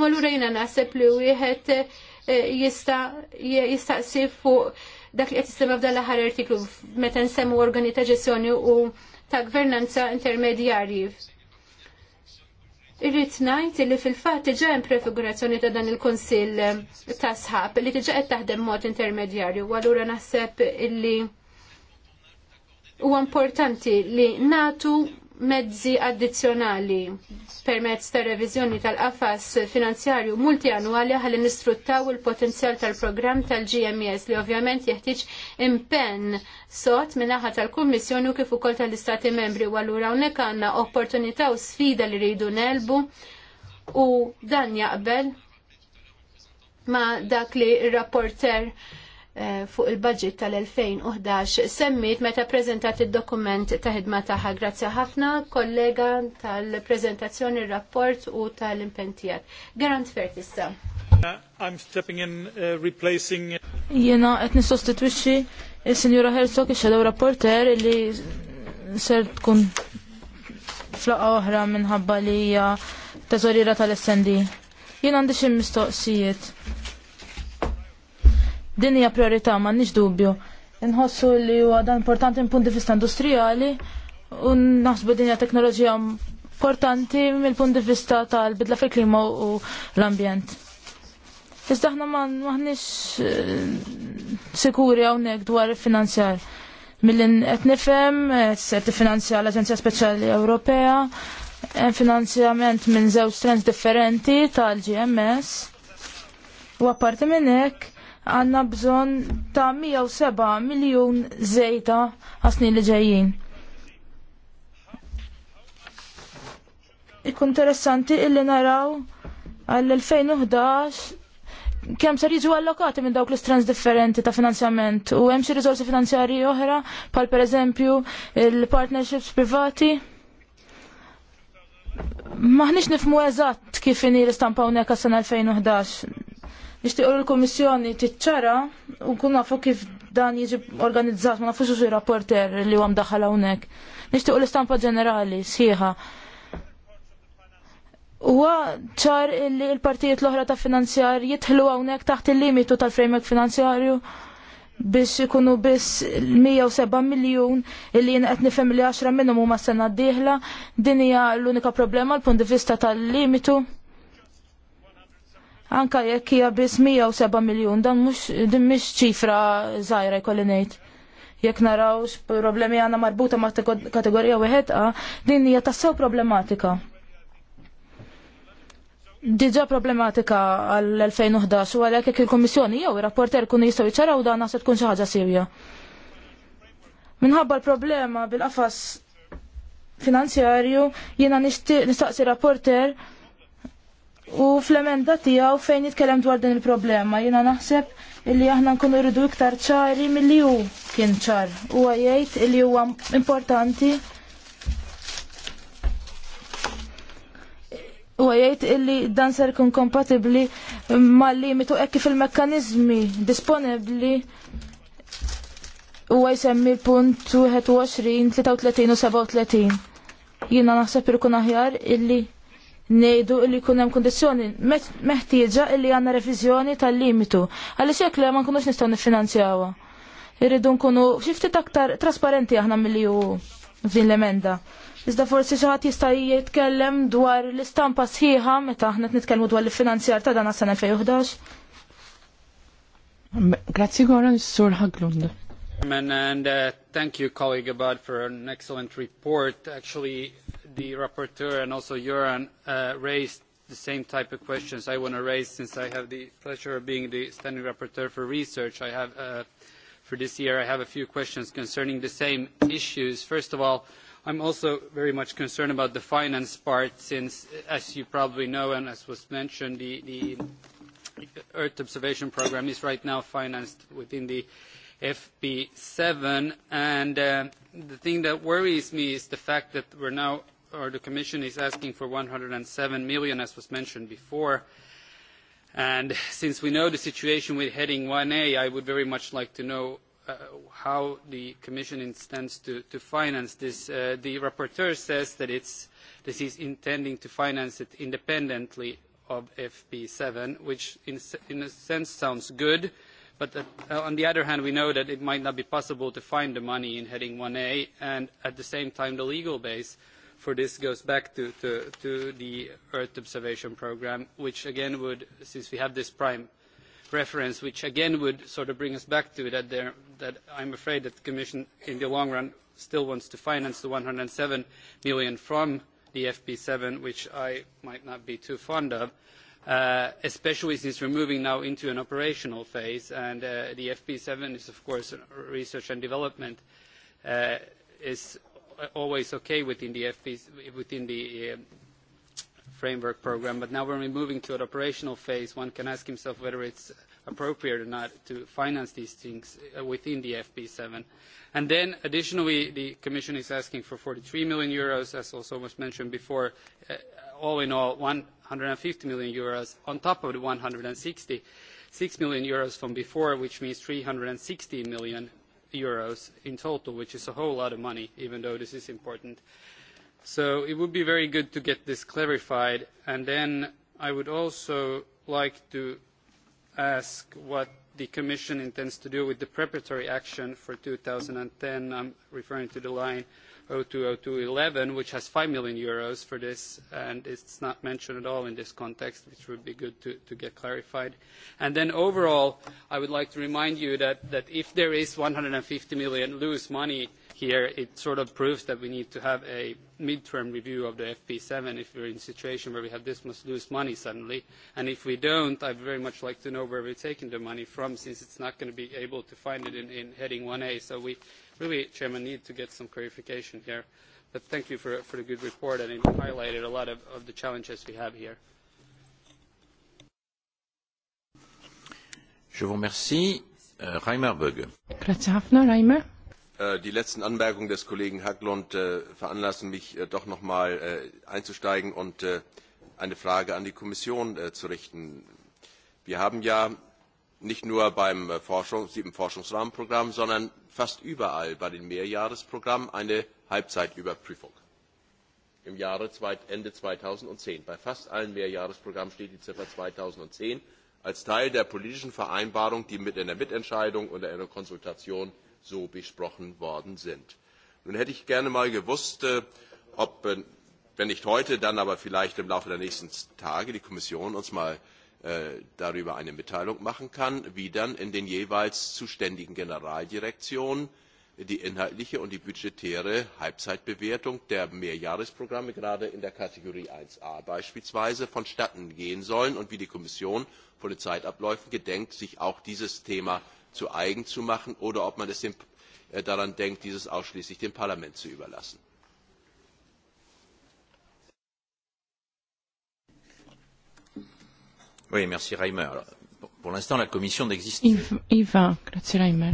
U allura jiena naħseb li wieħed eh, jista' jistaqsi fuq dak li qed jisema f'dan l-aħħar artiklu meta nsemmu organi ta' ġestjoni u ta' gvernanza intermedjarji. Irrid ngħid li fil-fatt diġà hemm prefigurazzjoni ta' dan il-Kunsill ta' sħab li diġà qed taħdem mod intermedjarju u allura naħseb illi huwa importanti li natu mezzi addizzjonali permezz ta' reviżjoni tal-qafas finanzjarju multianwali ħalli nistruttaw il-potenzjal tal-programm tal-GMS e li ovvjament jeħtieġ impenn sot minnaħa tal-Kummissjoni u kif ukoll tal-Istati membri u hawnhekk għandna opportunità u sfida li rridu nelbu u dan jaqbel ma dak li r-rapporter Eh, fuq il-budget tal-2011 semmit meta prezentat il-dokument ta' ħidma taħħa. Grazzi ħafna kollega tal-prezentazzjoni rapport u tal tiegħek. Garant Fertissa. I'm stepping in uh, replacing... Jena qed nissostitwixxi il-Sinjura Herzog ix-xedew rapporter li ser tkun flaqa oħra minħabba li hija teżorira tal-SND. Jien għandi xi mistoqsijiet Din hija priorità m'għandniex dubju. Inħossu li huwa dan importanti minn punt di vista industrijali u naħsbu din hija teknoloġija importanti mill-punt di vista tal-bidla fil-klima u l-ambjent. Iżda aħna maħniex eh, sikuri hawnhekk dwar il-finanzjar. Millin qed nifhem eh, ser tiffinanzja l-Aġenzja Speċjali Ewropea, hemm finanzjament minn żewġ trends differenti tal-GMS. U apparti minn hekk għanna bżon ta' 107 miljon zejta għasni li ġejjin. Ikun interessanti illi naraw għall-2011 kemm ser jiġu allokati minn dawk l-strands differenti ta' finanzjament u hemm xi riżorsi finanzjarji oħra per pereżempju il-partnerships privati. Maħniex nifmu eżatt kif inhi l-istampa hawnhekk sena 2011 Nixtiequ l-Kummissjoni tiċċara u nkun nafu kif dan jiġi organizzat, ma nafuxu xi rapporter li huwa mdaħħal hawnhekk. Nixtiequ l-istampa ġenerali sħiħa. Huwa ċar li l-partijiet l-oħra ta' finanzjar jitħlu hawnhekk taħt il-limitu tal-framework finanzjarju biex ikunu biss 107 miljon illi jien qed nifhem li 10 minnhom huma sena d-dieħla din hija l-unika problema l punt di vista tal-limitu Anka jekk hija biss 107 miljun dan mhux din mhix ċifra żgħira jkolli ngħid. Jekk naraw problemi għandna marbuta ma' kategorija wieħed din hija tassew problematika. Diġa problematika għal-2011 u għalhekk jekk il-Kummissjoni jew ir-rapporter kun jistgħu jċaraw dan se tkun xi ħaġa sirja. Minħabba l-problema bil-qafas finanzjarju jiena nistaqsi rapporter U fl-emenda tiegħu fejn jitkellem dwar din il-problema, jiena naħseb illi aħna nkunu rridu iktar ċari milli hu kien ċar. Huwa jgħid illi huwa importanti U għajajt illi dan ser kun kompatibli ma mitu ekki fil-mekkanizmi disponibli u għajsemmi l-punt 21, 33 u 37. Jina naħseb irkun aħjar illi nejdu illi kunem kondizjoni meħtieġa illi għanna revizjoni tal-limitu. Għalli xekle ma nkunux nistaw nifinanzjawa. Irridu nkunu xifti aktar trasparenti aħna mill-li ju f'din l-emenda. Iżda forsi xi ħadd jista' jitkellem dwar l-istampa sħiħa meta aħna nitkellmu dwar l-finanzjar ta' dan għas-sena 2011. Grazzi Goran Sur Haglund. And, and uh, thank you, colleague Abad, for an excellent report. Actually, the rapporteur and also Joran uh, raised the same type of questions I want to raise since I have the pleasure of being the standing rapporteur for research. I have, uh, for this year, I have a few questions concerning the same issues. First of all, I'm also very much concerned about the finance part since, as you probably know and as was mentioned, the, the Earth Observation Programme is right now financed within the FP7. And uh, the thing that worries me is the fact that we are now or the Commission is asking for one hundred and seven million, as was mentioned before. And since we know the situation with heading one a I would very much like to know uh, how the Commission intends to, to finance this. Uh, the rapporteur says that it's, this is intending to finance it independently of fp seven, which in, in a sense sounds good, but that, uh, on the other hand, we know that it might not be possible to find the money in heading one a and at the same time the legal base for this goes back to, to, to the Earth observation program, which again would, since we have this prime reference, which again would sort of bring us back to that, there, that I'm afraid that the Commission in the long run still wants to finance the 107 million from the FP7, which I might not be too fond of. Uh, especially since we're moving now into an operational phase, and uh, the FP7 is, of course, research and development uh, is Uh, always okay within the, FP e within the uh, framework program, but now when we're moving to an operational phase, one can ask himself whether it's appropriate or not to finance these things uh, within the FP7. And then additionally, the Commission is asking for 43 million euros, as also was mentioned before, all in all, 150 million euros on top of the 160 six million euros from before, which means sixty million euros in total, which is a whole lot of money, even though this is important. So it would be very good to get this clarified. And then I would also like to ask what the Commission intends to do with the preparatory action for 2010. I'm referring to the line 2011, which has 5 million euros for this, and it's not mentioned at all in this context, which would be good to, to get clarified. And then overall, I would like to remind you that, that if there is 150 million loose money here, it sort of proves that we need to have a midterm review of the FP7 if we're in a situation where we have this much loose money suddenly. And if we don't, I'd very much like to know where we're taking the money from, since it's not going to be able to find it in, in heading 1A. So we really, Chairman, need to get some clarification here. But thank you for, for a good report, and it highlighted a lot of, of the challenges we have here. Je vous remercie. Uh, Reimer Böge. Grazie, Hafner. Reimer. Äh, die letzten Anmerkungen des Kollegen Haglund äh, veranlassen mich äh, doch noch mal äh, einzusteigen und äh, eine Frage an die Kommission äh, zu richten. Wir haben ja nicht nur beim Forschung, sieben Forschungsrahmenprogramm, sondern fast überall bei den Mehrjahresprogrammen eine Halbzeitüberprüfung. Im Jahre Ende 2010. Bei fast allen Mehrjahresprogrammen steht die Ziffer 2010 als Teil der politischen Vereinbarung, die mit in der Mitentscheidung und in der Konsultation so besprochen worden sind. Nun hätte ich gerne mal gewusst, äh, ob, äh, wenn nicht heute, dann aber vielleicht im Laufe der nächsten Tage die Kommission uns mal Äh, darüber eine Mitteilung machen kann, wie dann in den jeweils zuständigen Generaldirektionen die inhaltliche und die budgetäre Halbzeitbewertung der Mehrjahresprogramme, gerade in der Kategorie 1a beispielsweise, vonstatten gehen sollen und wie die Kommission von den Zeitabläufen gedenkt, sich auch dieses Thema zu eigen zu machen oder ob man es dem, äh, daran denkt, dieses ausschließlich dem Parlament zu überlassen. Oui, merci Reimer. pour l'instant, la commission n'existe iva, grazie Reimer.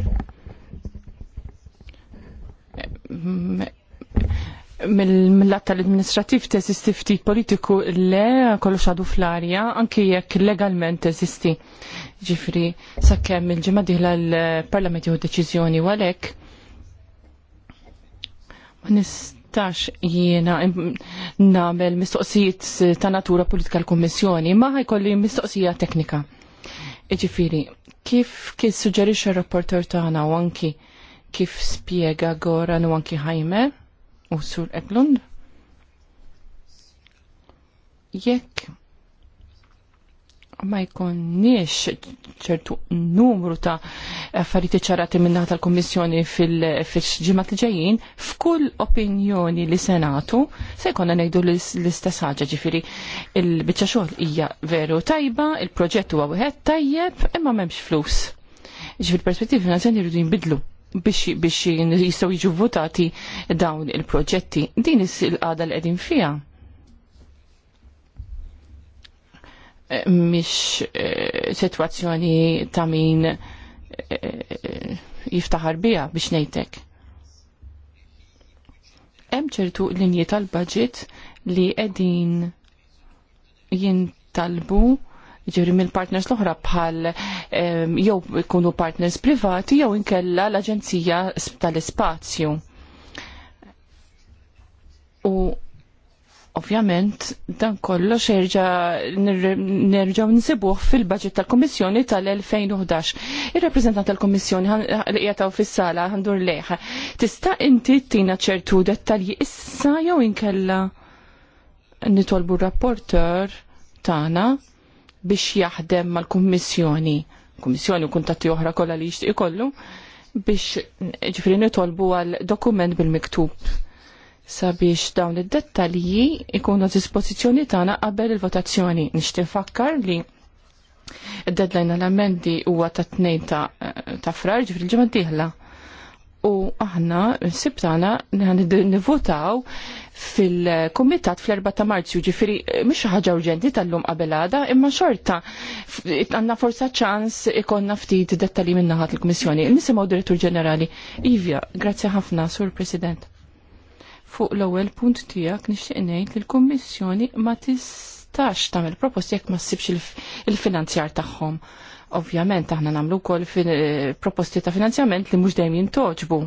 mill-lat tal-administrativ teżisti ftit politiku le kollox għadu fl-arja anki jekk legalment teżisti. Ġifri, sakemm il ġimma diħla l-Parlament jew deċiżjoni u għalhekk ma nittax jiena nagħmel mistoqsijiet ta' natura politika l-Kummissjoni, ma ħajkolli mistoqsija teknika. Iġifiri, kif kif suġġerixxa r-rapporter tagħna u anki kif spjega Goran u Ħajme u Sur Eglund. Jekk ma jkonniex ċertu numru ta' affarijiet ċarati minnaħa tal-Kommissjoni fil-ġimgħat li ġejjin, f'kull opinjoni li senatu se jkollna ngħidu l-istess ħaġa ġifieri il-biċċa xogħol hija veru tajba, il-proġett huwa wieħed tajjeb, imma m'hemmx flus. Ġifieri perspettivi finanzjali jridu jinbidlu biex biex jistgħu jiġu votati dawn il-proġetti. Din is-silqada l qegħdin fiha Eh, mhix eh, sitwazzjoni ta' min eh, jiftaħar biha biex ngħidlek. Hemm ċertu linji tal-budget li qegħdin jintalbu ġiri mill-partners l-oħra bħal jew ikunu partners privati jew inkella l-Aġenzija tal-Ispazju. U Ovvjament, dan kollo xerġa' nerġaw nsibuħ fil-budget tal-Komissjoni tal-2011. Il-reprezentant tal-Komissjoni jgħataw fis-sala għandur leħa. Tista' inti tina ċertu dettalji issa jew inkella nitolbu rapporter tagħna biex jaħdem mal-Kummissjoni, Kummissjoni u kuntatti oħra kollha li jixtieq kollu biex ġifri nitolbu għal dokument bil-miktub sabiex dawn id-dettalji ikunu dispozizjoni tagħna qabel il-votazzjoni. Nixtieq fakkar li id-deadline għal-amendi huwa ta' tnejn ta' frar ġifri l-ġimgħa dieħla U aħna sibtana nivvotaw fil-komitat fl-4 ta' Marzju, ġifiri, mux ħaġa urġenti tal-lum qabelada, imma xorta, għandna forsa ċans ikonna ftit dettali minnaħat l-Komissjoni. Nisimaw Direttur Ġenerali, Ivja, grazzi ħafna, Sur President fuq l-ewwel punt tiegħek nixtieq ngħid li l-Kummissjoni ma tistax tagħmel proposti jekk ma ssibx il-finanzjar tagħhom. Ovvjament aħna nagħmlu wkoll eh, proposti ta' finanzjament li mhux dejjem jintoġbu.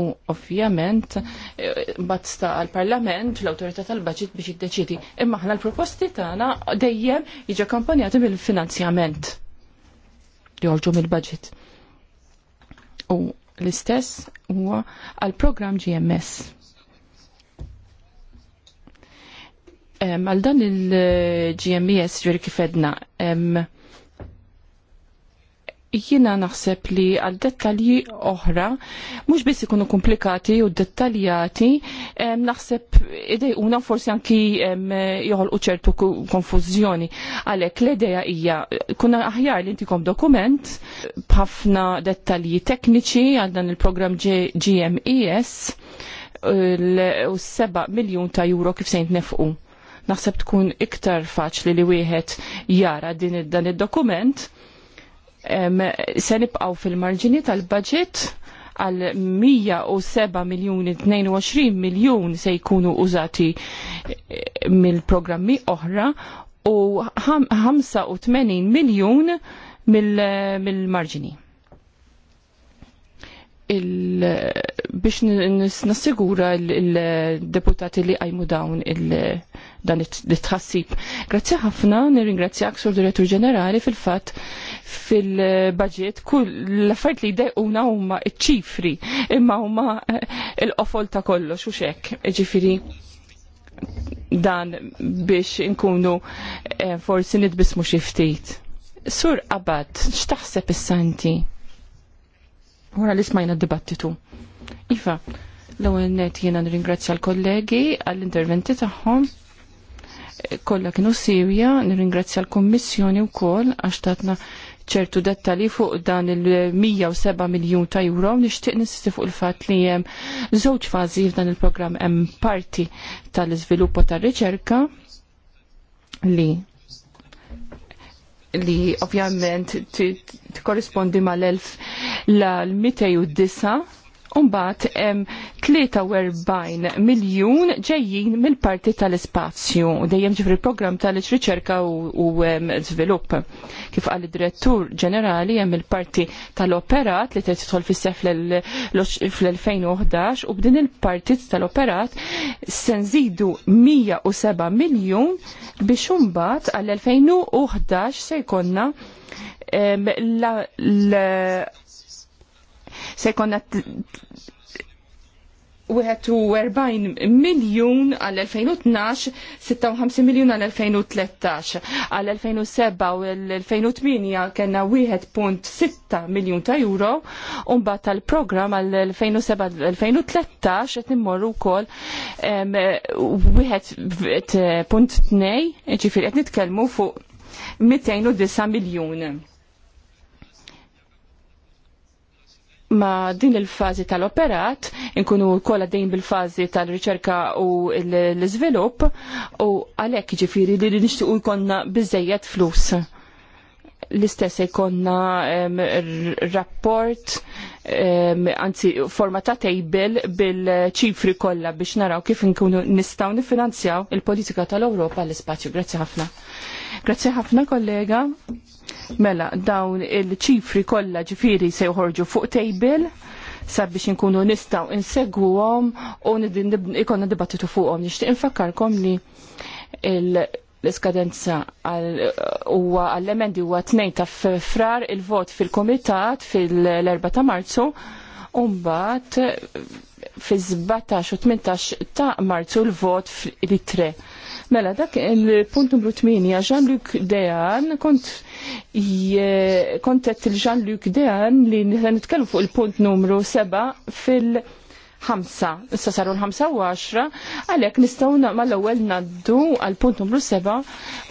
U ovvjament eh, mbagħad sta għall-Parlament l-awtorità tal-Baġit biex jiddeċidi. Imma aħna l-proposti tagħna dejjem jiġi akkampanjati mill finanzjament Jorġu mill-Baġit. U l-istess huwa għal program GMS. Għal dan il-GMS ġveri kifedna, jina naħseb li għal dettalji oħra, mux biss ikunu komplikati u dettaljati, naħseb idej una forsi anki joħol ċertu konfuzjoni. Għalek l-ideja hija kuna aħjar li intikom dokument bħafna dettalji tekniċi għal dan il-program GMES u 7 miljon ta' euro kif sejn nefqu. Naħseb tkun iktar faċli li wieħed jara din id-dan id-dokument se nibqgħu fil-marġini tal-budget għal 107 miljoni 22 miljun se jkunu użati eh, mill-programmi oħra u 85 miljun mill-marġini. biex nassigura il-deputati li għajmu dawn dan it-tħassib. Grazzi ħafna, nirringrazzjak sur Direttur Ġenerali fil-fat fil-budget kull l-affert li dejquna huma ċifri imma huma eh, il-qofol ta' kollox xuxek, xek ġifiri dan biex inkunu eh, forsi nidbismu xi ftit. Sur Abad, x'taħseb is-santi? Wara li smajna d-dibattitu. Iva, l-ewwel net jiena nirringrazzja l-kollegi għall-interventi tagħhom eh, kollha kienu Sirja, nirringrazzja l-Kommissjoni wkoll għax tatna ċertu dettali fuq dan il-107 miljun ta' euro nixtieq nisti fuq il-fatt li hemm żewġ fażi f'dan il-programm hemm parti tal izviluppo tar-riċerka li li ovvjament korrispondi mal-1000 l-209 Umbat, 43 miljon ġejjin mill-parti tal-spazju, dejjem ġifri program tal-riċerka u, u svilupp. Kif għal direttur ġenerali hemm il-parti tal-operat li tidħol fis-sef fl-2011 u b'din il-parti tal-operat se nżidu 107 miljon biex umbat għal-2011 se jkollna se u 40 miljun għal-2012, 56 miljun għal-2013. Għal-2007 u l-2008 kena 1.6 miljun ta' euro, unba tal-program għal-2007-2013 qed nimmorru wkoll 1.2, ġifieri qed nitkellmu fuq 209 miljun ma din il-fazi tal-operat, inkunu kolla din bil-fazi tal-riċerka u l-izvilup, u għalek ġifiri li u jkonna bizzejiet flus. L-istess jkonna rapport, anzi forma ta' table bil-ċifri kolla biex naraw kif nkunu nistaw nifinanzjaw il-politika tal-Europa l-spazju. Grazie ħafna. Grazzi ħafna kollega. Mela, dawn il-ċifri kollha ġifiri se joħorġu fuq tejbil sabiex inkunu nistaw insegwuhom u ikonna dibattitu fuqhom. Nixtieq infakkarkom li l-iskadenza huwa għall-emendi huwa tnejn ta' frar il-vot fil-komitat fil-4 ta' Marzu u mbagħad fi 17 u 18 ta' Marzu l-vot fil-3. Mela, dak il-punt numru 8, Jean-Luc Dean, kont kontet il-Jean-Luc Dean li nitkellmu fuq il-punt numru 7 fil- ħamsa, issa saru l-ħamsa u għaxra, għalek nistaw mal-ewel naddu għal punt numru seba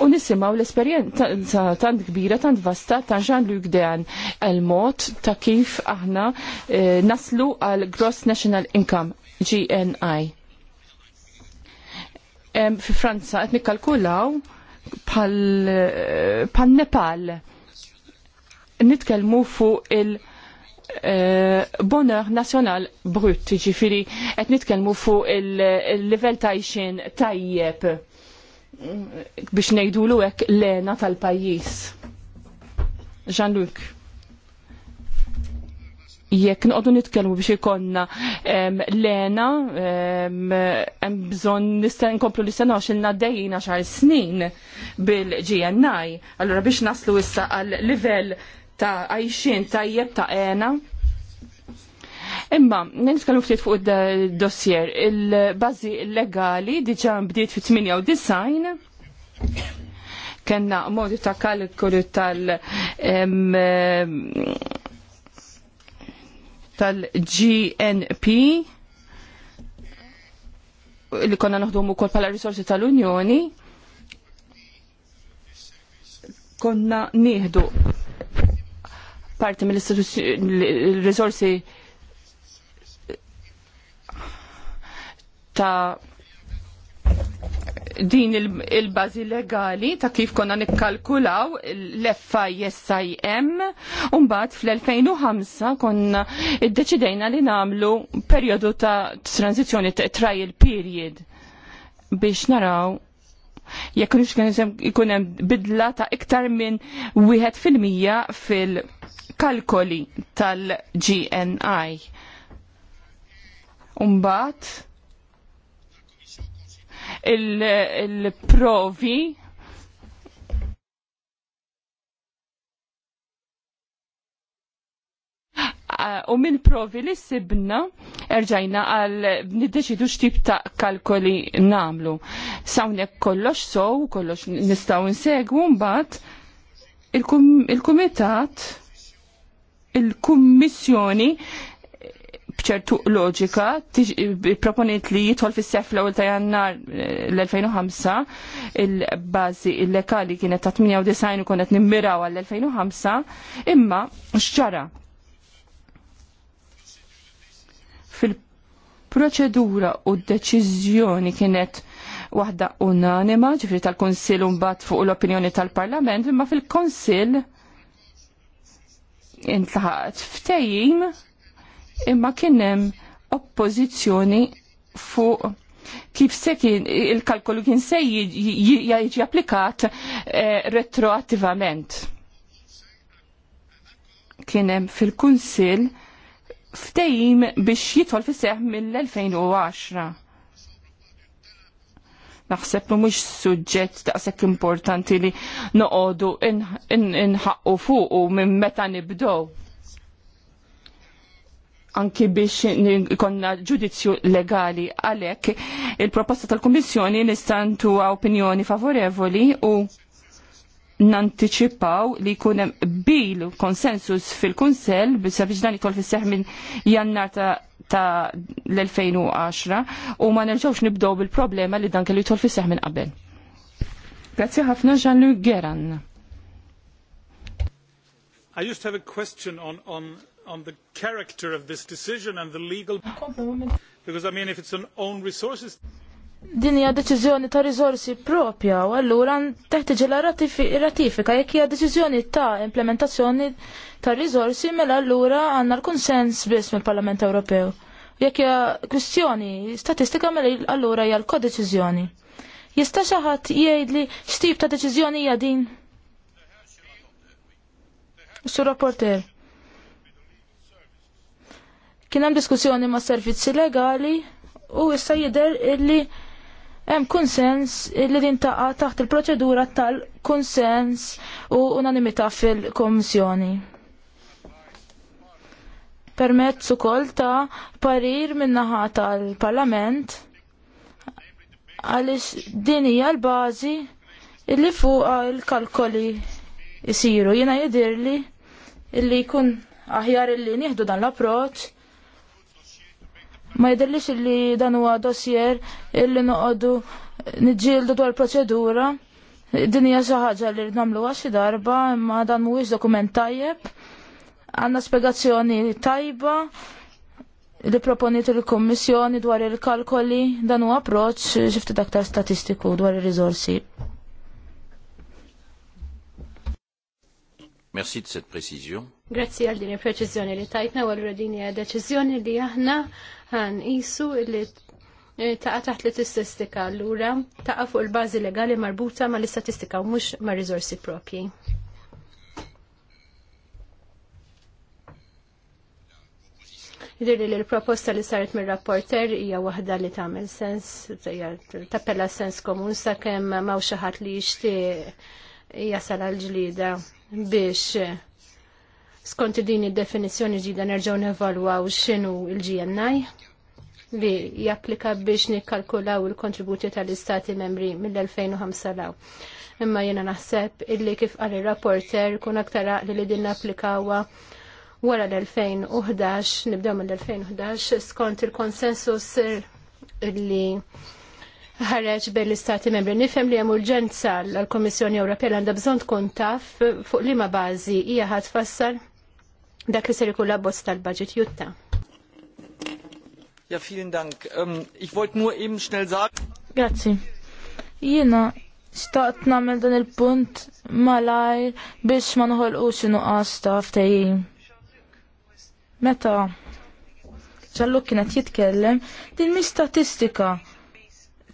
u nisimaw l-esperienza tant kbira, tant vasta ta' Jean-Luc Dean il-mod ta' kif aħna eh, naslu għal Gross National Income, GNI fi Franza qed nikkalkulaw pal eh, Nepal nitkellmu fuq il- eh, bonheur nazzjonal brut, ġifiri, qed nitkellmu fuq il livell ta' xin tajjeb biex ngħidulu hekk l-ena tal pajjiż Jean-Luc jekk nqogħdu nitkellmu biex ikonna lena hemm bżonn nista' nkomplu li sena xilna dejjina xar snin bil-GNI. Allura biex naslu issa għal livell ta' għajxin tajjeb ta' għena. Imma, nitkellmu ftit fuq id-dossier, eh, il-bażi legali diġà bdiet fi 98 kenna modi ta' kalkulu tal- tal-GNP li konna naħdmu kol pala risorsi tal-Unjoni konna nieħdu parti mill-risorsi ta' din il-bazi legali ta' kif konna nikkalkulaw l-FISIM un-bat fl-2005 konna id-deċidejna li namlu periodu ta' transizjoni ta' trial period biex naraw jekk ikun hemm bidla ta' iktar minn wieħed fil-mija fil-kalkoli tal-GNI. Umbat, il-provi ah, u minn provi li sibna erġajna għal niddeċidu x'tip ta' kalkoli namlu. Sawnek kollox sow, kollox nistaw nsegwu mbat, il kumitat il kummissjoni bċertu loġika proponiet li jidħol fis sef l-ewwel ta' jannar eh, l-2005 il-bażi il-lekali kienet ta' 98 u konet nimmiraw għall-2005 imma xċara fil-proċedura u d-deċiżjoni kienet waħda unanima ġifri tal-Konsil mbagħad fuq l-opinjoni tal-Parlament imma fil-Konsil intlaħat ftejjim imma kien hemm oppożizzjoni fuq kif se kien il-kalkolu kien se jiġi applikat eh, retroattivament. Kien hemm fil-Kunsill ftejim biex jidħol fis seħħ mill-2010. Naħseb mhux suġġett daqshekk importanti li noqogħdu inħaqqu fuqu minn meta nibdew anki biex konna ġudizzju legali għalek il-proposta tal-Kommissjoni nistantu opinjoni favorevoli u nanticipaw li kunem bil konsensus fil-Kunsel sabiex dan ikol fis-seħ minn jannar ta' ta' l-2010 u ma nerġawx nibdow bil-problema li dan kellu jitol fis minn qabel. Grazzi ħafna Jean-Luc Geran. I just have a question on, on on the character of this decision and the legal because I mean if it's an own resources din hija deċiżjoni ta' riżorsi propja u allura teħtieġ la ratifika jekk hija deċiżjoni ta' implementazzjoni ta' riżorsi mela allura għandna l-kunsens biss mill-Parlament Ewropew. Jekk hija kwistjoni statistika mela allura hija l-kodeċiżjoni. Jista' xi ħadd jgħidli x'tip ta' deċiżjoni hija din? Sur rapporter. Kien hemm diskussjoni ma' servizzi legali u issa jidher illi hemm konsens illi din taqa' taħt il-proċedura tal-konsens u unanimità fil komissjoni Permezz ukoll ta' parir min-naħa tal-Parlament għaliex din hija l-bażi illi fuq il-kalkoli jisiru. Jiena jidirli illi jkun aħjar illi nieħdu dan l approċċ Ma jidellix li dan huwa dossier illi noqogħdu niġġieldu dwar proċedura. Din hija xi ħaġa li nagħmluha xi darba, imma dan mhuwiex dokument tajjeb. Għandna spjegazzjoni tajba li proponiet il-Kommissjoni dwar il-kalkoli dan huwa approċċ xiftit aktar statistiku dwar ir-riżorsi. Merci de cette précision. Grazzi għal din il-preċizjoni li tajtna u għal din hija deċiżjoni li aħna ħan isu li taqa taħt l-istatistika l-ura taqa fuq il-bazi legali marbuta ma l-istatistika u mux ma rizorsi propji. Jidri li l-proposta li saret mir rapporter hija waħda li tagħmel sens, tappella sens komun sakemm ma xi ħadd li jixtieq jasal għal-ġlida biex Skont din id-definizzjoni ġida nerġgħu nevalwaw x'inhu l-GNI li japplika biex nikkalkulaw il-kontributi tal-istati membri mill-2005 law. Imma jiena naħseb illi kif qal ir-rapporter kun aktar li li din applikawa wara l-2011, nibdew mill-2011, skont il-konsensus illi ħareġ bejn l-istati membri. Nifhem li hemm urġenza l-Komissjoni Ewropea għandha bżonn tkun taf fuq liema bażi hija ħadd fassal dak li ser ikun l-abbozz tal-budget jutta. Ja, vielen Dank. Um, ich wollte nur eben schnell sagen. Grazie. Jena, staqt namel dan il-punt malaj biex ma noħolqux nuqqas ta' ftejji. Meta ċallu kienet jitkellem din mi statistika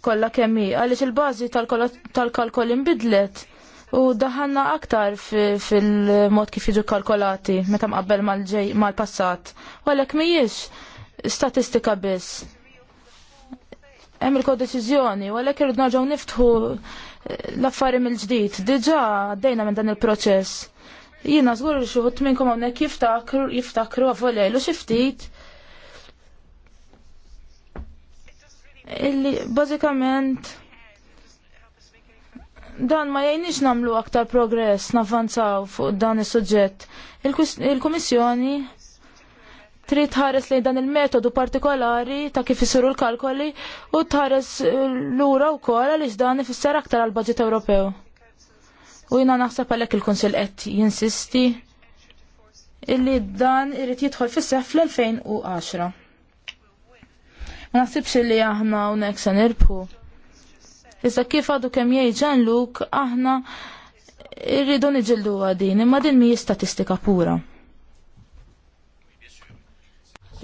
kollha kemm hi għaliex il-bażi tal-kalkol tal u daħanna aktar fil-mod kif jiġu kalkolati meta mqabbel mal-passat. Mal u għalhekk mhijiex statistika biss. Hemm il-kodeċiżjoni, u għalhekk irridna nerġgħu niftħu eh, l-affari mill-ġdid. Diġà għaddejna minn dan il-proċess. Jiena żgur li xi ħut minnkom hawnhekk jiftakru jiftakru avolelu xi ftit. Illi bażikament dan ma jajnix namlu aktar progress, nafanzaw fuq dan is suġġett Il-Komissjoni trid tħares lejn dan il-metodu partikolari ta' kif isiru l-kalkoli u tħares eh, lura wkoll għalix dan ifisser aktar għal budget Ewropew. U jina naħseb għalhekk il-Kunsill qed jinsisti illi dan irid jidħol fis fl-2010. Ma naħsibx illi aħna unek se nirbħu Iżda kif għadu kemm jgħid Luk aħna irridu nġildu għadin, imma din mi statistika pura.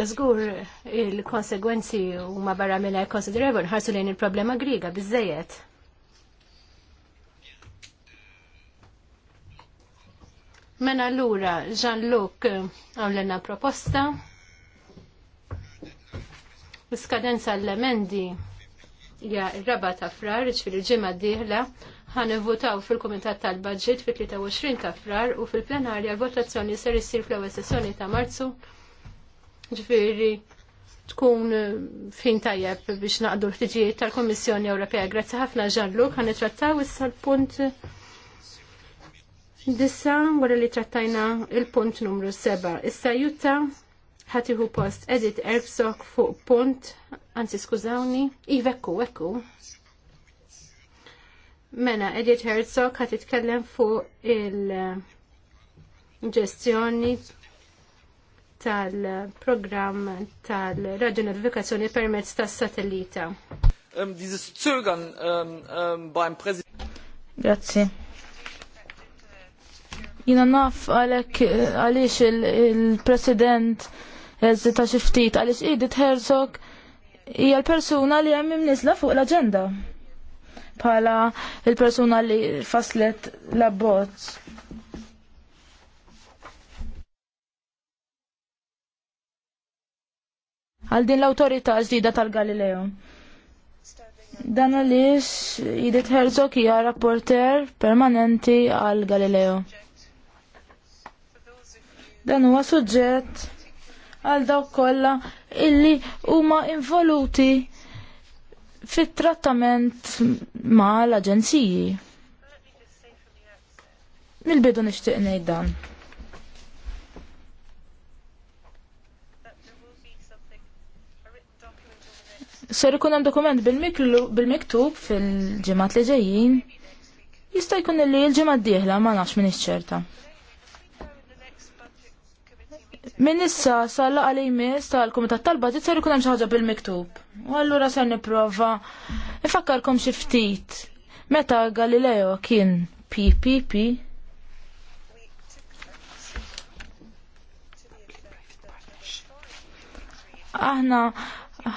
Żgur il-konsegwenzi huma barra mill konsiderevoli ħarsu lejn il-problema griga, biżejjed. Mena l-ura, Jean-Luc għamlenna proposta. L-skadenza l-emendi ja r-raba ta' frar, ġifiri ġimma diħla, ħan votaw fil-Komitat tal-Budget fil-23 ta' frar u fil-plenarja l-votazzjoni ser issir fl-ewwel sessjoni ta' Marzu. Ġifiri tkun eh, fin tajjeb biex naqdu l-ħtiġijiet tal komissjoni Ewropea. Grazzi ħafna ġallu, ħan trattaw issa l-punt Dissa, wara li trattajna il-punt numru 7. Issa jutta ħatiħu post edit erbsok fuq punt, anzi skużawni, ivekku, ekku. Mena, edit Herzog ħat tkellem fuq il-ġestjoni tal-programm tal-radjonifikazzjoni permezz tas-satellita. Ähm, Dizis Zögern ähm, ähm, beim Grazie jina naf għalek għalix il-president il eżita xi ftit għaliex Edith Herzog hija l-persuna li hemm nisla fuq l-aġenda bħala l persuna li faslet l-abbozz. Għal din l autorita ġdida tal-Galileo. Dan għaliex Edith Herzog hija rapporter permanenti għal Galileo. Dan huwa suġġett għal dawk kollha illi huma involuti fit-trattament ma' l-aġenziji. Mil-bidu nixtieq ngħid dan. ser ikun hemm dokument bil-miktub fil-ġimgħat li ġejjin. Jista' jkun li l-ġimgħa d-dieħla ma nafx min ċerta. Min issa salla għalej mis tal-Kumitat tal-Budget ser jkun hemm xi ħaġa bil-miktub. U allura se nipprova ifakkarkom xi ftit. Meta Galileo kien PPP aħna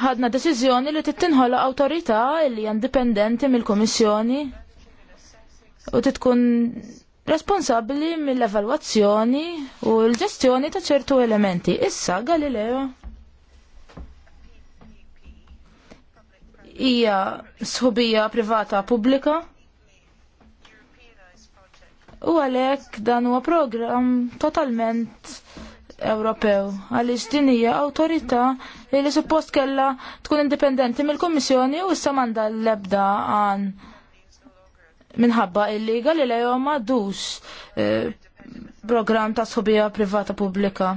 ħadna deċiżjoni li tittinħola awtorità li indipendenti mill-Komissjoni u titkun responsabbli mill-evalwazzjoni u l-ġestjoni ta' ċertu elementi. Issa Galileo hija sħubija privata pubblika u għalhekk dan huwa program totalment Ewropew għaliex din hija awtorità li suppost kellha tkun indipendenti mill-Kummissjoni u issa m'għandha l-ebda għan minħabba illegal li lejhom m'għadux eh, program ta' sobija privata pubblika.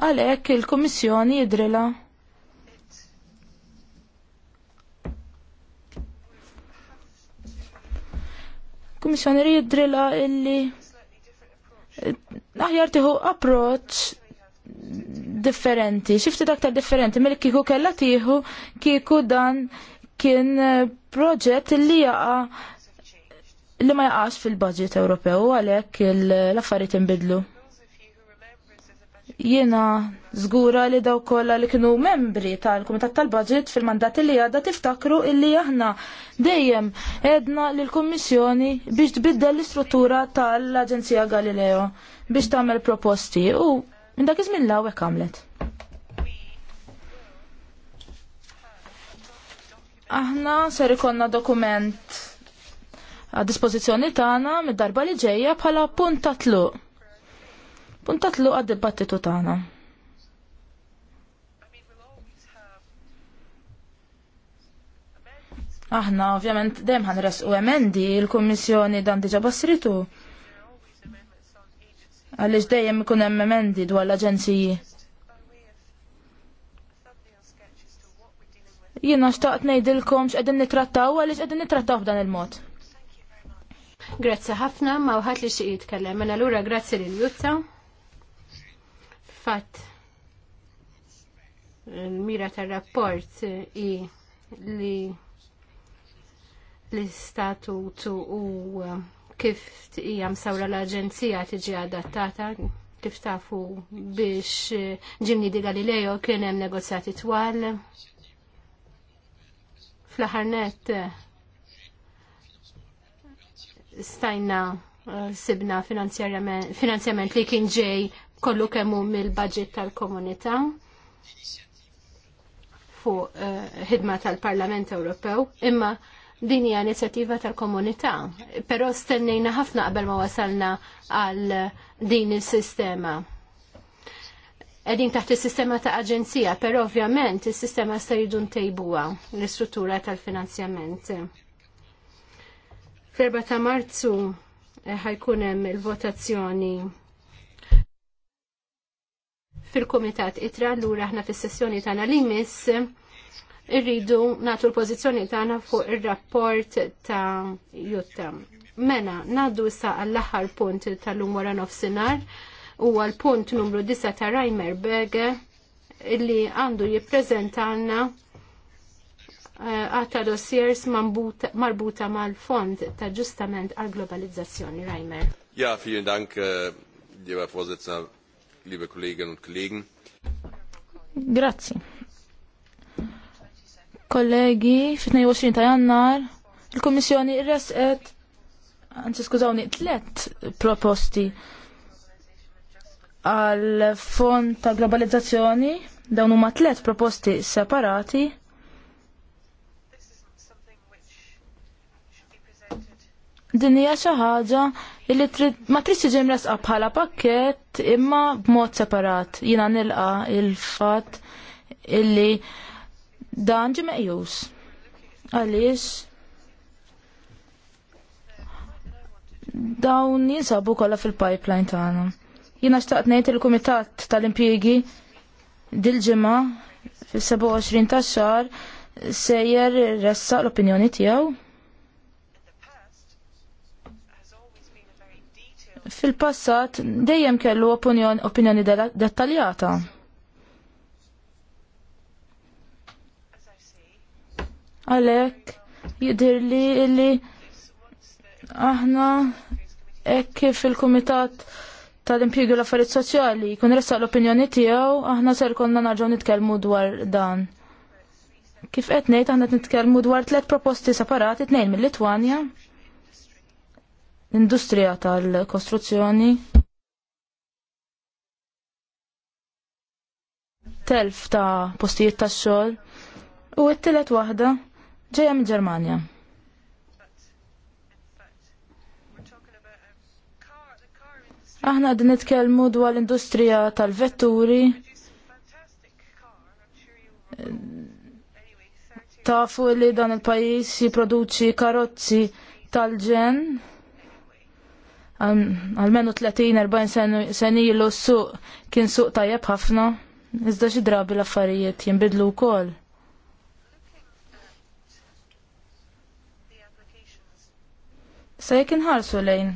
Għalhekk il-Kummissjoni jidrilha Komissjoni jidrilha illi aħjar tieħu approċċ differenti, xifti aktar differenti, mill kiku kella tiħu kiku dan kien eh, proġett li jaqa li ma jaqax fil-budget Ewropew għalhekk l-affarijiet inbidlu. Jiena żgura li daw kollha li kienu membri tal-Kumitat tal-Budget fil-mandat li għadda tiftakru illi aħna dejjem edna l kummissjoni biex tbiddel l-istruttura tal-Aġenzija Galileo biex tagħmel proposti u Minn dak iż-żmien hekk għamlet. Aħna ser ikonna dokument għad dispożizzjoni tagħna mid-darba li ġejja bħala punt ta' tluq. Punt ta' tluq għad-dibattitu tagħna. Aħna ovvjament dejjem ħanresqu emendi l-Kummissjoni dan diġà bassritu għaliex dejjem ikun hemm emendi dwar l-aġenziji. Jiena xtaqt ngħidilkom x'qegħdin nitrattaw għaliex qegħdin nitrattaw f'dan il-mod. Grazzi ħafna, ma uħat li xie jitkellem. Mela l-ura grazzi li l Fatt. Il-mira tal-rapport i li l-istatutu u kif hija msawra l-Aġenzija tiġi adattata kif tafu biex ġimni eh, di Galileo kien hemm negozjati twal. Fl-aħħar net eh, stajna eh, sibna finanzjament li kien ġej kollu kemmu mill-budget tal-komunità fuq ħidma tal-Parlament Ewropew, imma Din hija inizjattiva tal-komunità, però stennejna ħafna qabel ma wasalna għal din is-sistema. Edin taħt is-sistema ta' aġenzija, però ovvjament is-sistema se jridu ntejbuha l-istruttura tal-finanzjament. fl ta' Marzu eh, ħajkun hemm il-votazzjoni fil-Kumitat Itra lura aħna fis-sessjoni tagħna li miss irridu natu l-pozizjoni tagħna fuq ir-rapport ta' Jutta. Mena, naddu issa għall-aħħar punt tal-lum wara nofsinhar huwa l-punt numru 9 ta' Reimer Bege illi għandu jippreżentalna eh, għata dossiers marbuta mal-Fond ta' Ġustament għal-Globalizzazzjoni. Reimer. Ja, vielen Dank, eh, lieber Vorsitzender, liebe Kolleginnen und Kollegen. Grazie. Kollegi, fit-22 ta' jannar, il-Komissjoni irresqet anzi skużawni, tlet proposti għal fond ta' globalizzazzjoni, dawn huma tlet proposti separati. Din hija xi ħaġa li ma trid tiġi mresqa bħala pakkett imma b'mod separat. Jiena nilqa il-fatt illi dan ġi meqjus. Għaliex dawn jinsabu kollha fil-pipeline tagħna. Jiena xtaqt ngħid il-Kumitat tal-Impjiegi dil-ġimgħa fis-27 tax xar sejjer ressaq l-opinjoni tiegħu. Fil-passat dejjem kellu opinjoni dettaljata. Għalhekk jidhirli li aħna hekk kif il-Kumitat tal-impjiegu l-affarijiet soċjali jkun ressaq l-opinjoni tiegħu aħna ser konna narġgħu nitkellmu dwar dan. Kif qed ngħid aħna qed nitkellmu dwar tliet proposti separati tnejn mill-Litwanja l-industrija tal-kostruzzjoni telf ta' postijiet tax xogħol u t-tielet waħda ġeja minn ġermanja Aħna din nitkellmu dwar l-industrija tal-vetturi. Tafu li dan il-pajis jipproduċi karozzi tal-ġen għalmenu 30-40 seni l suq kien suq tajjeb ħafna, iżda xi drabi l-affarijiet jinbidlu wkoll. Se jekk inħarsu lejn.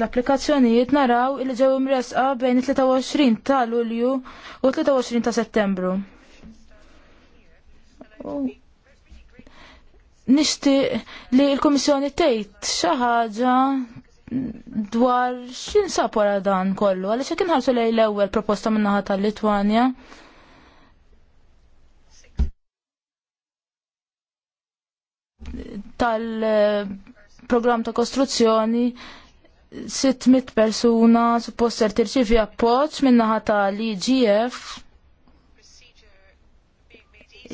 L-applikazzjonijiet naraw il ġew imresqa bejn 23 ta' Lulju u 23 ta' Settembru. Nishti li l-Komissjoni tgħid xi ħaġa dwar x'in wara dan kollu, għaliex jekk inħarsu lejn l-ewwel proposta min-naħa tal-Litwanja. tal-programm ta' kostruzzjoni 600 persuna suppost ser tirċivi appoġġ minnaħa l igf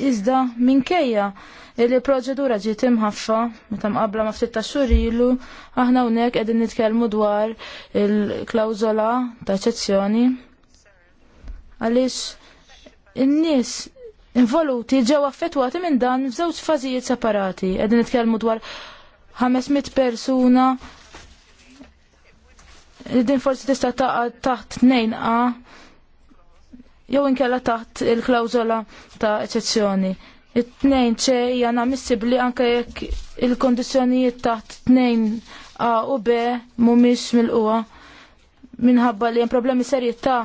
Iżda minkejja li proċedura ġiet imħaffa meta mqabbla ma ftit ta' xurilu aħna hawnhekk qegħdin nitkellmu dwar il-klawżola ta' eċezzjoni. Għaliex in-nies involuti ġew affettwati minn dan f'żewġ fażijiet separati. Qegħdin nitkellmu dwar 500 persuna din forsi tista' taqgħod taħt tnejn a jew inkella taħt il-klawżola ta' eċezzjoni. It-tnejn ċe jana missibli anke jekk il-kondizzjonijiet taħt tnejn A u B mhumiex mill-qwa minħabba li hemm problemi serji ta'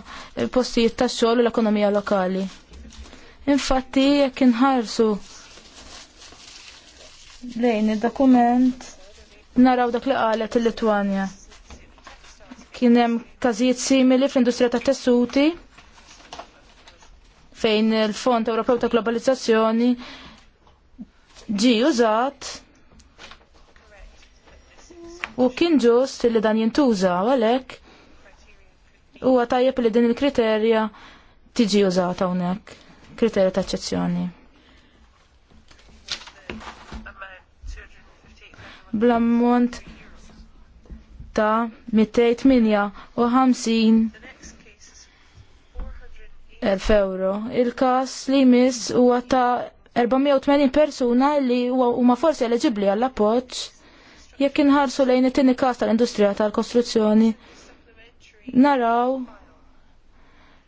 postijiet tax xogħol u l-ekonomija lokali. Infatti jekk inħarsu lejn id-dokument naraw dak li qalet il-Litwanja. Kien hemm każijiet simili fl-industrija tat tessuti fejn il-Fond Ewropew ta' Globalizzazzjoni ġi użat u kien ġust li dan jintuża għalhekk huwa tajjeb li din il-kriterja tiġi użata hawnhekk kriterju ta' eċċezzjoni. Blammont ta' 258 elf euro. Il-kas li mis huwa ta' 480 persuna li huma forsi eleġibli għall appoġġ jekk inħarsu lejn it-tieni kas tal-industrija tal-kostruzzjoni. Naraw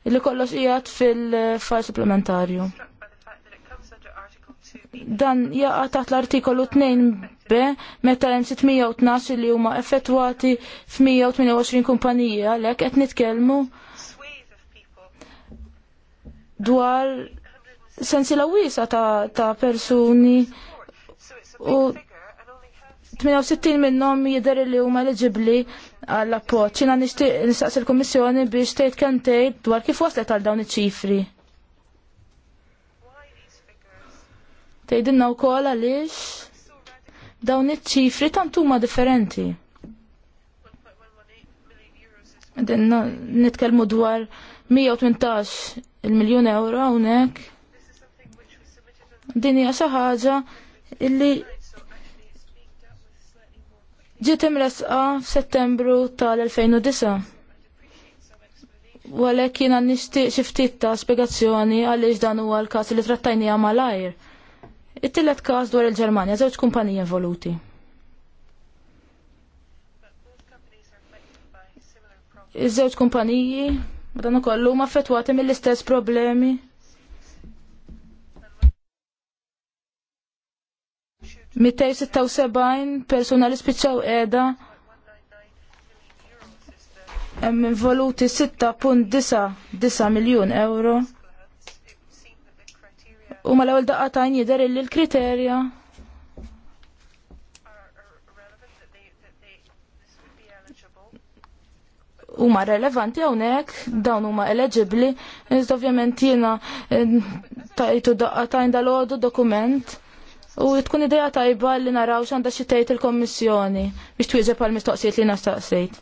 illi kollox qiegħed fil-fajl supplementarju. Dan jaqa' taħt l-artikolu 2 b meta hemm 612 li huma effettwati f'128 kumpanija għalhekk qed nitkellmu dwar sensiela wiesa ta', ta persuni u 68 minnhom jidher li huma eliġibbli għall-appoġġ. Jiena nistaqsi l-Kummissjoni biex tgħid kan tejt dwar kif waslet għal dawn iċ-ċifri. Tgħidilna wkoll għaliex dawn iċ-ċifri tantuma huma differenti. Nitkellmu dwar 118 il-miljun euro hawnhekk. Din hija xi ħaġa illi ġiet imlesqa f'Settembru tal-2009. U għalhekk nishtiq nixtieq xi ftit ta' spjegazzjoni għaliex dan huwa l-każ li trattajnija malajr. It-tielet każ dwar il-Ġermanja, żewġ kumpaniji involuti. Iż-żewġ kumpaniji, madan ukoll huma affettwati mill-istess problemi 276 personali li spiċċaw qiegħda hemm involuti 6.9 miljun euro. U ma l-ewwel daqqa tajn jidher illi l-kriterja huma relevanti hawnhekk dawn huma eleġibbli, iżda ovvjament jiena eh, tajtu daqqa tajn dal-għodu dokument U tkun ideja tajba li naraw xanda xittajt il-kommissjoni biex twieġeb għal mistoqsijiet li nastaqsejt.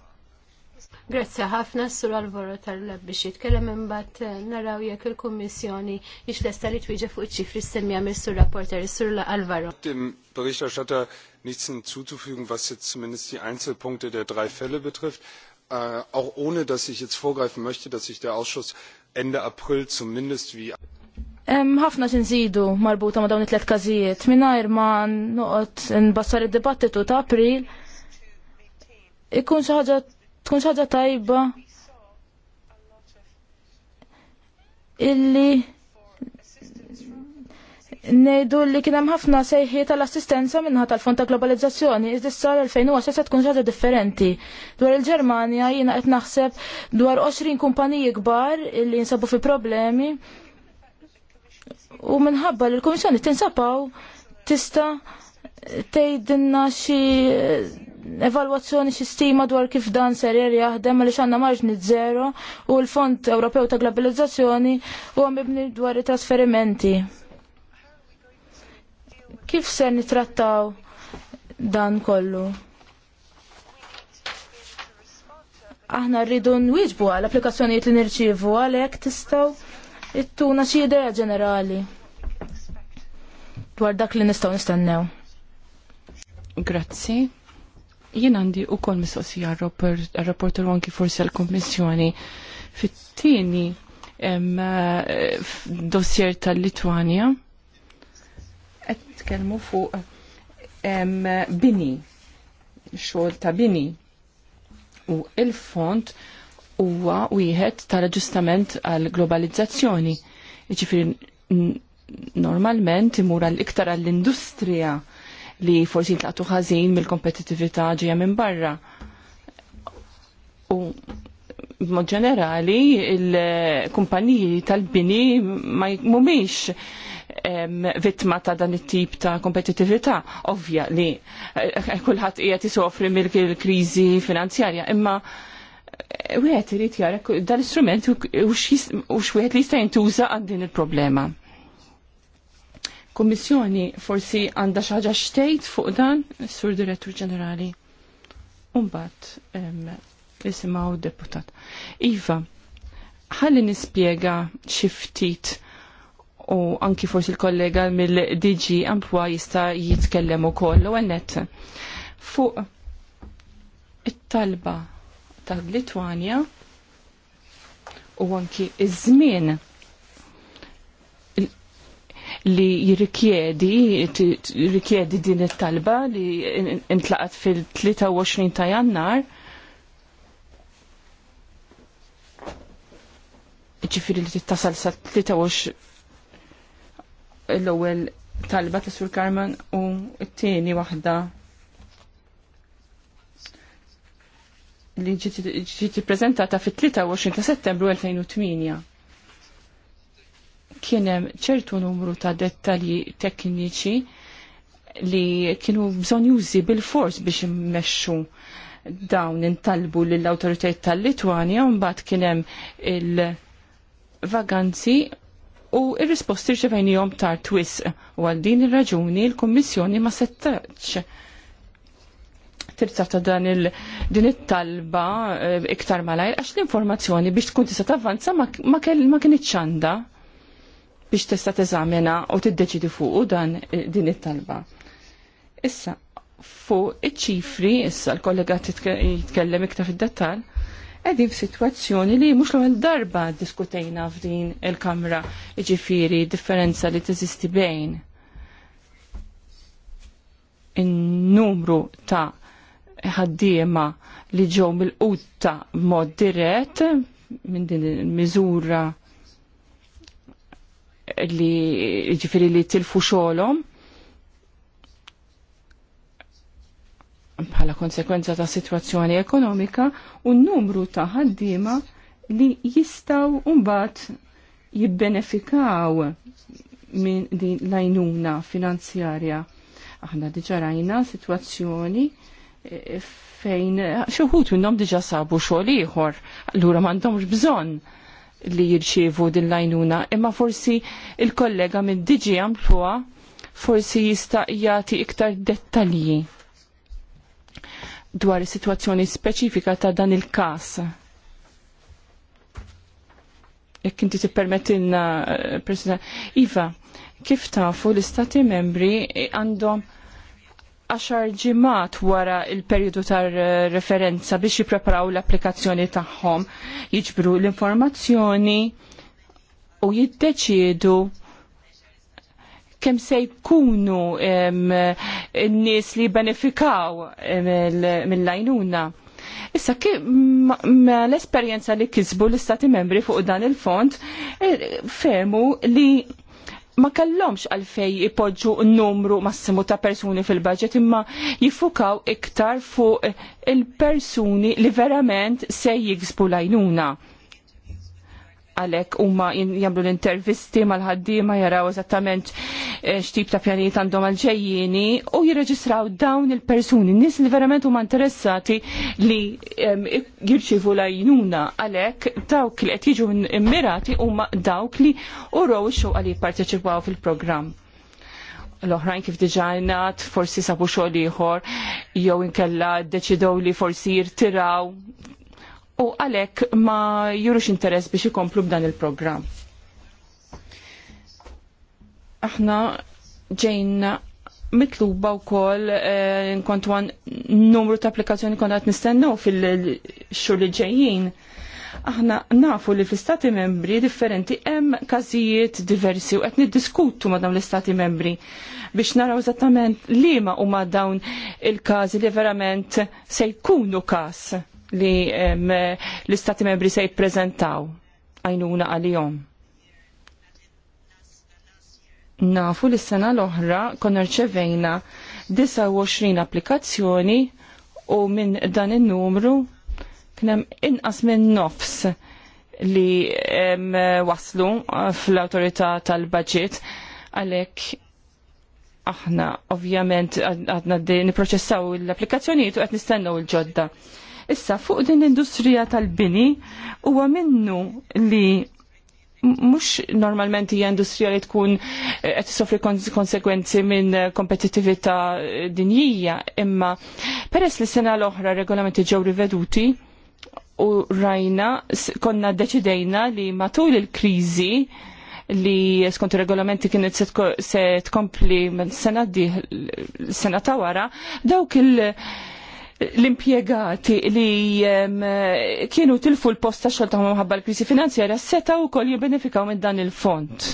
Grazie ħafna s-sur għal Alvaro tal-lab biex jitkellem imbagħad eh, naraw jek il-Kummissjoni biex lesta li twieġeb fuq iċ-ċifri semmija mis-sur rapporter s sur għal-vorro. Alvaro. Dem Berichterstatter nichts hinzuzufügen, was jetzt zumindest die Einzelpunkte der drei Fälle betrifft. Äh, auch ohne, dass ich jetzt vorgreifen möchte, dass sich der Ausschuss Ende April zumindest wie ħafna xinżidu marbuta ma dawn it-tlet każijiet. Mingħajr ma noqgħod nbassar id-dibattitu ta' April ikun xi ħaġa tkun xi ħaġa tajba illi Nejdu li kien hemm ħafna sejħi tal-assistenza minnħa tal-Fond ta' Globalizzazzjoni, iżda sar 2010 se tkun ħaġa differenti. Dwar il-Ġermanja jiena qed naħseb dwar 20 kumpaniji kbar illi jinsabu fi problemi u minħabba li l-Komissjoni tinsapaw tista' tgħidilna xi eh, evalwazzjoni xi stima dwar kif dan ser jaħdem għaliex għandna marġni zero u l-Fond Ewropew ta' Globalizzazzjoni huwa mibni dwar it-trasferimenti. Kif ser nitrattaw dan kollu? Aħna rridu nwieġbu għal applikazzjonijiet li nirċievu għalhekk tistgħu ittuna xi idea ġenerali dwar dak li nistgħu nistennew. Grazzi. Jien għandi ukoll mistoqsija għar-rapporter anki forsi għall-Kummissjoni. Fit-tieni eh, dossier tal-Litwanja qed tkellmu fuq bini xogħol ta' bini u il-font huwa wieħed tal-aġġustament għal globalizzazzjoni. Ġifieri normalment imur għal iktar għall industrija li forsi tlaqtu ħażin mill-kompetittività ġejja minn barra. U b'mod ġenerali il-kumpaniji tal-bini ma mhumiex vittma ta' dan it-tip ta' kompetitività, ovvja li eh, eh, kulħadd qiegħed isofri mill-kriżi finanzjarja, imma wieħed irid jara l istrument u x'wieħed li jista' jintuża għal din il-problema. Kummissjoni forsi għandha xi ħaġa xtejt fuq dan, Sur Direttur Ġenerali. Umbagħad d deputat. Iva, ħalli nispjega xi ftit u anki forsi l-kollega mill-DG Ampwa jista' jitkellem ukoll u għennet fuq it-talba tal-Litwanja u anki iż-żmien li jirrikjedi jirrikjedi din it-talba li intlaqat fil-23 ta' jannar ġifiri li tasal sa' 23 l-ewwel talba ta' Sur Karman u t-tieni waħda li ġiet prezentata fit-23 ta' settembru 2008. Kien hemm ċertu numru ta' dettalji tekniċi li kienu bżonn jużi bil-fors biex immexxu dawn intalbu lill awtoritajiet tal litwania un mbagħad kien hemm il-vaganzi u il risposti rċevejnihom tar twisq u għal din ir-raġuni l-Kummissjoni ma settaċ tirzaf ta' dan il-din it-talba eh, iktar malajr, għax l-informazzjoni biex tkun tista' tavvanza ma kienx għandha biex tista' teżamina u tiddeċidi fuq dan eh, din it-talba. Issa, fuq iċ-ċifri, issa l-kollega jitkellem iktar fid-dettal, edin f-situazzjoni li mux l-għal darba diskutejna f'din il-kamra iġifiri, differenza li teżisti bejn in-numru ta' ħaddiema li ġew mill-qutta mod dirett minn din il-miżura li ġifiri li tilfu xolom bħala konsekwenza ta' situazzjoni ekonomika u n-numru ta' ħaddiema li jistaw umbat jibbenefikaw minn din lajnuna finanzjarja. Aħna rajna situazzjoni fejn xuħut minnom diġa sabu xogħol ieħor, allura m'għandhomx bżonn li jirċievu din lajnuna, imma forsi il-kollega minn diġi għamluha forsi jista' jagħti iktar dettalji dwar is-sitwazzjoni speċifika ta' dan il-każ. Jekk inti tippermettilna, eh, President, Iva, kif tafu l-Istati membri għandhom għaxar ġimat wara il periodu tar-referenza eh, biex jippreparaw l-applikazzjoni tagħhom, jiġbru l-informazzjoni u jiddeċiedu kemm se jkunu n-nies li benefikaw mill-lajnuna. Issa, l-esperjenza li kisbu l-istati membri fuq dan il-fond, eh, fermu li ma kellhomx għalfej ipoġġu n-numru massimu ta' persuni fil-budget imma jiffukaw iktar fuq il-persuni li verament se jiksbu lajnuna għalek umma jamlu l-intervisti mal-ħaddima jaraw eżattament eh, xtib ta' pjanijiet għandhom għalġejjini u jirreġistraw dawn il-persuni, nis li verament huma interessati li jirċivu lajnuna għalek dawk li qed jiġu immirati huma dawk li u ix-xogħol li jipparteċipaw fil-programm l-oħrajn kif diġajnat, forsi sabu xogħol ieħor, jew inkella deċidow li forsi jirtiraw u għalhekk ma jurux interess biex ikomplu b'dan il-programm. Aħna ġejna mitluba wkoll e, eh, nkontu għan numru ta' applikazzjoni konna qed nistennew fil xur li ġejjin aħna nafu li fl-istati membri differenti hemm każijiet diversi u qed niddiskutu ma' dawn l-istati membri biex naraw eżattament liema huma dawn il-każi li verament se jkunu każ li l-istati membri se jippreżentaw għajnuna għal-jom. Nafu li s-sena l-oħra konna rċevejna 29 applikazzjoni u minn dan il-numru knem inqas minn nofs li waslu eh, fl autorita tal-budget għalek aħna ovvjament għadna niproċessaw l-applikazzjonijiet u għed nistennaw il-ġodda. Issa fuq din l-industrija tal-bini huwa minnu li mux normalment hija industrija li tkun eh, qed isofri konsekwenzi minn kompetittività eh, dinjija, imma peress li sena l-oħra regolamenti ġew riveduti u rajna konna deċidejna li matul il-kriżi li skont regolamenti kienet se tkompli sena di sena ta' wara dawk il- l-impiegati li kienu tilfu l-posta xolta mħabba l-krisi finanzjera seta u kol jibbenefikaw minn dan il-font.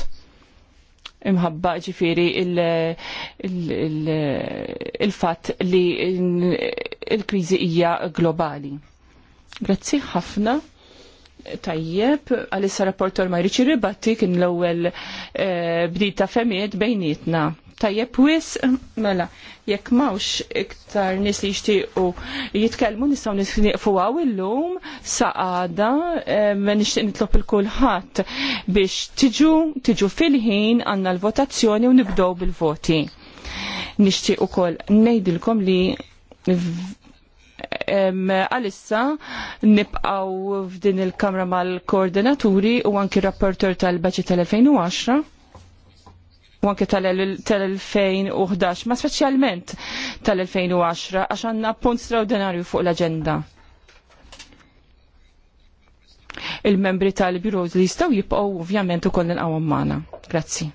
Imħabba ġifiri il-fat li il-krizi hija globali. Grazzi ħafna. Tajjeb, għalissa rapportor ma jriċi ribatti kien l-ewel eh, bdita femiet bejnietna tajjeb wis, mela, jekk mawx iktar nis li jixtiequ jitkellmu nistgħu nisniqfu għaw illum saqada ma nixtieq nitlob il-kulħadd biex tiġu tiġu fil-ħin għandna l-votazzjoni u nibdew bil-voti. Nixtieq ukoll ngħidilkom li għalissa nibqaw f'din il-kamra mal-koordinaturi u anki rapporter tal-Baġit tal-2010 u anke tal-2011, ma speċjalment tal-2010, għax għandna punt straordinarju fuq l-agenda. Il-membri tal-biroz li jistaw jibqgħu ovvjament ukoll nilqgħu magħna. Grazzi.